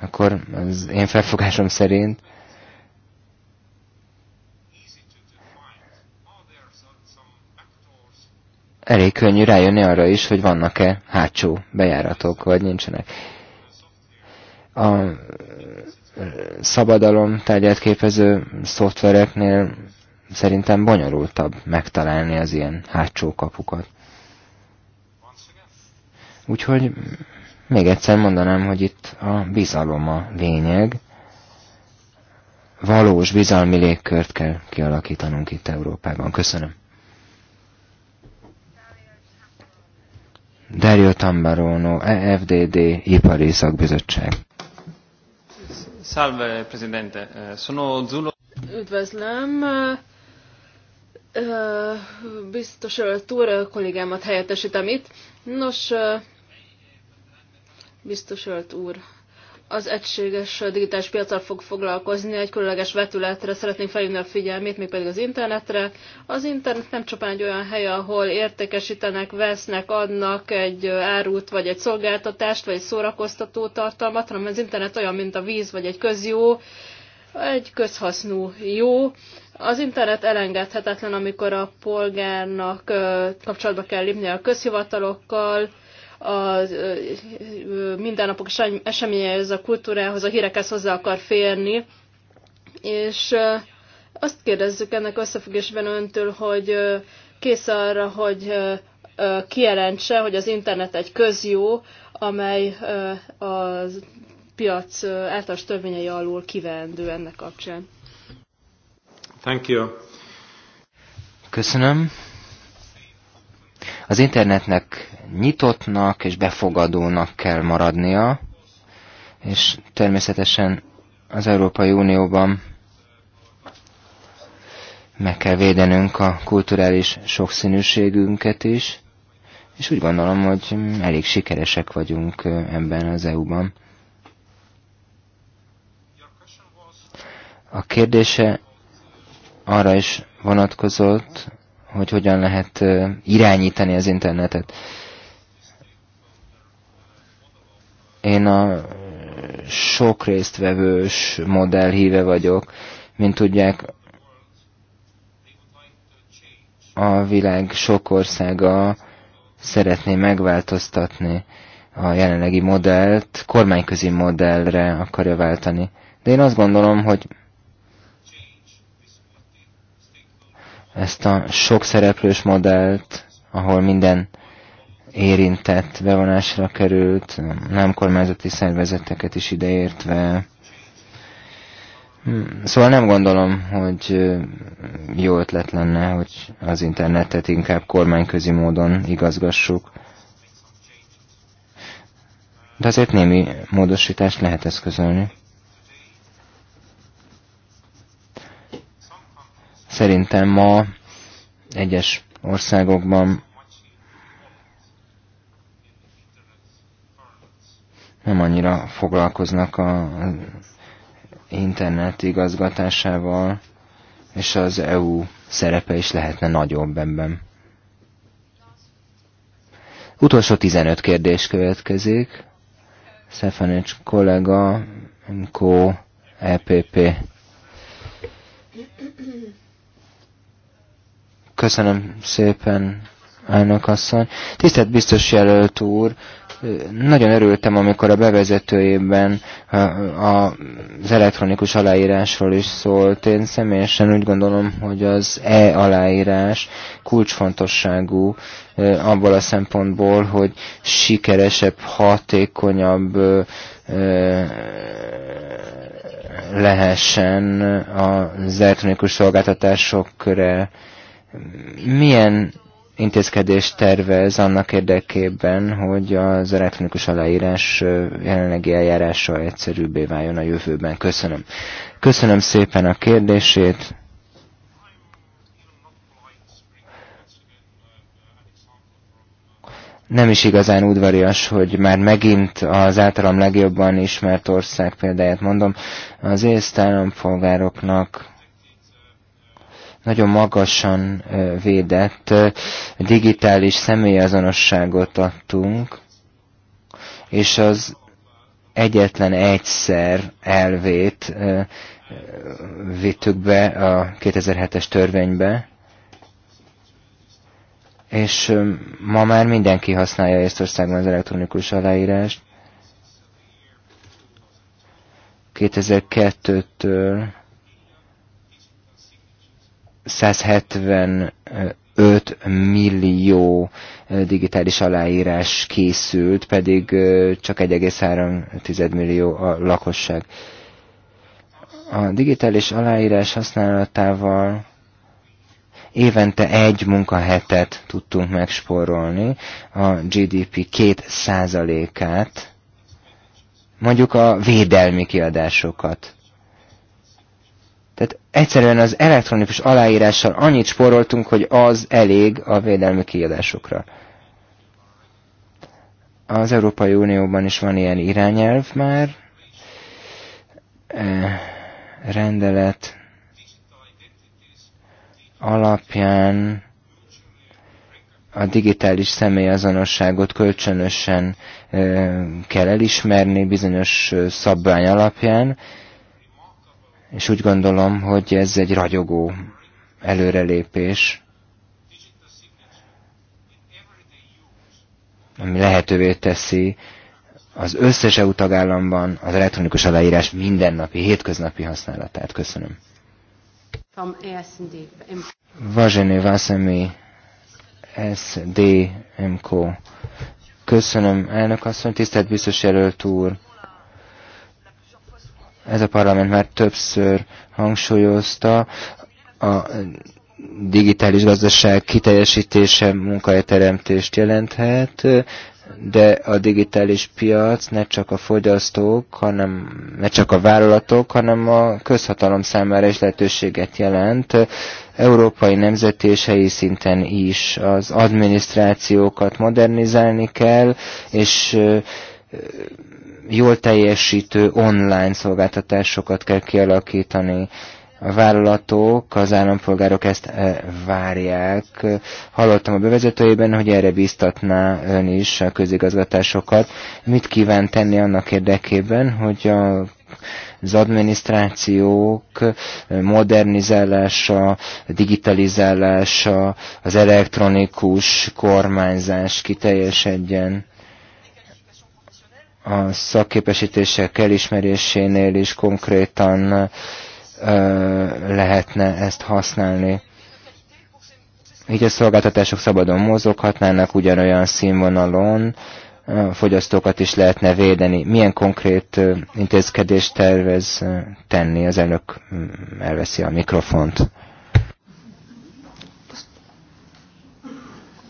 akkor az én felfogásom szerint elég könnyű rájönni arra is, hogy vannak-e hátsó bejáratok, vagy nincsenek. A szabadalom tárgyát képező szoftvereknél szerintem bonyolultabb megtalálni az ilyen hátsó kapukat. Úgyhogy még egyszer mondanám, hogy itt a bizalom a lényeg. Valós bizalmi légkört kell kialakítanunk itt Európában. Köszönöm. Dario Tambarono, EFDD, Ipari Szakbizottság. Salve, Presidente. Eh, sono Zulo. Üdvözlöm. Eh, biztos úr kollégámat helyettesítem itt. Nos, eh, biztos úr, az egységes digitális piacsal fog foglalkozni, egy különleges vetületre szeretnénk felhívni a figyelmét, mégpedig az internetre. Az internet nem csupán egy olyan hely, ahol értékesítenek, vesznek, adnak egy árut, vagy egy szolgáltatást, vagy egy szórakoztató tartalmat, hanem az internet olyan, mint a víz, vagy egy közjó, egy közhasznú jó. Az internet elengedhetetlen, amikor a polgárnak kapcsolatba kell lépnie a közhivatalokkal, a mindennapok eseményeihez, a kultúrához, a hírekhez hozzá akar férni. És azt kérdezzük ennek összefüggésben öntől, hogy kész arra, hogy kijelentse, hogy az internet egy közjó, amely a piac általános törvényei alól kivendő ennek kapcsán. Thank you. Köszönöm. Az internetnek nyitottnak és befogadónak kell maradnia, és természetesen az Európai Unióban meg kell védenünk a kulturális sokszínűségünket is, és úgy gondolom, hogy elég sikeresek vagyunk ebben az EU-ban. A kérdése arra is vonatkozott, hogy hogyan lehet irányítani az internetet. Én a sok résztvevős modell híve vagyok. Mint tudják, a világ sok országa szeretné megváltoztatni a jelenlegi modellt, kormányközi modellre akarja váltani. De én azt gondolom, hogy ezt a sok szereplős modellt, ahol minden érintett bevonásra került, nem kormányzati szervezeteket is ideértve. Hmm, szóval nem gondolom, hogy jó ötlet lenne, hogy az internetet inkább kormányközi módon igazgassuk. De azért némi módosítást lehet eszközölni. Szerintem ma egyes országokban nem annyira foglalkoznak a internet igazgatásával, és az EU szerepe is lehetne nagyobb ebben. Utolsó 15 kérdés következik. Szefanics kollega, MKO, EPP. Köszönöm szépen, elnök asszony. Tisztelt biztos jelölt úr, nagyon örültem, amikor a bevezetőjében az elektronikus aláírásról is szólt. Én személyesen úgy gondolom, hogy az e-aláírás kulcsfontosságú abból a szempontból, hogy sikeresebb, hatékonyabb lehessen az elektronikus szolgáltatásokra milyen intézkedést tervez annak érdekében, hogy az elektronikus aláírás jelenlegi eljárása egyszerűbbé váljon a jövőben. Köszönöm. Köszönöm szépen a kérdését. nem is igazán udvarias, hogy már megint az általam legjobban ismert ország példáját mondom, az észt állampolgároknak nagyon magasan védett digitális személyazonosságot adtunk, és az egyetlen egyszer elvét vittük be a 2007-es törvénybe, és ma már mindenki használja Észtországban az elektronikus aláírást. 2002-től 175 millió digitális aláírás készült, pedig csak 1,3 millió a lakosság. A digitális aláírás használatával évente egy munkahetet tudtunk megsporolni, a GDP 2%-át, mondjuk a védelmi kiadásokat tehát egyszerűen az elektronikus aláírással annyit spóroltunk, hogy az elég a védelmi kiadásokra. Az Európai Unióban is van ilyen irányelv már, eh, rendelet alapján a digitális személyazonosságot kölcsönösen eh, kell elismerni bizonyos eh, szabvány alapján, és úgy gondolom, hogy ez egy ragyogó előrelépés, ami lehetővé teszi az összes EU tagállamban az elektronikus aláírás mindennapi, hétköznapi használatát. Köszönöm. Vazsené Vászemi SDMK. Köszönöm, elnök asszony, tisztelt biztos jelölt úr. Ez a parlament már többször hangsúlyozta a digitális gazdaság kiteljesítése munkahelyteremtést jelenthet, de a digitális piac ne csak a fogyasztók, hanem ne csak a vállalatok, hanem a közhatalom számára is lehetőséget jelent, európai nemzeti és helyi szinten is. Az adminisztrációkat modernizálni kell, és jól teljesítő online szolgáltatásokat kell kialakítani. A vállalatok, az állampolgárok ezt e, várják. Hallottam a bevezetőjében, hogy erre bíztatná ön is a közigazgatásokat. Mit kíván tenni annak érdekében, hogy a az adminisztrációk e, modernizálása, digitalizálása, az elektronikus kormányzás kiteljesedjen a szakképesítések elismerésénél is konkrétan lehetne ezt használni. Így a szolgáltatások szabadon mozoghatnának ugyanolyan színvonalon, a fogyasztókat is lehetne védeni. Milyen konkrét intézkedést tervez tenni? Az elnök elveszi a mikrofont.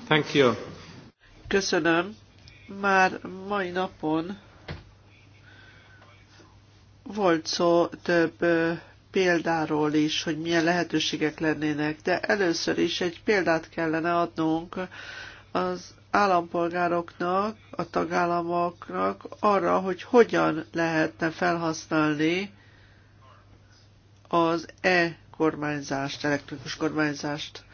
Thank you. Köszönöm. Már mai napon volt szó több példáról is, hogy milyen lehetőségek lennének, de először is egy példát kellene adnunk az állampolgároknak, a tagállamoknak arra, hogy hogyan lehetne felhasználni az e-kormányzást, elektronikus kormányzást.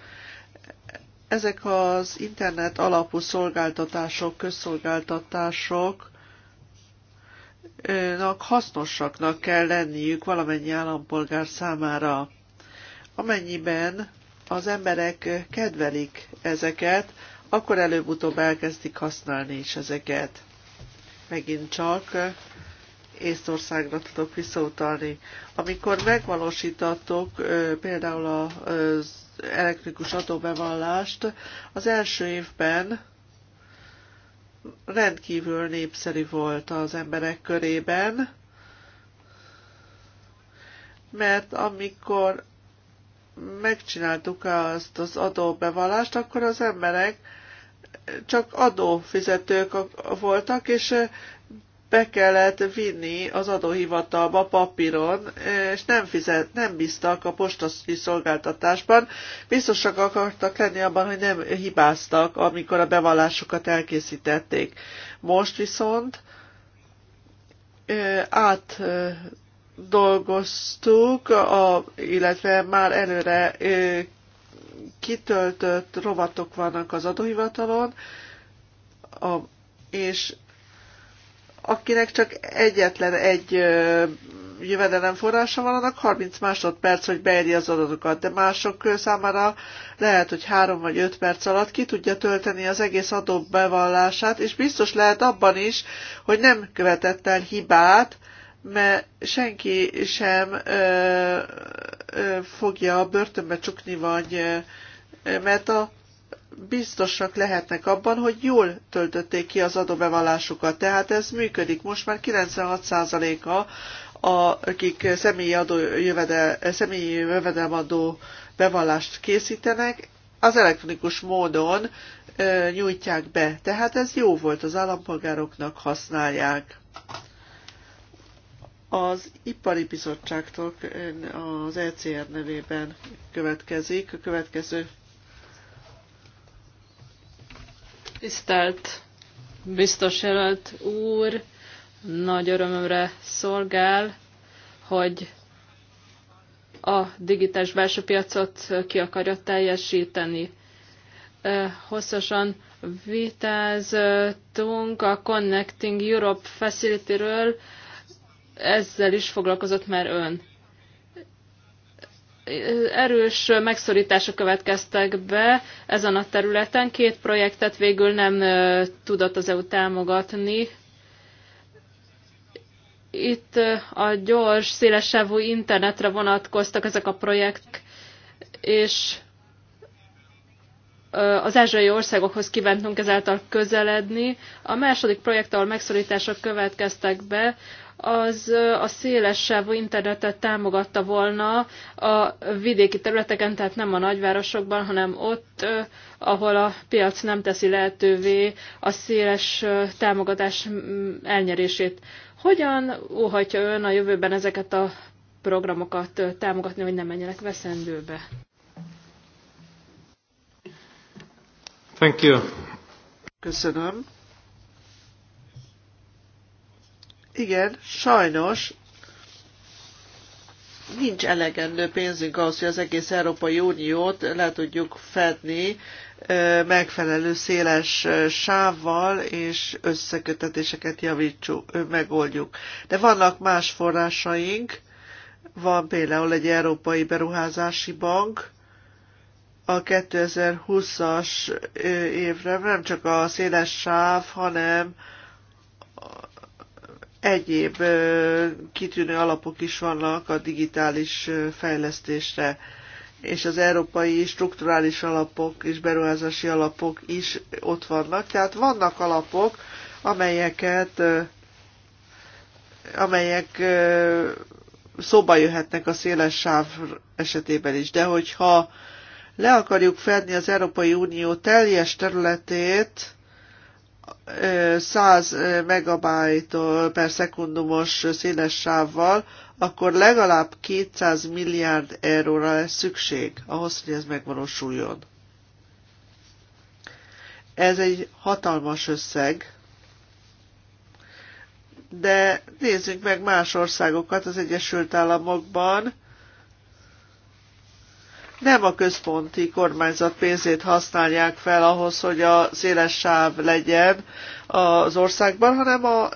Ezek az internet alapú szolgáltatások, közszolgáltatások hasznosaknak kell lenniük valamennyi állampolgár számára. Amennyiben az emberek kedvelik ezeket, akkor előbb-utóbb elkezdik használni is ezeket. Megint csak Észtországra tudok visszautalni. Amikor megvalósítottok például az elektrikus adóbevallást, az első évben rendkívül népszerű volt az emberek körében, mert amikor megcsináltuk azt az adóbevallást, akkor az emberek csak adófizetők voltak, és be kellett vinni az adóhivatalba papíron, és nem fizet, nem bíztak a postai szolgáltatásban. Biztosak akartak lenni abban, hogy nem hibáztak, amikor a bevallásokat elkészítették. Most viszont át dolgoztuk, a, illetve már előre kitöltött rovatok vannak az adóhivatalon, a, és akinek csak egyetlen egy jövedelem forrása van, annak 30 másodperc, hogy beéri az adatokat, de mások számára lehet, hogy 3 vagy 5 perc alatt ki tudja tölteni az egész adó bevallását, és biztos lehet abban is, hogy nem követett el hibát, mert senki sem ö, ö, fogja börtönbe csukni, vagy ö, mert a biztosak lehetnek abban, hogy jól töltötték ki az adóbevallásukat. Tehát ez működik. Most már 96%-a, a, akik személyi, adó, jövedel, személyi jövedelmadó bevallást készítenek, az elektronikus módon ö, nyújtják be. Tehát ez jó volt, az állampolgároknak használják. Az Ipari Bizottságtól az ECR nevében következik a következő Tisztelt biztos jelölt úr, nagy örömömre szolgál, hogy a digitális belső piacot ki akarja teljesíteni. Hosszasan vitázottunk a Connecting Europe Facility-ről, ezzel is foglalkozott már ön erős megszorítások következtek be ezen a területen. Két projektet végül nem tudott az EU támogatni. Itt a gyors, szélesávú internetre vonatkoztak ezek a projektek, és az ázsiai országokhoz kívántunk ezáltal közeledni. A második projekt, ahol megszorítások következtek be, az a szélesebb internetet támogatta volna a vidéki területeken, tehát nem a nagyvárosokban, hanem ott, ahol a piac nem teszi lehetővé a széles támogatás elnyerését. Hogyan óhatja ön a jövőben ezeket a programokat támogatni, hogy nem menjenek veszendőbe? Thank you. Köszönöm. Igen, sajnos nincs elegendő pénzünk ahhoz, hogy az egész Európai Uniót le tudjuk fedni megfelelő széles sávval és összekötetéseket javítsuk, megoldjuk. De vannak más forrásaink, van például egy Európai Beruházási Bank, a 2020-as évre nem csak a széles sáv, hanem egyéb kitűnő alapok is vannak a digitális fejlesztésre, és az európai strukturális alapok és beruházási alapok is ott vannak. Tehát vannak alapok, amelyeket amelyek szóba jöhetnek a széles sáv esetében is. De hogyha le akarjuk fedni az Európai Unió teljes területét, 100 megabájt per szekundumos széles sávval, akkor legalább 200 milliárd euróra lesz szükség ahhoz, hogy ez megvalósuljon. Ez egy hatalmas összeg, de nézzünk meg más országokat az Egyesült Államokban, nem a központi kormányzat pénzét használják fel ahhoz, hogy a széles sáv legyen az országban, hanem a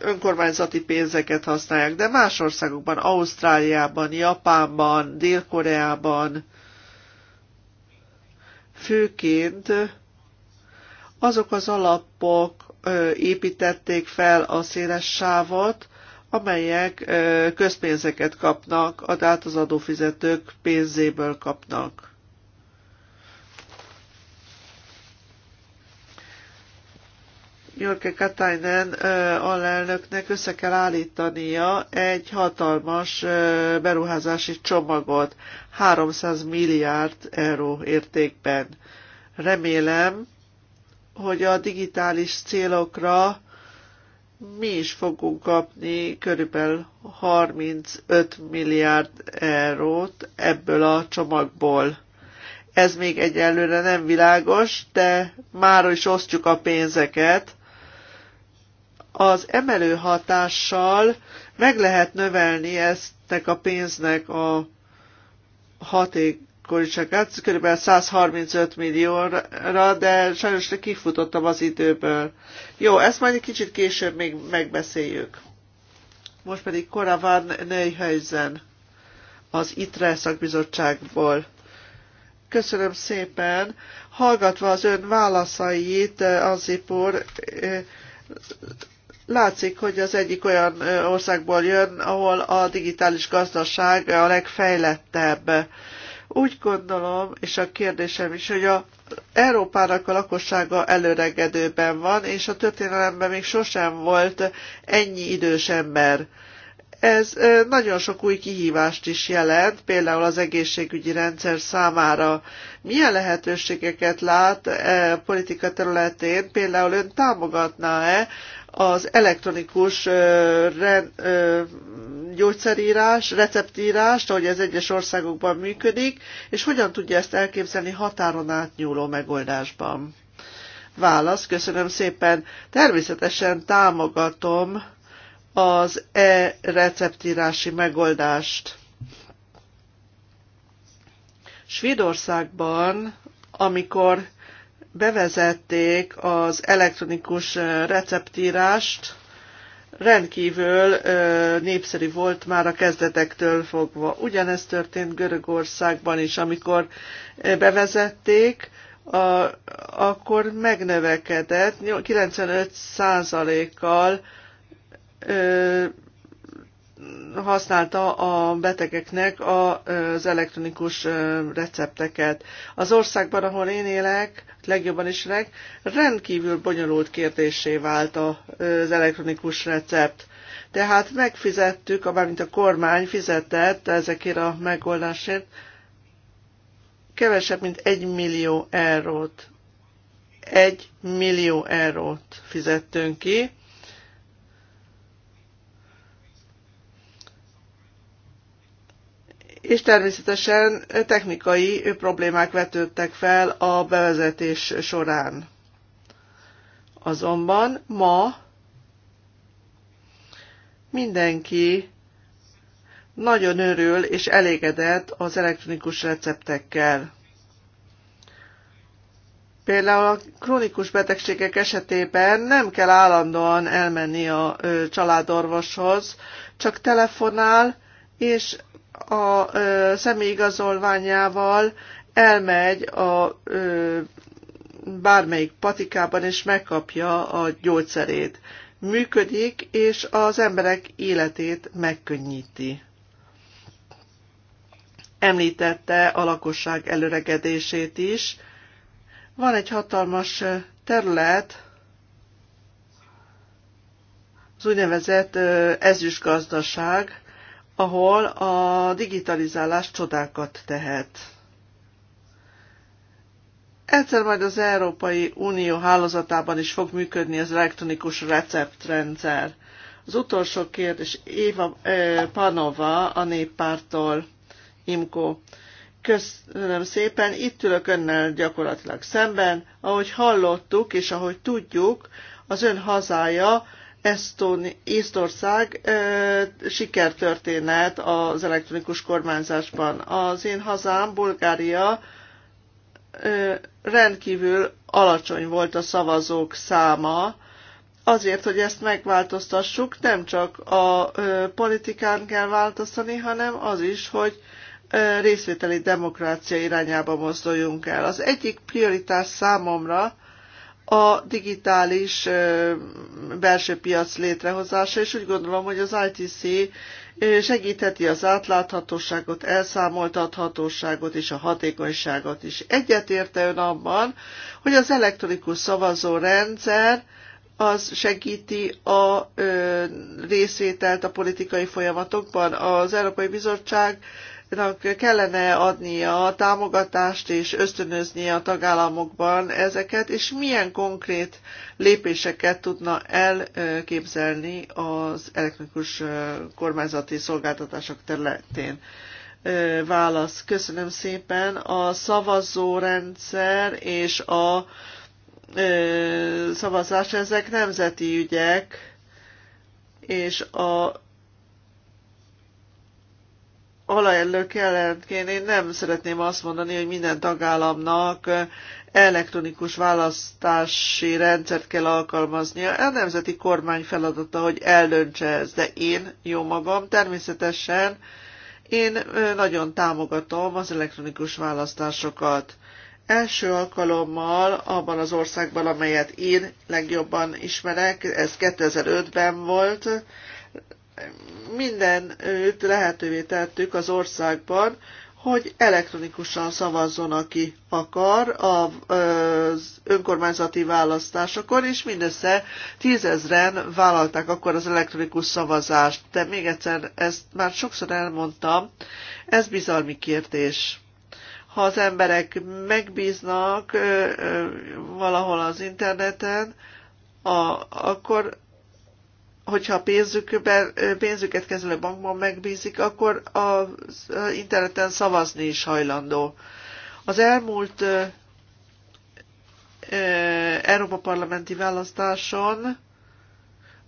önkormányzati pénzeket használják, de más országokban, Ausztráliában, Japánban, Dél-Koreában főként azok az alapok építették fel a széles sávot, amelyek közpénzeket kapnak, dát az adófizetők pénzéből kapnak. Jörke Katainen alelnöknek össze kell állítania egy hatalmas beruházási csomagot, 300 milliárd euró értékben. Remélem, hogy a digitális célokra mi is fogunk kapni körülbelül 35 milliárd eurót ebből a csomagból. Ez még egyelőre nem világos, de már is osztjuk a pénzeket. Az emelő hatással meg lehet növelni eztnek a pénznek a haték kulcsokat, kb. 135 millióra, de sajnos kifutottam az időből. Jó, ezt majd egy kicsit később még megbeszéljük. Most pedig van Neuhelyzen az ITRE szakbizottságból. Köszönöm szépen. Hallgatva az ön válaszait, Anzipur, látszik, hogy az egyik olyan országból jön, ahol a digitális gazdaság a legfejlettebb úgy gondolom, és a kérdésem is, hogy a Európának a lakossága előregedőben van, és a történelemben még sosem volt ennyi idős ember. Ez nagyon sok új kihívást is jelent, például az egészségügyi rendszer számára. Milyen lehetőségeket lát e, politika területén, például ön támogatná-e az elektronikus re, gyógyszerírás, receptírást, ahogy ez egyes országokban működik, és hogyan tudja ezt elképzelni határon átnyúló megoldásban? Válasz, köszönöm szépen. Természetesen támogatom az e-receptírási megoldást. Svédországban, amikor bevezették az elektronikus receptírást, rendkívül ö, népszerű volt már a kezdetektől fogva. Ugyanezt történt Görögországban is, amikor bevezették, a, akkor megnövekedett 95%-kal használta a betegeknek az elektronikus recepteket. Az országban, ahol én élek, legjobban is élek, rendkívül bonyolult kérdésé vált az elektronikus recept. Tehát megfizettük, amint a kormány fizetett ezekért a megoldásért kevesebb, mint egy millió eurót. Egy millió eurót fizettünk ki, és természetesen technikai problémák vetődtek fel a bevezetés során. Azonban ma mindenki nagyon örül és elégedett az elektronikus receptekkel. Például a krónikus betegségek esetében nem kell állandóan elmenni a családorvoshoz, csak telefonál, és a személyigazolványával elmegy a bármelyik patikában, és megkapja a gyógyszerét. Működik, és az emberek életét megkönnyíti. Említette a lakosság előregedését is. Van egy hatalmas terület, az úgynevezett ezüstgazdaság, ahol a digitalizálás csodákat tehet. Egyszer majd az Európai Unió hálózatában is fog működni az elektronikus receptrendszer. Az utolsó kérdés Éva Panova a néppártól, Imko. Köszönöm szépen, itt ülök önnel gyakorlatilag szemben. Ahogy hallottuk és ahogy tudjuk, az ön hazája Esztóni, Észtország e, sikertörténet az elektronikus kormányzásban. Az én hazám, Bulgária e, rendkívül alacsony volt a szavazók száma, azért, hogy ezt megváltoztassuk, nem csak a ö, politikán kell változtani, hanem az is, hogy ö, részvételi demokrácia irányába mozduljunk el. Az egyik prioritás számomra, a digitális belső piac létrehozása, és úgy gondolom, hogy az ITC segítheti az átláthatóságot, elszámoltathatóságot és a hatékonyságot is. Egyetérte ön abban, hogy az elektronikus szavazó rendszer az segíti a részvételt a politikai folyamatokban. Az Európai Bizottság kellene adnia a támogatást és ösztönöznie a tagállamokban ezeket, és milyen konkrét lépéseket tudna elképzelni az elektronikus kormányzati szolgáltatások területén válasz. Köszönöm szépen. A szavazórendszer és a szavazás ezek nemzeti ügyek, és a alelnök jelentként én nem szeretném azt mondani, hogy minden tagállamnak elektronikus választási rendszert kell alkalmaznia. A nemzeti kormány feladata, hogy eldöntse ez, de én, jó magam, természetesen én nagyon támogatom az elektronikus választásokat. Első alkalommal abban az országban, amelyet én legjobban ismerek, ez 2005-ben volt, mindenütt lehetővé tettük az országban, hogy elektronikusan szavazzon, aki akar az önkormányzati választásokon, és mindössze tízezren vállalták akkor az elektronikus szavazást. De még egyszer, ezt már sokszor elmondtam, ez bizalmi kérdés. Ha az emberek megbíznak valahol az interneten, a, akkor hogyha pénzükben, pénzüket kezelő bankban megbízik, akkor az interneten szavazni is hajlandó. Az elmúlt Európa parlamenti választáson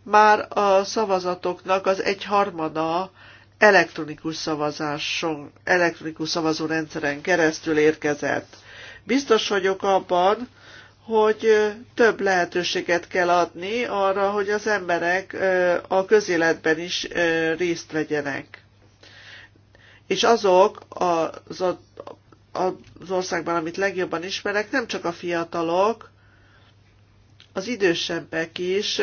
már a szavazatoknak az egyharmada elektronikus szavazáson, elektronikus szavazórendszeren keresztül érkezett. Biztos vagyok abban, hogy több lehetőséget kell adni arra, hogy az emberek a közéletben is részt vegyenek. És azok az, az országban, amit legjobban ismerek, nem csak a fiatalok, az idősebbek is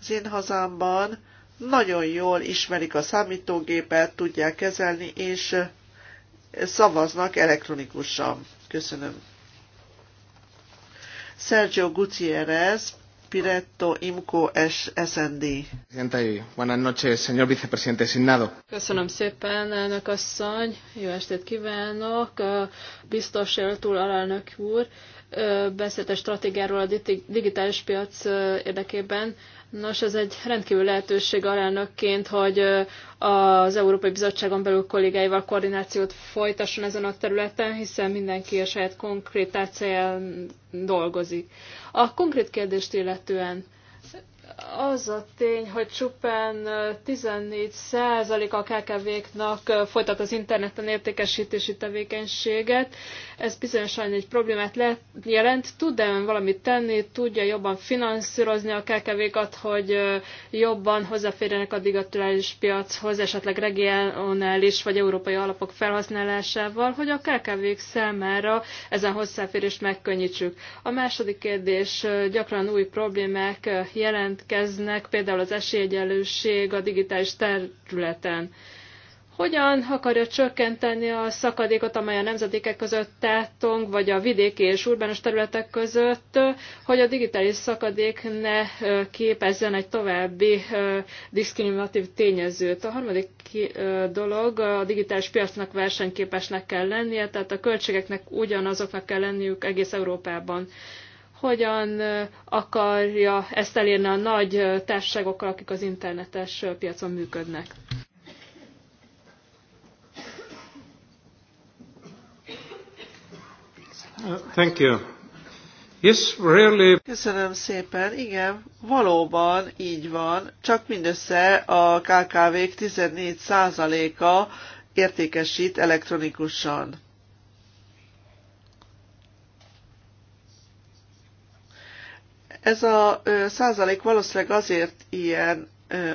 az én hazámban nagyon jól ismerik a számítógépet, tudják kezelni, és szavaznak elektronikusan. Köszönöm. Sergio Gutiérrez, Piretto Imco SND. Buenas noches, señor vicepresidente Signado. Köszönöm szépen, elnök asszony. Jó estét kívánok, biztos úr, alelnök úr beszélt a stratégiáról a digitális piac érdekében. Nos, ez egy rendkívül lehetőség alelnökként, hogy az Európai Bizottságon belül kollégáival koordinációt folytasson ezen a területen, hiszen mindenki a saját konkrét dolgozik. A konkrét kérdést illetően az a tény, hogy csupán 14% a KKV-knak folytat az interneten értékesítési tevékenységet. Ez bizonyosan egy problémát le- jelent. Tud-e ön valamit tenni? Tudja jobban finanszírozni a KKV-kat, hogy jobban hozzáférjenek a digitális piachoz, esetleg regionális vagy európai alapok felhasználásával, hogy a KKV-k számára ezen hozzáférést megkönnyítsük. A második kérdés gyakran új problémák jelent jelentkeznek, például az esélyegyenlőség a digitális területen. Hogyan akarja csökkenteni a szakadékot, amely a nemzetékek között tettünk, vagy a vidéki és urbános területek között, hogy a digitális szakadék ne képezzen egy további diszkriminatív tényezőt. A harmadik dolog, a digitális piacnak versenyképesnek kell lennie, tehát a költségeknek ugyanazoknak kell lenniük egész Európában hogyan akarja ezt elérni a nagy társaságokkal, akik az internetes piacon működnek. Thank you. Yes, really. Köszönöm szépen. Igen, valóban így van, csak mindössze a KKV-k 14%-a értékesít elektronikusan. Ez a százalék valószínűleg azért ilyen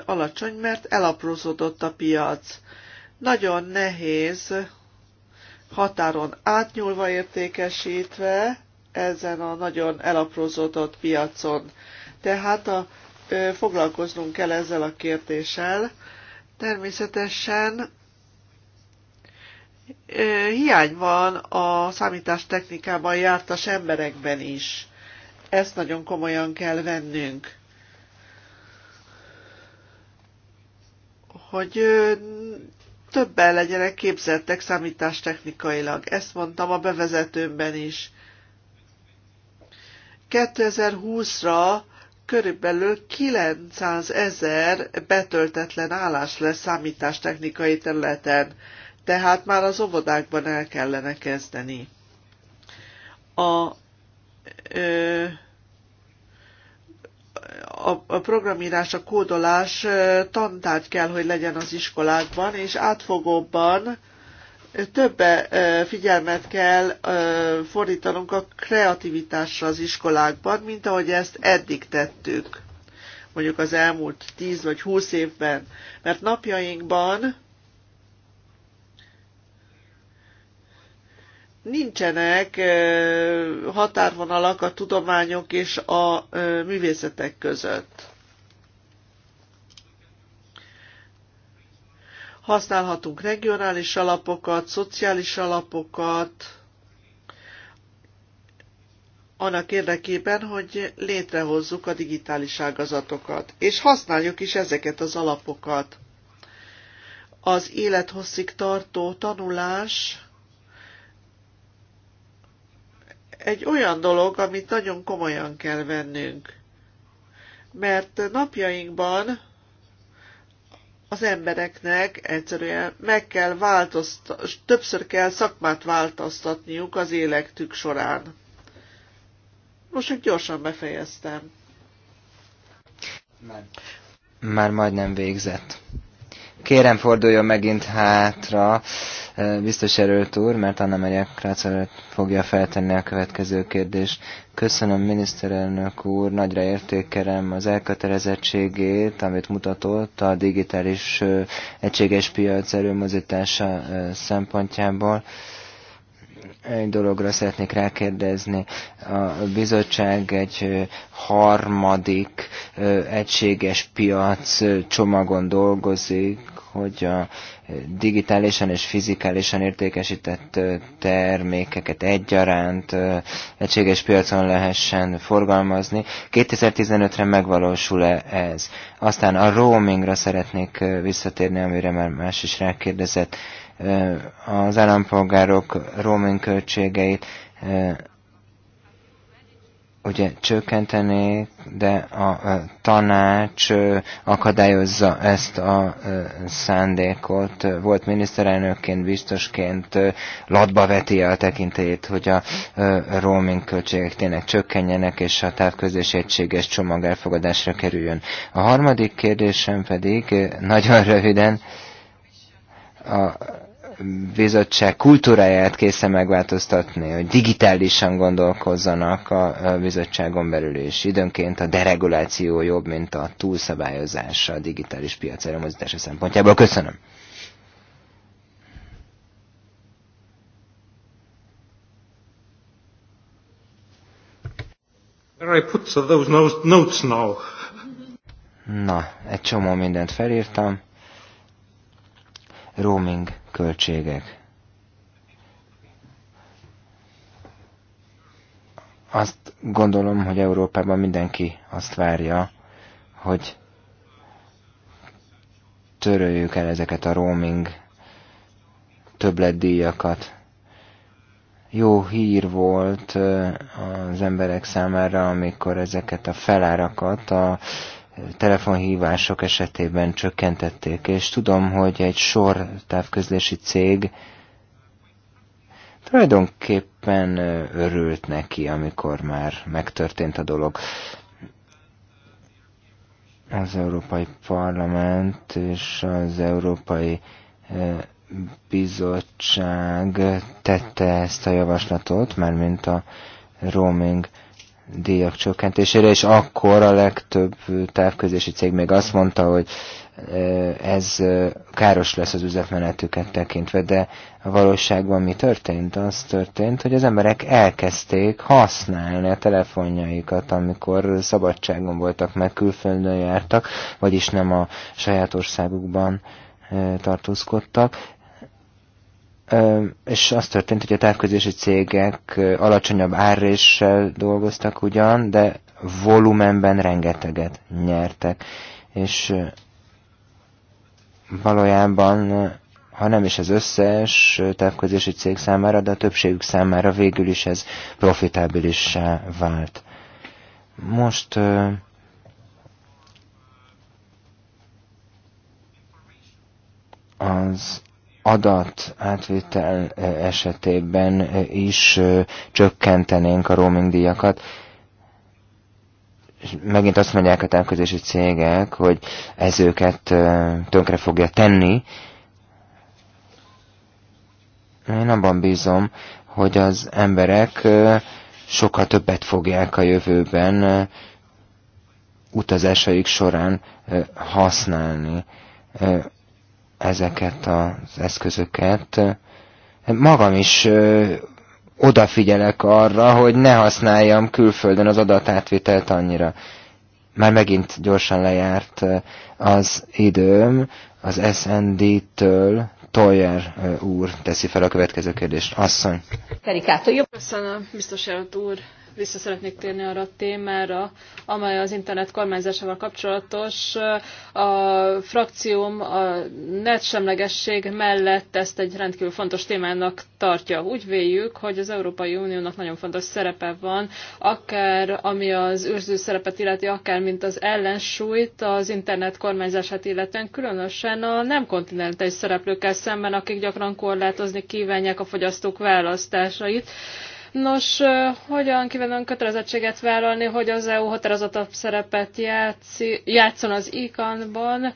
alacsony, mert elaprózódott a piac. Nagyon nehéz határon átnyúlva értékesítve ezen a nagyon elaprózódott piacon. Tehát a, ö, foglalkoznunk kell ezzel a kérdéssel. Természetesen ö, hiány van a számítástechnikában jártas emberekben is. Ezt nagyon komolyan kell vennünk. Hogy többen legyenek képzettek számítástechnikailag. Ezt mondtam a bevezetőmben is. 2020-ra körülbelül 900 ezer betöltetlen állás lesz számítástechnikai területen, tehát már az óvodákban el kellene kezdeni. A a programírás, a kódolás tantárgy kell, hogy legyen az iskolákban, és átfogóbban több figyelmet kell fordítanunk a kreativitásra az iskolákban, mint ahogy ezt eddig tettük, mondjuk az elmúlt 10 vagy 20 évben. Mert napjainkban nincsenek határvonalak a tudományok és a művészetek között. Használhatunk regionális alapokat, szociális alapokat, annak érdekében, hogy létrehozzuk a digitális ágazatokat, és használjuk is ezeket az alapokat. Az élethosszig tartó tanulás egy olyan dolog, amit nagyon komolyan kell vennünk. Mert napjainkban az embereknek egyszerűen meg kell változtatni, többször kell szakmát változtatniuk az életük során. Most csak gyorsan befejeztem. Már, Már majdnem végzett. Kérem forduljon megint hátra, biztos erőt úr, mert Anna Maria Krácel fogja feltenni a következő kérdést. Köszönöm miniszterelnök úr, nagyra értékelem az elkötelezettségét, amit mutatott a digitális egységes piac előmozítása szempontjából egy dologra szeretnék rákérdezni. A bizottság egy harmadik egységes piac csomagon dolgozik hogy a digitálisan és fizikálisan értékesített termékeket egyaránt egységes piacon lehessen forgalmazni. 2015-re megvalósul-e ez? Aztán a roamingra szeretnék visszatérni, amire már más is rákérdezett. Az állampolgárok roaming költségeit ugye csökkentenék, de a tanács akadályozza ezt a szándékot. Volt miniszterelnökként, biztosként latba veti a tekintélyét, hogy a roaming költségek tényleg csökkenjenek, és a távközés egységes csomag elfogadásra kerüljön. A harmadik kérdésem pedig, nagyon röviden, a bizottság kultúráját készen megváltoztatni, hogy digitálisan gondolkozzanak a bizottságon belül, is. időnként a dereguláció jobb, mint a túlszabályozás a digitális piac előmozítása szempontjából. Köszönöm! I put those notes now. Na, egy csomó mindent felírtam roaming költségek. Azt gondolom, hogy Európában mindenki azt várja, hogy töröljük el ezeket a roaming többletdíjakat. Jó hír volt az emberek számára, amikor ezeket a felárakat a telefonhívások esetében csökkentették, és tudom, hogy egy sor távközlési cég tulajdonképpen örült neki, amikor már megtörtént a dolog. Az Európai Parlament és az Európai Bizottság tette ezt a javaslatot, mármint a roaming díjak csökkentésére, és akkor a legtöbb távközlési cég még azt mondta, hogy ez káros lesz az üzletmenetüket tekintve, de a valóságban mi történt? Az történt, hogy az emberek elkezdték használni a telefonjaikat, amikor szabadságon voltak, meg külföldön jártak, vagyis nem a saját országukban tartózkodtak, és az történt, hogy a távközlési cégek alacsonyabb árréssel dolgoztak ugyan, de volumenben rengeteget nyertek. És valójában, ha nem is az összes távközlési cég számára, de a többségük számára végül is ez profitábilissá vált. Most az adat átvétel e, esetében e, is e, csökkentenénk a roaming díjakat. És megint azt mondják a távközési cégek, hogy ez őket tönkre fogja tenni. Én abban bízom, hogy az emberek sokkal többet fogják a jövőben utazásaik során használni ezeket az eszközöket. Magam is odafigyelek arra, hogy ne használjam külföldön az adatátvitelt annyira. Már megint gyorsan lejárt az időm, az SND-től Toyer úr teszi fel a következő kérdést. Asszony. Terikátor, jó. Köszönöm, biztos úr vissza szeretnék térni arra a témára, amely az internet kormányzásával kapcsolatos. A frakcióm a netsemlegesség mellett ezt egy rendkívül fontos témának tartja. Úgy véljük, hogy az Európai Uniónak nagyon fontos szerepe van, akár ami az őrző szerepet illeti, akár mint az ellensúlyt az internet kormányzását illetően, különösen a nem kontinentális szereplőkkel szemben, akik gyakran korlátozni kívánják a fogyasztók választásait. Nos, hogyan kívánunk kötelezettséget vállalni, hogy az EU határozottabb szerepet játszi, játszon az ICAN-ban,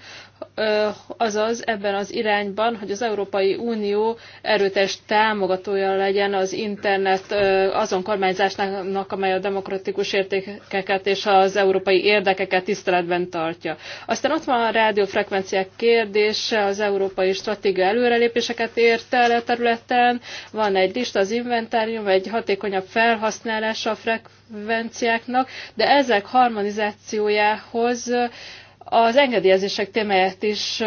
azaz ebben az irányban, hogy az Európai Unió erőteljes támogatója legyen az internet azon kormányzásnak, amely a demokratikus értékeket és az európai érdekeket tiszteletben tartja. Aztán ott van a rádiófrekvenciák kérdése, az európai stratégia előrelépéseket érte el a területen, van egy lista, az inventárium, egy hatékonyabb felhasználása a frekvenciáknak, de ezek harmonizációjához az engedélyezések témáját is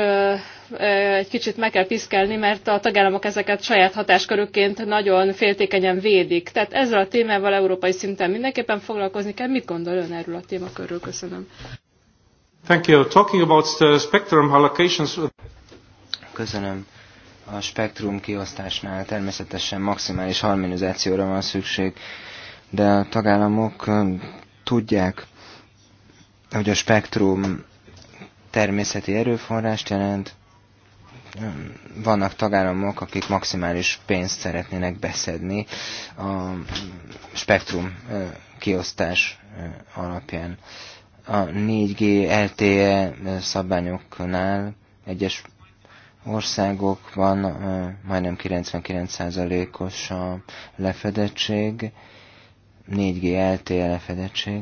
egy kicsit meg kell piszkelni, mert a tagállamok ezeket saját hatáskörükként nagyon féltékenyen védik. Tehát ezzel a témával európai szinten mindenképpen foglalkozni kell. Mit gondol ön erről a témakörről? Köszönöm. Thank you. Talking about the spectrum allocations... Köszönöm. A spektrum kiosztásnál természetesen maximális harmonizációra van szükség, de a tagállamok tudják, hogy a spektrum természeti erőforrást jelent. Vannak tagállamok, akik maximális pénzt szeretnének beszedni a spektrum kiosztás alapján. A 4G LTE szabványoknál egyes országokban majdnem 99%-os a lefedettség, 4G LTE lefedettség,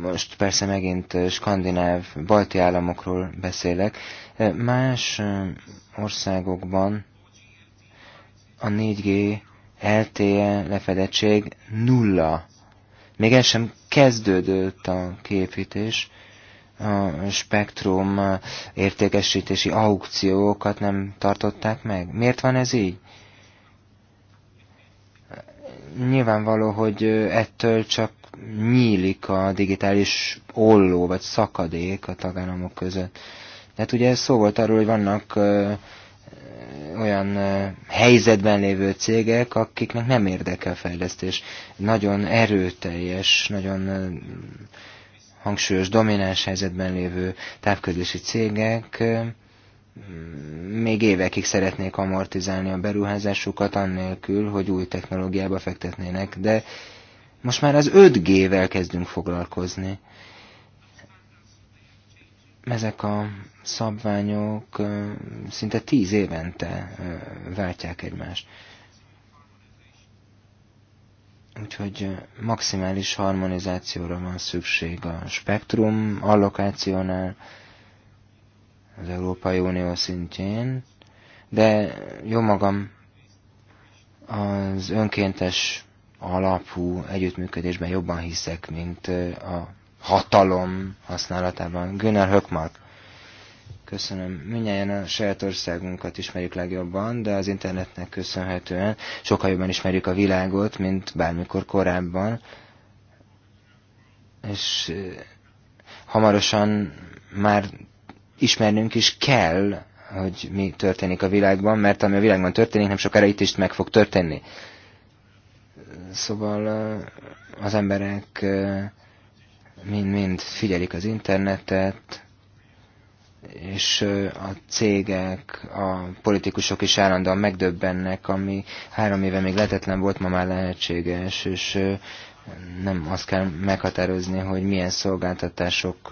most persze megint skandináv, balti államokról beszélek, más országokban a 4G LTE lefedettség nulla. Még el sem kezdődött a képítés, a spektrum értékesítési aukciókat nem tartották meg. Miért van ez így? Nyilvánvaló, hogy ettől csak nyílik a digitális olló vagy szakadék a tagállamok között. Tehát ugye szó volt arról, hogy vannak olyan helyzetben lévő cégek, akiknek nem érdekel fejlesztés. Nagyon erőteljes, nagyon hangsúlyos, domináns helyzetben lévő távközlési cégek még évekig szeretnék amortizálni a beruházásukat, annélkül, hogy új technológiába fektetnének, de most már az 5G-vel kezdünk foglalkozni. Ezek a szabványok szinte 10 évente váltják egymást. Úgyhogy maximális harmonizációra van szükség a spektrum allokációnál az Európai Unió szintjén, de jó magam az önkéntes alapú együttműködésben jobban hiszek, mint a hatalom használatában. Gunnar Höckmark. Köszönöm. Mindjárt a saját országunkat ismerjük legjobban, de az internetnek köszönhetően sokkal jobban ismerjük a világot, mint bármikor korábban. És hamarosan már ismernünk is kell, hogy mi történik a világban, mert ami a világban történik, nem sokára itt is meg fog történni. Szóval az emberek mind-mind figyelik az internetet, és a cégek, a politikusok is állandóan megdöbbennek, ami három éve még lehetetlen volt, ma már lehetséges, és nem azt kell meghatározni, hogy milyen szolgáltatások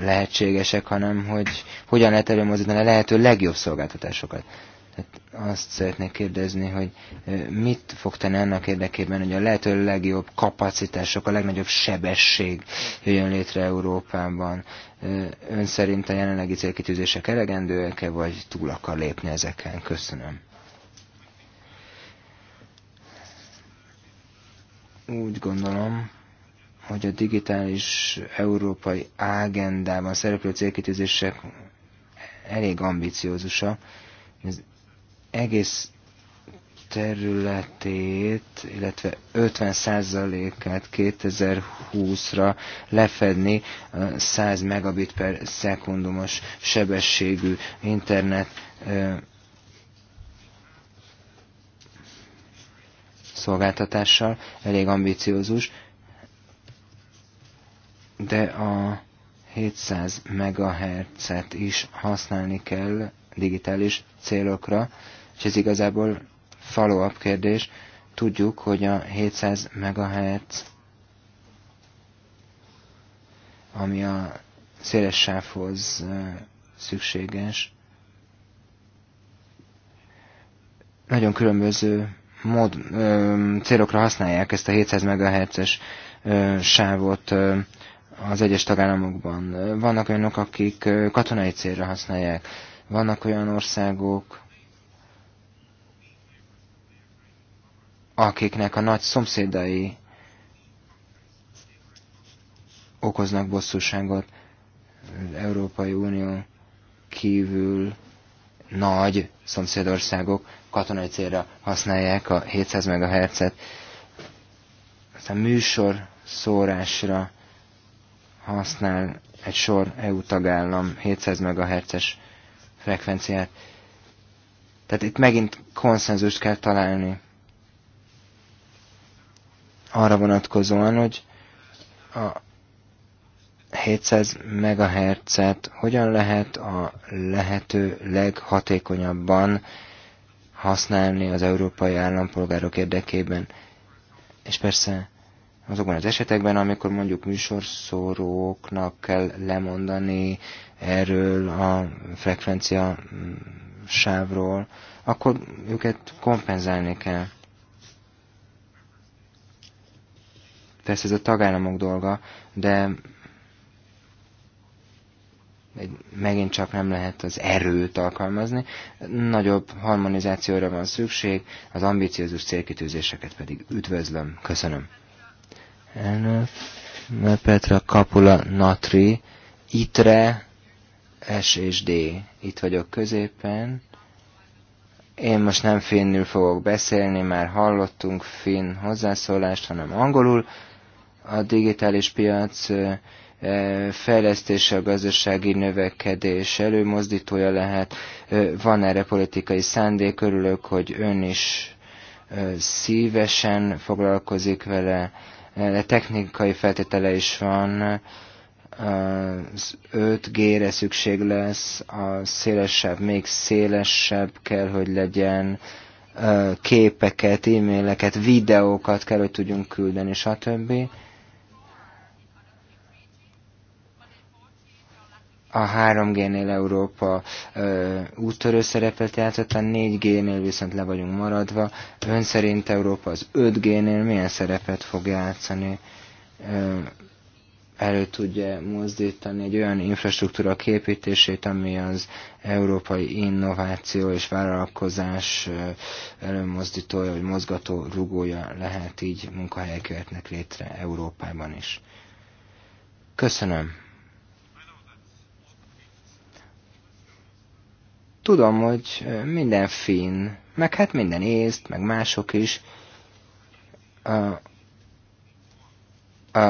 lehetségesek, hanem hogy hogyan lehet előmozdítani a lehető legjobb szolgáltatásokat. Tehát azt szeretnék kérdezni, hogy mit fog tenni annak érdekében, hogy a lehető legjobb kapacitások, a legnagyobb sebesség jöjjön létre Európában. Ön szerint a jelenlegi célkitűzések elegendőek-e, vagy túl akar lépni ezeken? Köszönöm. Úgy gondolom, hogy a digitális európai ágendában szereplő célkitűzések elég ambiciózusa. Ez egész területét, illetve 50%-át 2020-ra lefedni 100 megabit per szekundumos sebességű internet szolgáltatással, elég ambiciózus, de a 700 MHz-et is használni kell digitális célokra, és ez igazából follow-up kérdés. Tudjuk, hogy a 700 MHz, ami a széles sávhoz szükséges, nagyon különböző mód, ö, célokra használják ezt a 700 MHz-es sávot ö, az egyes tagállamokban. Vannak olyanok, akik katonai célra használják. Vannak olyan országok, akiknek a nagy szomszédai okoznak bosszúságot. Az Európai Unió kívül nagy szomszédországok katonai célra használják a 700 MHz-et. a műsor szórásra használ egy sor EU tagállam 700 MHz-es frekvenciát. Tehát itt megint konszenzust kell találni arra vonatkozóan, hogy a 700 MHz-et hogyan lehet a lehető leghatékonyabban használni az európai állampolgárok érdekében. És persze azokban az esetekben, amikor mondjuk műsorszóróknak kell lemondani erről a frekvencia mm, sávról, akkor őket kompenzálni kell. Persze ez a tagállamok dolga, de megint csak nem lehet az erőt alkalmazni. Nagyobb harmonizációra van szükség, az ambiciózus célkitűzéseket pedig üdvözlöm. Köszönöm. Elnök, Petra Kapula Natri, ITRE, S és D. Itt vagyok középen. Én most nem finnül fogok beszélni, már hallottunk finn hozzászólást, hanem angolul a digitális piac fejlesztése a gazdasági növekedés előmozdítója lehet. Van erre politikai szándék, örülök, hogy ön is szívesen foglalkozik vele, de technikai feltétele is van, az 5G-re szükség lesz, a szélesebb, még szélesebb kell, hogy legyen, képeket, e-maileket, videókat kell, hogy tudjunk küldeni, stb. a 3G-nél Európa ö, úttörő szerepet játszott, a 4G-nél viszont le vagyunk maradva. Ön szerint Európa az 5G-nél milyen szerepet fog játszani? Ö, elő tudja mozdítani egy olyan infrastruktúra képítését, ami az európai innováció és vállalkozás előmozdítója, vagy mozgató rugója lehet, így munkahelyek jöhetnek létre Európában is. Köszönöm! Tudom, hogy minden finn, meg hát minden észt, meg mások is a, a,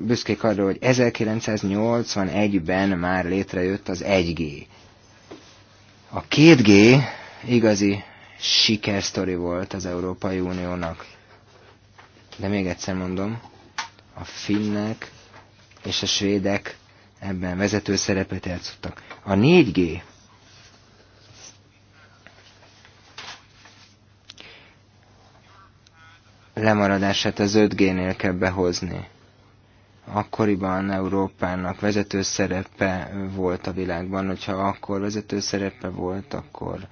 büszkék arra, hogy 1981-ben már létrejött az 1G. A 2G igazi sikersztori volt az Európai Uniónak. De még egyszer mondom, a finnek és a svédek ebben vezető szerepet játszottak. A 4G lemaradását az 5G-nél kell behozni. Akkoriban Európának vezető szerepe volt a világban, hogyha akkor vezető szerepe volt, akkor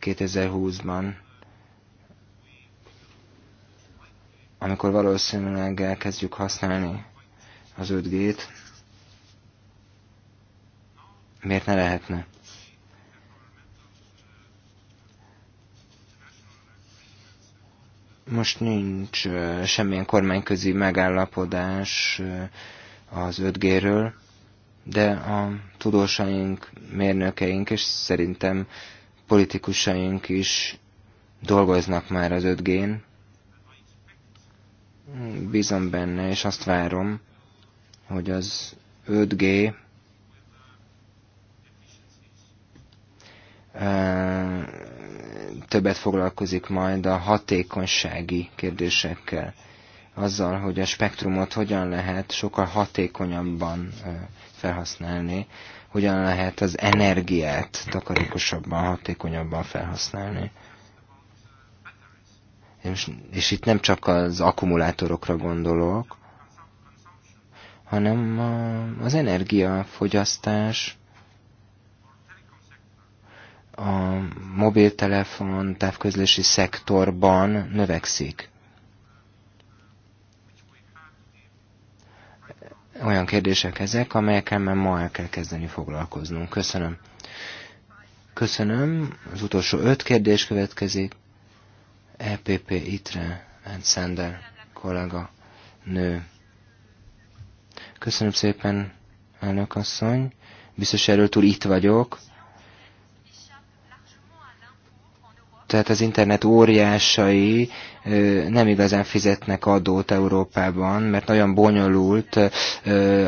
2020-ban, amikor valószínűleg elkezdjük használni az 5G-t, miért ne lehetne? Most nincs semmilyen kormányközi megállapodás az 5G-ről, de a tudósaink, mérnökeink és szerintem politikusaink is dolgoznak már az 5G-n. Bízom benne, és azt várom, hogy az 5G többet foglalkozik majd a hatékonysági kérdésekkel, azzal, hogy a spektrumot hogyan lehet sokkal hatékonyabban felhasználni, hogyan lehet az energiát takarékosabban, hatékonyabban felhasználni. És, és itt nem csak az akkumulátorokra gondolok, hanem az energiafogyasztás a mobiltelefon távközlési szektorban növekszik. Olyan kérdések ezek, amelyekkel már ma el kell kezdeni foglalkoznunk. Köszönöm. Köszönöm. Az utolsó öt kérdés következik. EPP Itre, Ed Sander kollega nő. Köszönöm szépen, elnök asszony. Biztos erről túl itt vagyok. Tehát az internet óriásai nem igazán fizetnek adót Európában, mert nagyon bonyolult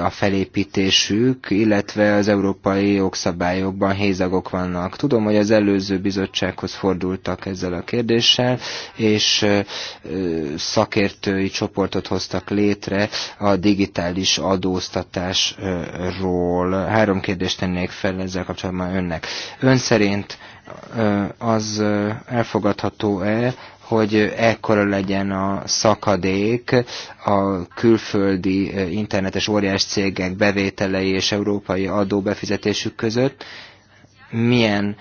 a felépítésük, illetve az európai jogszabályokban hézagok vannak. Tudom, hogy az előző bizottsághoz fordultak ezzel a kérdéssel, és szakértői csoportot hoztak létre a digitális adóztatásról. Három kérdést tennék fel ezzel kapcsolatban önnek. Ön szerint az elfogadható-e, hogy ekkora legyen a szakadék a külföldi internetes óriás cégek bevételei és európai adóbefizetésük között, milyen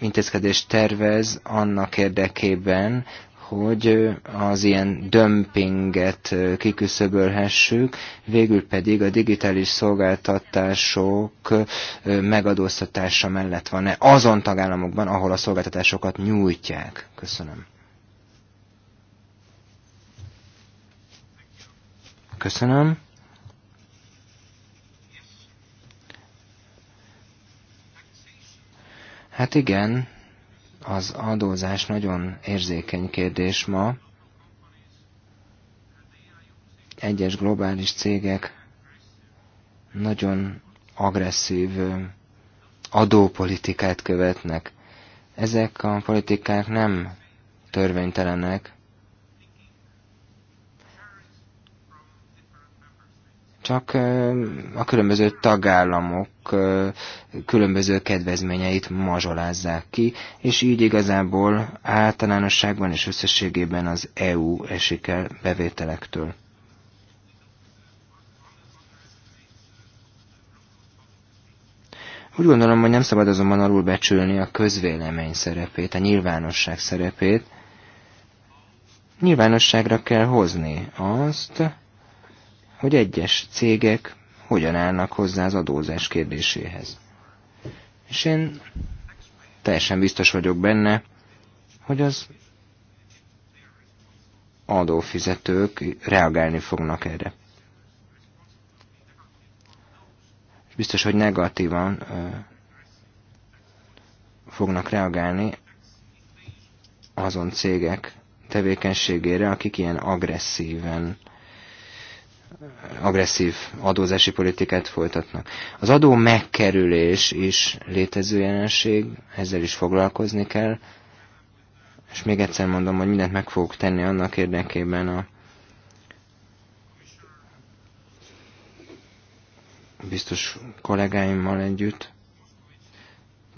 intézkedést tervez annak érdekében, hogy az ilyen dömpinget kiküszöbölhessük, végül pedig a digitális szolgáltatások megadóztatása mellett van-e azon tagállamokban, ahol a szolgáltatásokat nyújtják. Köszönöm. Köszönöm. Hát igen, az adózás nagyon érzékeny kérdés ma. Egyes globális cégek nagyon agresszív adópolitikát követnek. Ezek a politikák nem törvénytelenek, csak a különböző tagállamok különböző kedvezményeit mazsolázzák ki, és így igazából általánosságban és összességében az EU esik el bevételektől. Úgy gondolom, hogy nem szabad azonban alul becsülni a közvélemény szerepét, a nyilvánosság szerepét. Nyilvánosságra kell hozni azt, hogy egyes cégek hogyan állnak hozzá az adózás kérdéséhez. És én teljesen biztos vagyok benne, hogy az adófizetők reagálni fognak erre. És biztos, hogy negatívan ö, fognak reagálni azon cégek tevékenységére, akik ilyen agresszíven agresszív adózási politikát folytatnak. Az adó megkerülés is létező jelenség, ezzel is foglalkozni kell, és még egyszer mondom, hogy mindent meg fogok tenni annak érdekében a biztos kollégáimmal együtt,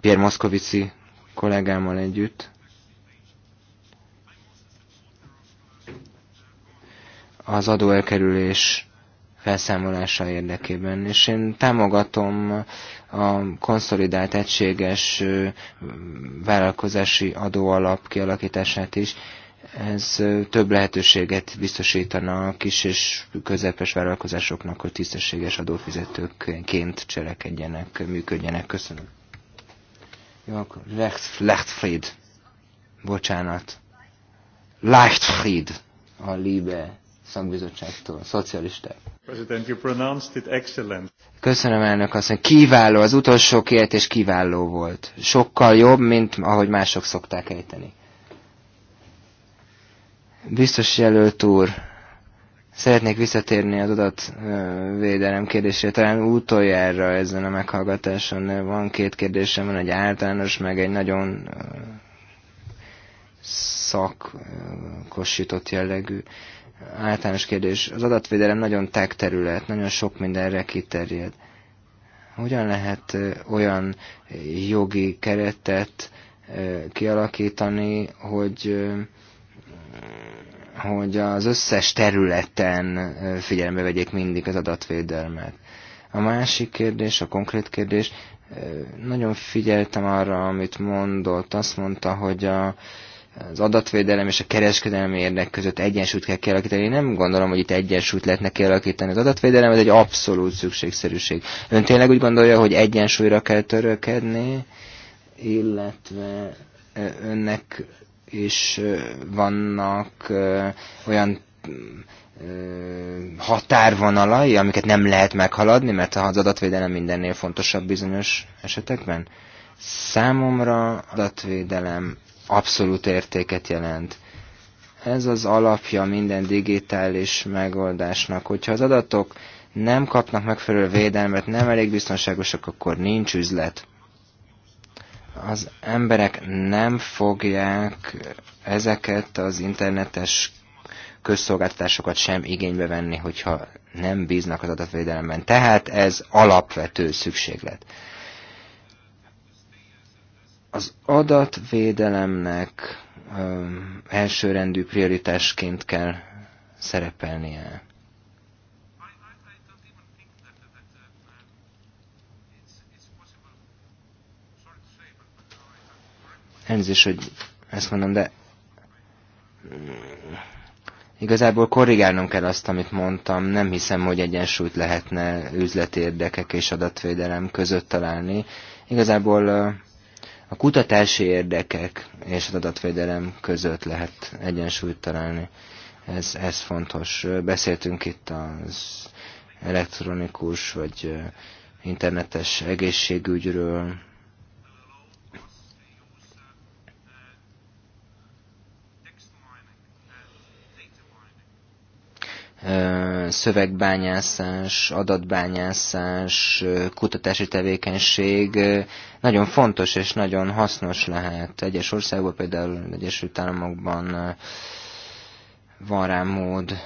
Pierre Moszkovici kollégámmal együtt, az adóelkerülés felszámolása érdekében. És én támogatom a konszolidált egységes vállalkozási adóalap kialakítását is. Ez több lehetőséget biztosítana a kis és közepes vállalkozásoknak, hogy tisztességes adófizetőként cselekedjenek, működjenek. Köszönöm. Jó, akkor Lechtfried. Bocsánat. Leichtfried a Liebe szakbizottságtól, a szocialisták. Köszönöm elnök asszony, kiváló, az utolsó kiejtés kiváló volt. Sokkal jobb, mint ahogy mások szokták ejteni. Biztos jelölt úr, szeretnék visszatérni az adatvédelem kérdésére. Talán utoljára ezen a meghallgatáson van két kérdésem, van egy általános, meg egy nagyon szakkosított jellegű általános kérdés. Az adatvédelem nagyon tág terület, nagyon sok mindenre kiterjed. Hogyan lehet olyan jogi keretet kialakítani, hogy hogy az összes területen figyelembe vegyék mindig az adatvédelmet. A másik kérdés, a konkrét kérdés, nagyon figyeltem arra, amit mondott. Azt mondta, hogy a az adatvédelem és a kereskedelmi érdek között egyensúlyt kell kialakítani. Én nem gondolom, hogy itt egyensúlyt lehetne kialakítani. Az adatvédelem ez egy abszolút szükségszerűség. Ön tényleg úgy gondolja, hogy egyensúlyra kell törökedni, illetve e, önnek is e, vannak e, olyan határvonalai, amiket nem lehet meghaladni, mert az adatvédelem mindennél fontosabb bizonyos esetekben? Számomra adatvédelem abszolút értéket jelent. Ez az alapja minden digitális megoldásnak. Hogyha az adatok nem kapnak megfelelő védelmet, nem elég biztonságosak, akkor nincs üzlet. Az emberek nem fogják ezeket az internetes közszolgáltatásokat sem igénybe venni, hogyha nem bíznak az adatvédelemben. Tehát ez alapvető szükséglet az adatvédelemnek elsőrendű prioritásként kell szerepelnie. Elnézést, hogy ezt mondom, de mm, igazából korrigálnom kell azt, amit mondtam. Nem hiszem, hogy egyensúlyt lehetne üzleti érdekek és adatvédelem között találni. Igazából a kutatási érdekek és az adatvédelem között lehet egyensúlyt találni. Ez, ez fontos. Beszéltünk itt az elektronikus vagy internetes egészségügyről, szövegbányászás, adatbányászás, kutatási tevékenység nagyon fontos és nagyon hasznos lehet. Egyes országokban, például Egyesült Államokban van rá mód,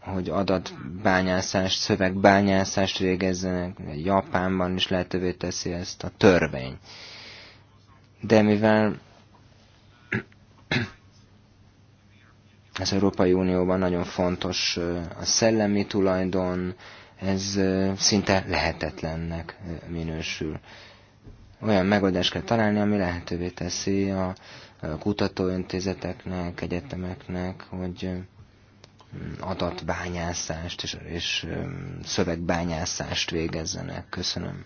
hogy adatbányászást, szövegbányászást végezzenek, Japánban is lehetővé teszi ezt a törvény. De mivel az Európai Unióban nagyon fontos a szellemi tulajdon, ez szinte lehetetlennek minősül. Olyan megoldást kell találni, ami lehetővé teszi a kutatóintézeteknek, egyetemeknek, hogy adatbányászást és, és szövegbányászást végezzenek. Köszönöm.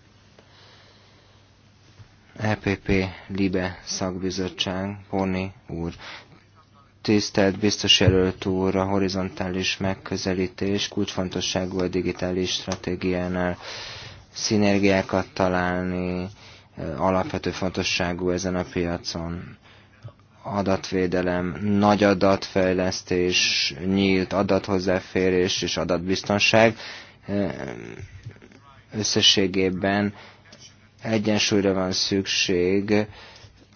EPP Libe szakbizottság, Porni úr. Tisztelt biztos jelölt úr, a horizontális megközelítés kulcsfontosságú a digitális stratégiánál szinergiákat találni, alapvető fontosságú ezen a piacon adatvédelem, nagy adatfejlesztés, nyílt adathozzáférés és adatbiztonság összességében egyensúlyra van szükség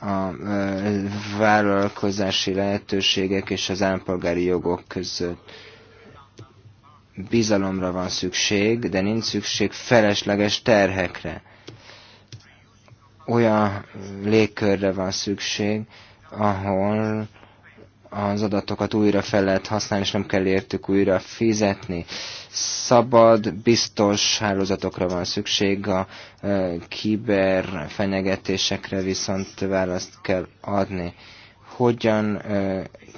a e, vállalkozási lehetőségek és az állampolgári jogok között. Bizalomra van szükség, de nincs szükség felesleges terhekre. Olyan légkörre van szükség, ahol az adatokat újra fel lehet használni, és nem kell értük újra fizetni. Szabad, biztos hálózatokra van szükség, a kiber fenyegetésekre viszont választ kell adni. Hogyan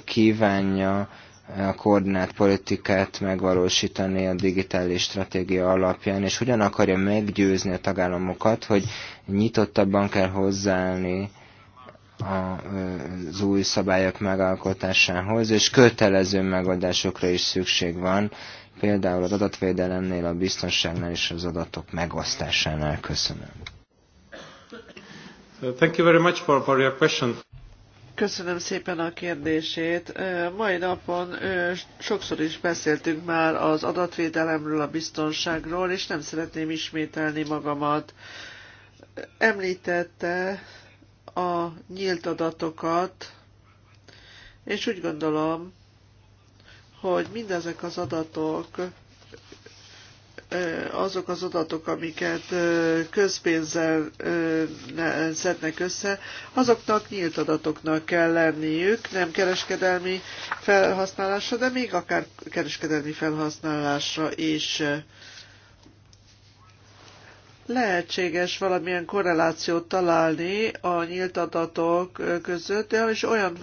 kívánja a koordinált politikát megvalósítani a digitális stratégia alapján, és hogyan akarja meggyőzni a tagállamokat, hogy nyitottabban kell hozzáállni az új szabályok megalkotásához, és kötelező megoldásokra is szükség van, például az adatvédelemnél, a biztonságnál és az adatok megosztásánál. Köszönöm. Uh, thank you very much for, for your question. Köszönöm szépen a kérdését. Mai napon sokszor is beszéltünk már az adatvédelemről, a biztonságról, és nem szeretném ismételni magamat. Említette a nyílt adatokat, és úgy gondolom, hogy mindezek az adatok, azok az adatok, amiket közpénzzel szednek össze, azoknak nyílt adatoknak kell lenniük, nem kereskedelmi felhasználásra, de még akár kereskedelmi felhasználásra is lehetséges valamilyen korrelációt találni a nyílt adatok között, és olyan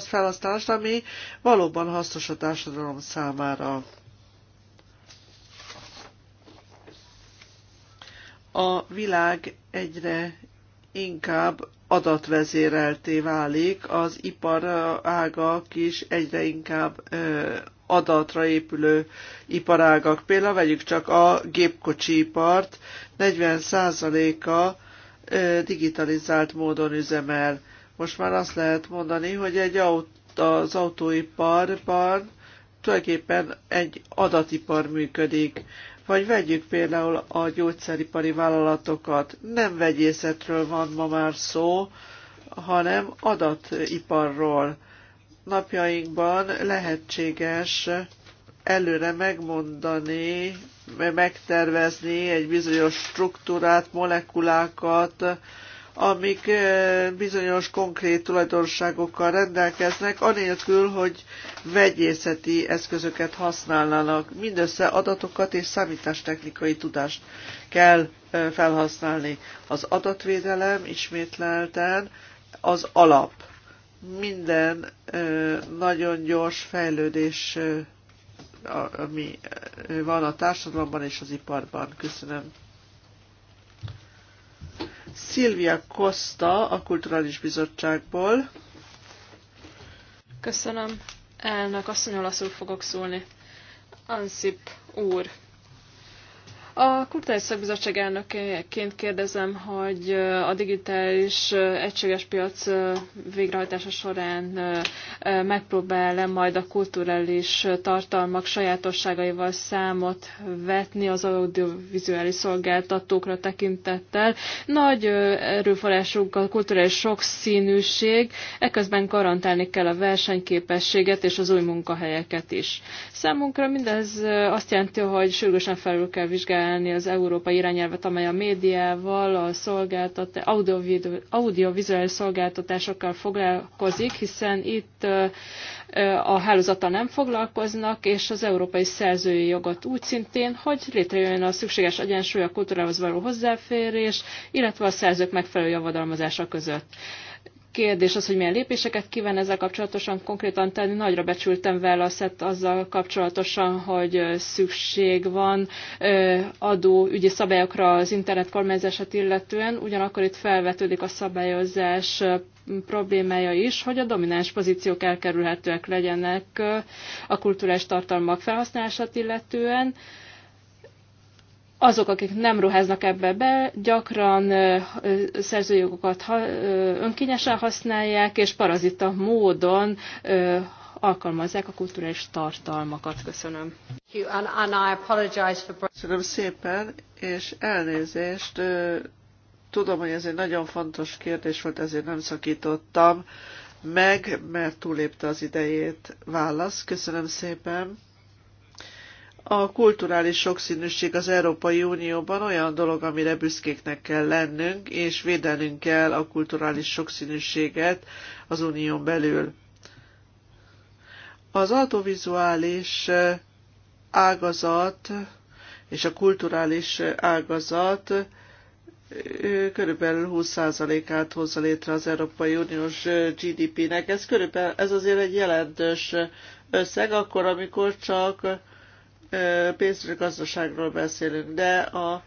felhasználást, ami valóban hasznos a társadalom számára. A világ egyre inkább adatvezérelté válik, az ágak is egyre inkább adatra épülő iparágak. Például vegyük csak a ipart, 40%-a digitalizált módon üzemel. Most már azt lehet mondani, hogy egy aut- az autóiparban tulajdonképpen egy adatipar működik. Vagy vegyük például a gyógyszeripari vállalatokat. Nem vegyészetről van ma már szó, hanem adatiparról napjainkban lehetséges előre megmondani, megtervezni egy bizonyos struktúrát, molekulákat, amik eh, bizonyos konkrét tulajdonságokkal rendelkeznek, anélkül, hogy vegyészeti eszközöket használnának. Mindössze adatokat és számítástechnikai tudást kell eh, felhasználni. Az adatvédelem ismétlelten az alap minden nagyon gyors fejlődés, ami van a társadalomban és az iparban. Köszönöm. Szilvia Costa a Kulturális Bizottságból. Köszönöm. Elnök asszony olaszul fogok szólni. Ansip úr, a Kulturális Szakbizottság elnökeként kérdezem, hogy a digitális egységes piac végrehajtása során megpróbál-e majd a kulturális tartalmak sajátosságaival számot vetni az audiovizuális szolgáltatókra tekintettel. Nagy erőforrásunk a kulturális sokszínűség, ekközben garantálni kell a versenyképességet és az új munkahelyeket is. Számunkra mindez azt jelenti, hogy sürgősen felül kell vizsgálni integrálni az európai irányelvet, amely a médiával, a szolgáltatá, audiovizuális szolgáltatásokkal foglalkozik, hiszen itt a hálózata nem foglalkoznak, és az európai szerzői jogot úgy szintén, hogy létrejön a szükséges egyensúly a kultúrához való hozzáférés, illetve a szerzők megfelelő javadalmazása között kérdés az, hogy milyen lépéseket kíván ezzel kapcsolatosan konkrétan tenni. Nagyra becsültem a szett, azzal kapcsolatosan, hogy szükség van adó, ügyi szabályokra az internet kormányzását illetően, ugyanakkor itt felvetődik a szabályozás problémája is, hogy a domináns pozíciók elkerülhetőek legyenek a kulturális tartalmak felhasználását illetően azok, akik nem ruháznak ebbe be, gyakran szerzőjogokat önkényesen használják, és parazita módon alkalmazzák a kulturális tartalmakat. Köszönöm. Köszönöm szépen, és elnézést. Tudom, hogy ez egy nagyon fontos kérdés volt, ezért nem szakítottam meg, mert túlépte az idejét. Válasz. Köszönöm szépen. A kulturális sokszínűség az Európai Unióban olyan dolog, amire büszkéknek kell lennünk, és védenünk kell a kulturális sokszínűséget az unión belül. Az autovizuális eh, ágazat és a kulturális eh, ágazat eh, körülbelül 20%-át hozza létre az Európai Uniós GDP-nek. Ez, körülbelül, ez azért egy jelentős összeg, akkor, amikor csak gazdaságról beszélünk, de a,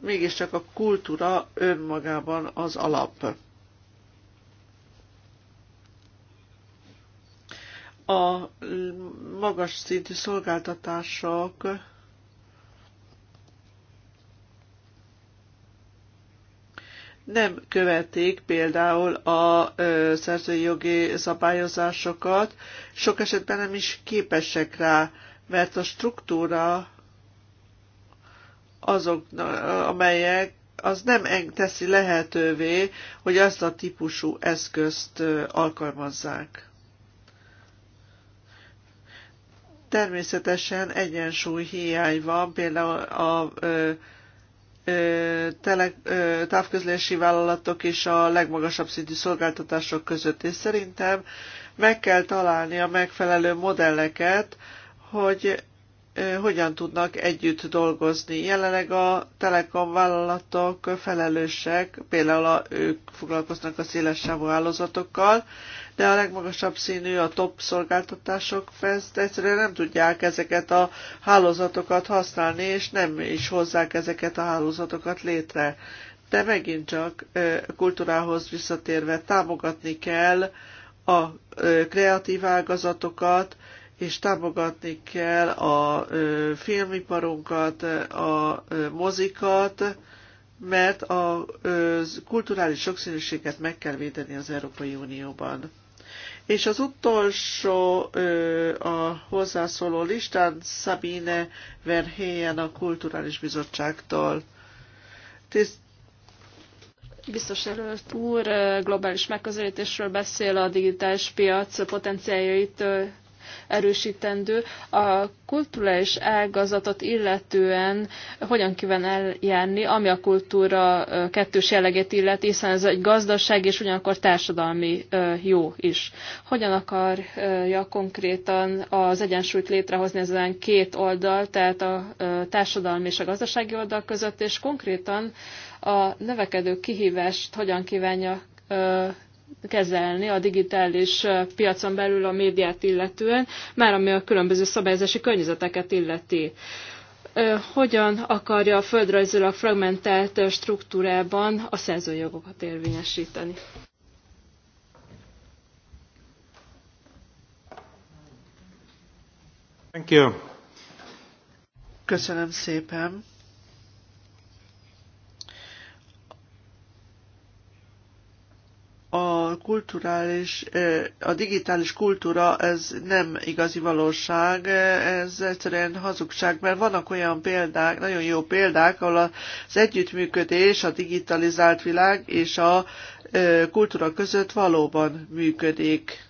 mégiscsak a kultúra önmagában az alap. a magas szintű szolgáltatások nem követik például a ö, szerzői jogi szabályozásokat, sok esetben nem is képesek rá mert a struktúra azok, amelyek az nem teszi lehetővé, hogy azt a típusú eszközt alkalmazzák. Természetesen egyensúly hiány van, például a tele, távközlési vállalatok és a legmagasabb szintű szolgáltatások között, és szerintem meg kell találni a megfelelő modelleket, hogy hogyan tudnak együtt dolgozni. Jelenleg a telekom vállalatok felelősek, például a, ők foglalkoznak a széles sávú hálózatokkal, de a legmagasabb színű a top szolgáltatások ezt egyszerűen nem tudják ezeket a hálózatokat használni, és nem is hozzák ezeket a hálózatokat létre. De megint csak kultúrához visszatérve támogatni kell a kreatív ágazatokat, és támogatni kell a filmiparunkat, a mozikat, mert a kulturális sokszínűséget meg kell védeni az Európai Unióban. És az utolsó a hozzászóló listán Sabine Verheyen a Kulturális Bizottságtól. Tiszt Biztos előtt úr globális megközelítésről beszél a digitális piac potenciáljait erősítendő. A kulturális ágazatot illetően hogyan kíván eljárni, ami a kultúra kettős jellegét illeti, hiszen ez egy gazdaság és ugyanakkor társadalmi jó is. Hogyan akarja konkrétan az egyensúlyt létrehozni ezen két oldal, tehát a társadalmi és a gazdasági oldal között, és konkrétan a növekedő kihívást hogyan kívánja kezelni a digitális piacon belül a médiát illetően, már ami a különböző szabályozási környezeteket illeti hogyan akarja a földrajzilag fragmentált struktúrában a szerzőjogokat jogokat érvényesíteni. Thank you. Köszönöm szépen. a kulturális, a digitális kultúra ez nem igazi valóság, ez egyszerűen hazugság, mert vannak olyan példák, nagyon jó példák, ahol az együttműködés, a digitalizált világ és a kultúra között valóban működik.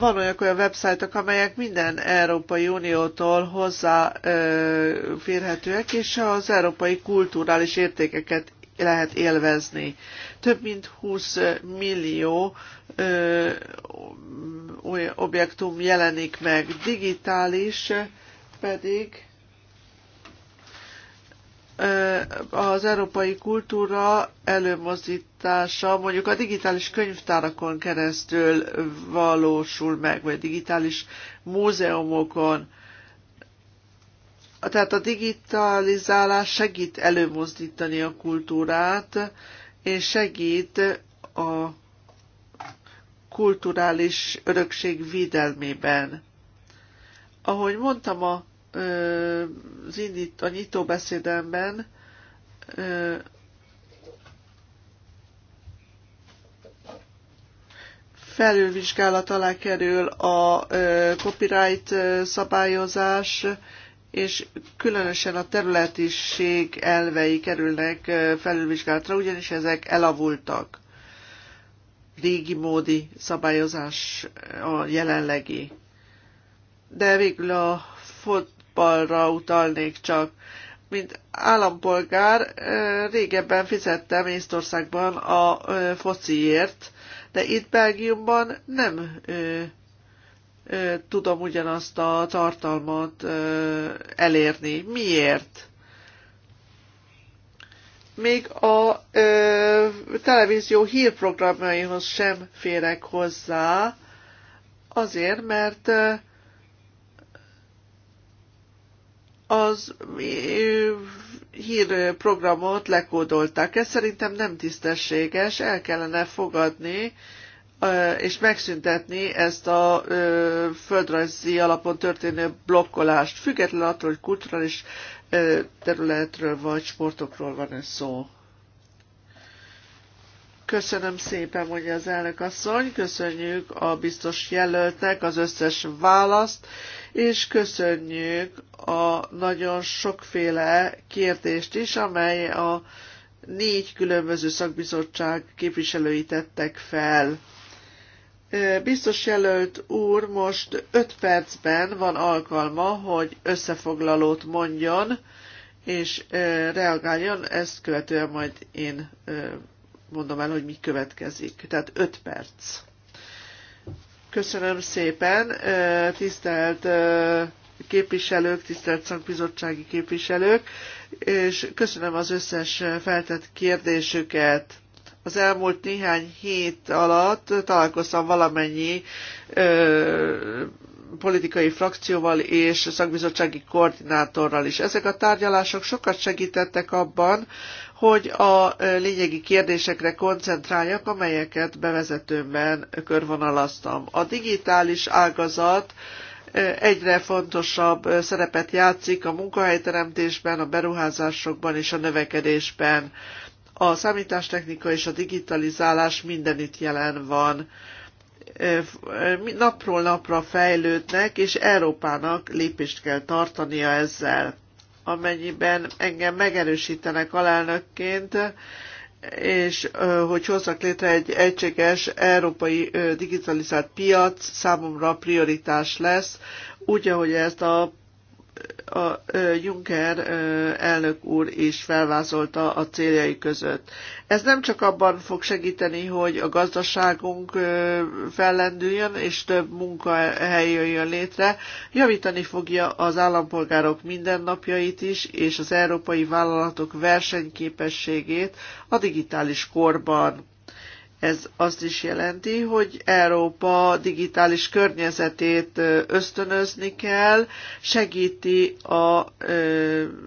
Van olyan websájtok, amelyek minden Európai Uniótól hozzáférhetőek, és az európai kulturális értékeket lehet élvezni. Több mint 20 millió ö, objektum jelenik meg, digitális pedig az európai kultúra előmozdítása mondjuk a digitális könyvtárakon keresztül valósul meg, vagy digitális múzeumokon. Tehát a digitalizálás segít előmozdítani a kultúrát, és segít a kulturális örökség védelmében. Ahogy mondtam a az indít, a nyitó beszédemben felülvizsgálat alá kerül a copyright szabályozás, és különösen a területiség elvei kerülnek felülvizsgálatra, ugyanis ezek elavultak. Régi módi szabályozás a jelenlegi. De végül a balra utalnék csak. Mint állampolgár régebben fizettem Észtországban a fociért, de itt Belgiumban nem tudom ugyanazt a tartalmat elérni. Miért? Még a ö, televízió hírprogramjaihoz sem férek hozzá, azért, mert az hírprogramot lekódolták. Ez szerintem nem tisztességes, el kellene fogadni és megszüntetni ezt a földrajzi alapon történő blokkolást, független attól, hogy kulturális területről vagy sportokról van ez szó. Köszönöm szépen, mondja az elnök asszony, köszönjük a biztos jelöltek az összes választ, és köszönjük a nagyon sokféle kérdést is, amely a négy különböző szakbizottság képviselői tettek fel. Biztos jelölt úr most 5 percben van alkalma, hogy összefoglalót mondjon, és reagáljon, ezt követően majd én mondom el, hogy mi következik. Tehát 5 perc. Köszönöm szépen, tisztelt képviselők, tisztelt szakbizottsági képviselők, és köszönöm az összes feltett kérdésüket. Az elmúlt néhány hét alatt találkoztam valamennyi ö, politikai frakcióval és szakbizottsági koordinátorral is. Ezek a tárgyalások sokat segítettek abban, hogy a lényegi kérdésekre koncentráljak, amelyeket bevezetőmben körvonalaztam. A digitális ágazat egyre fontosabb szerepet játszik a munkahelyteremtésben, a beruházásokban és a növekedésben. A számítástechnika és a digitalizálás mindenütt jelen van napról napra fejlődnek, és Európának lépést kell tartania ezzel amennyiben engem megerősítenek alelnökként, és hogy hozzak létre egy egységes európai digitalizált piac, számomra prioritás lesz, úgy, ahogy ezt a a Juncker elnök úr is felvázolta a céljai között. Ez nem csak abban fog segíteni, hogy a gazdaságunk fellendüljön és több munkahely jöjjön létre, javítani fogja az állampolgárok mindennapjait is és az európai vállalatok versenyképességét a digitális korban ez azt is jelenti, hogy Európa digitális környezetét ösztönözni kell, segíti a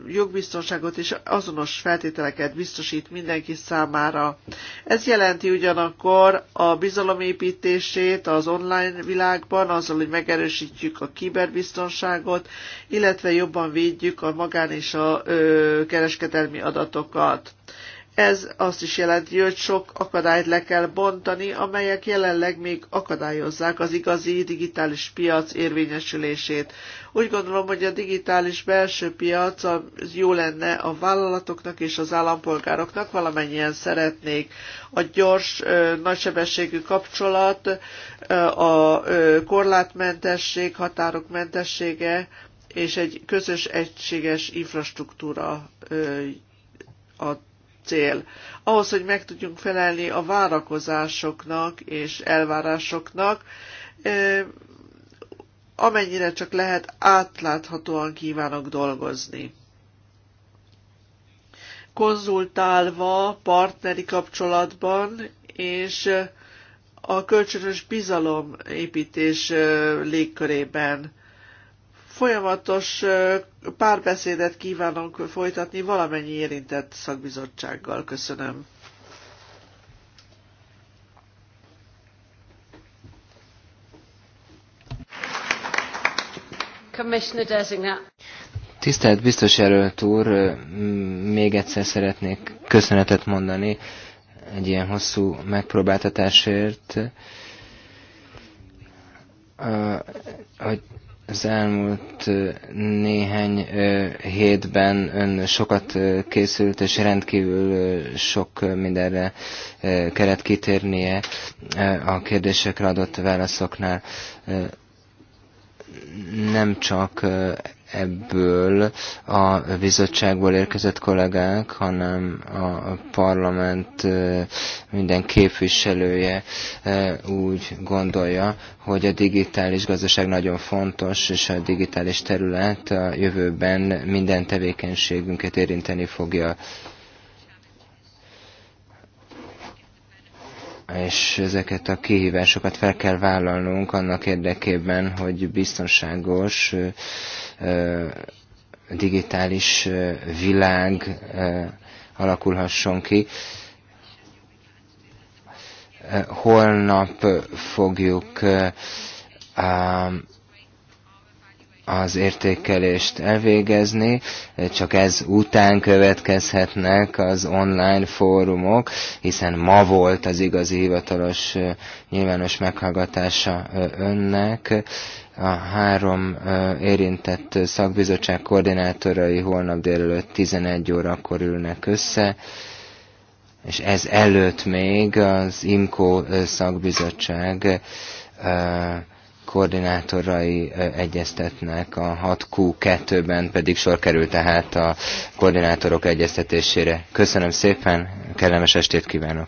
jogbiztonságot és azonos feltételeket biztosít mindenki számára. Ez jelenti ugyanakkor a bizalomépítését az online világban, azzal, hogy megerősítjük a kiberbiztonságot, illetve jobban védjük a magán és a kereskedelmi adatokat ez azt is jelenti, hogy sok akadályt le kell bontani, amelyek jelenleg még akadályozzák az igazi digitális piac érvényesülését. Úgy gondolom, hogy a digitális belső piac az jó lenne a vállalatoknak és az állampolgároknak, valamennyien szeretnék. A gyors, nagysebességű kapcsolat, a korlátmentesség, határok mentessége és egy közös, egységes infrastruktúra ad cél. Ahhoz, hogy meg tudjunk felelni a várakozásoknak és elvárásoknak, amennyire csak lehet átláthatóan kívánok dolgozni. Konzultálva, partneri kapcsolatban, és a kölcsönös bizalom építés légkörében folyamatos párbeszédet kívánunk folytatni valamennyi érintett szakbizottsággal. Köszönöm. Tisztelt biztos erőlt úr, még egyszer szeretnék köszönetet mondani egy ilyen hosszú megpróbáltatásért, hogy az elmúlt néhány hétben ön sokat készült, és rendkívül sok mindenre kellett kitérnie a kérdésekre adott válaszoknál. Nem csak ebből a bizottságból érkezett kollégák, hanem a parlament minden képviselője úgy gondolja, hogy a digitális gazdaság nagyon fontos, és a digitális terület a jövőben minden tevékenységünket érinteni fogja. és ezeket a kihívásokat fel kell vállalnunk annak érdekében, hogy biztonságos digitális világ alakulhasson ki. Holnap fogjuk az értékelést elvégezni, csak ez után következhetnek az online fórumok, hiszen ma volt az igazi hivatalos nyilvános meghallgatása önnek. A három érintett szakbizottság koordinátorai holnap délelőtt 11 órakor ülnek össze, és ez előtt még az IMCO szakbizottság koordinátorai egyeztetnek, a 6Q2-ben pedig sor kerül tehát a koordinátorok egyeztetésére. Köszönöm szépen, kellemes estét kívánok!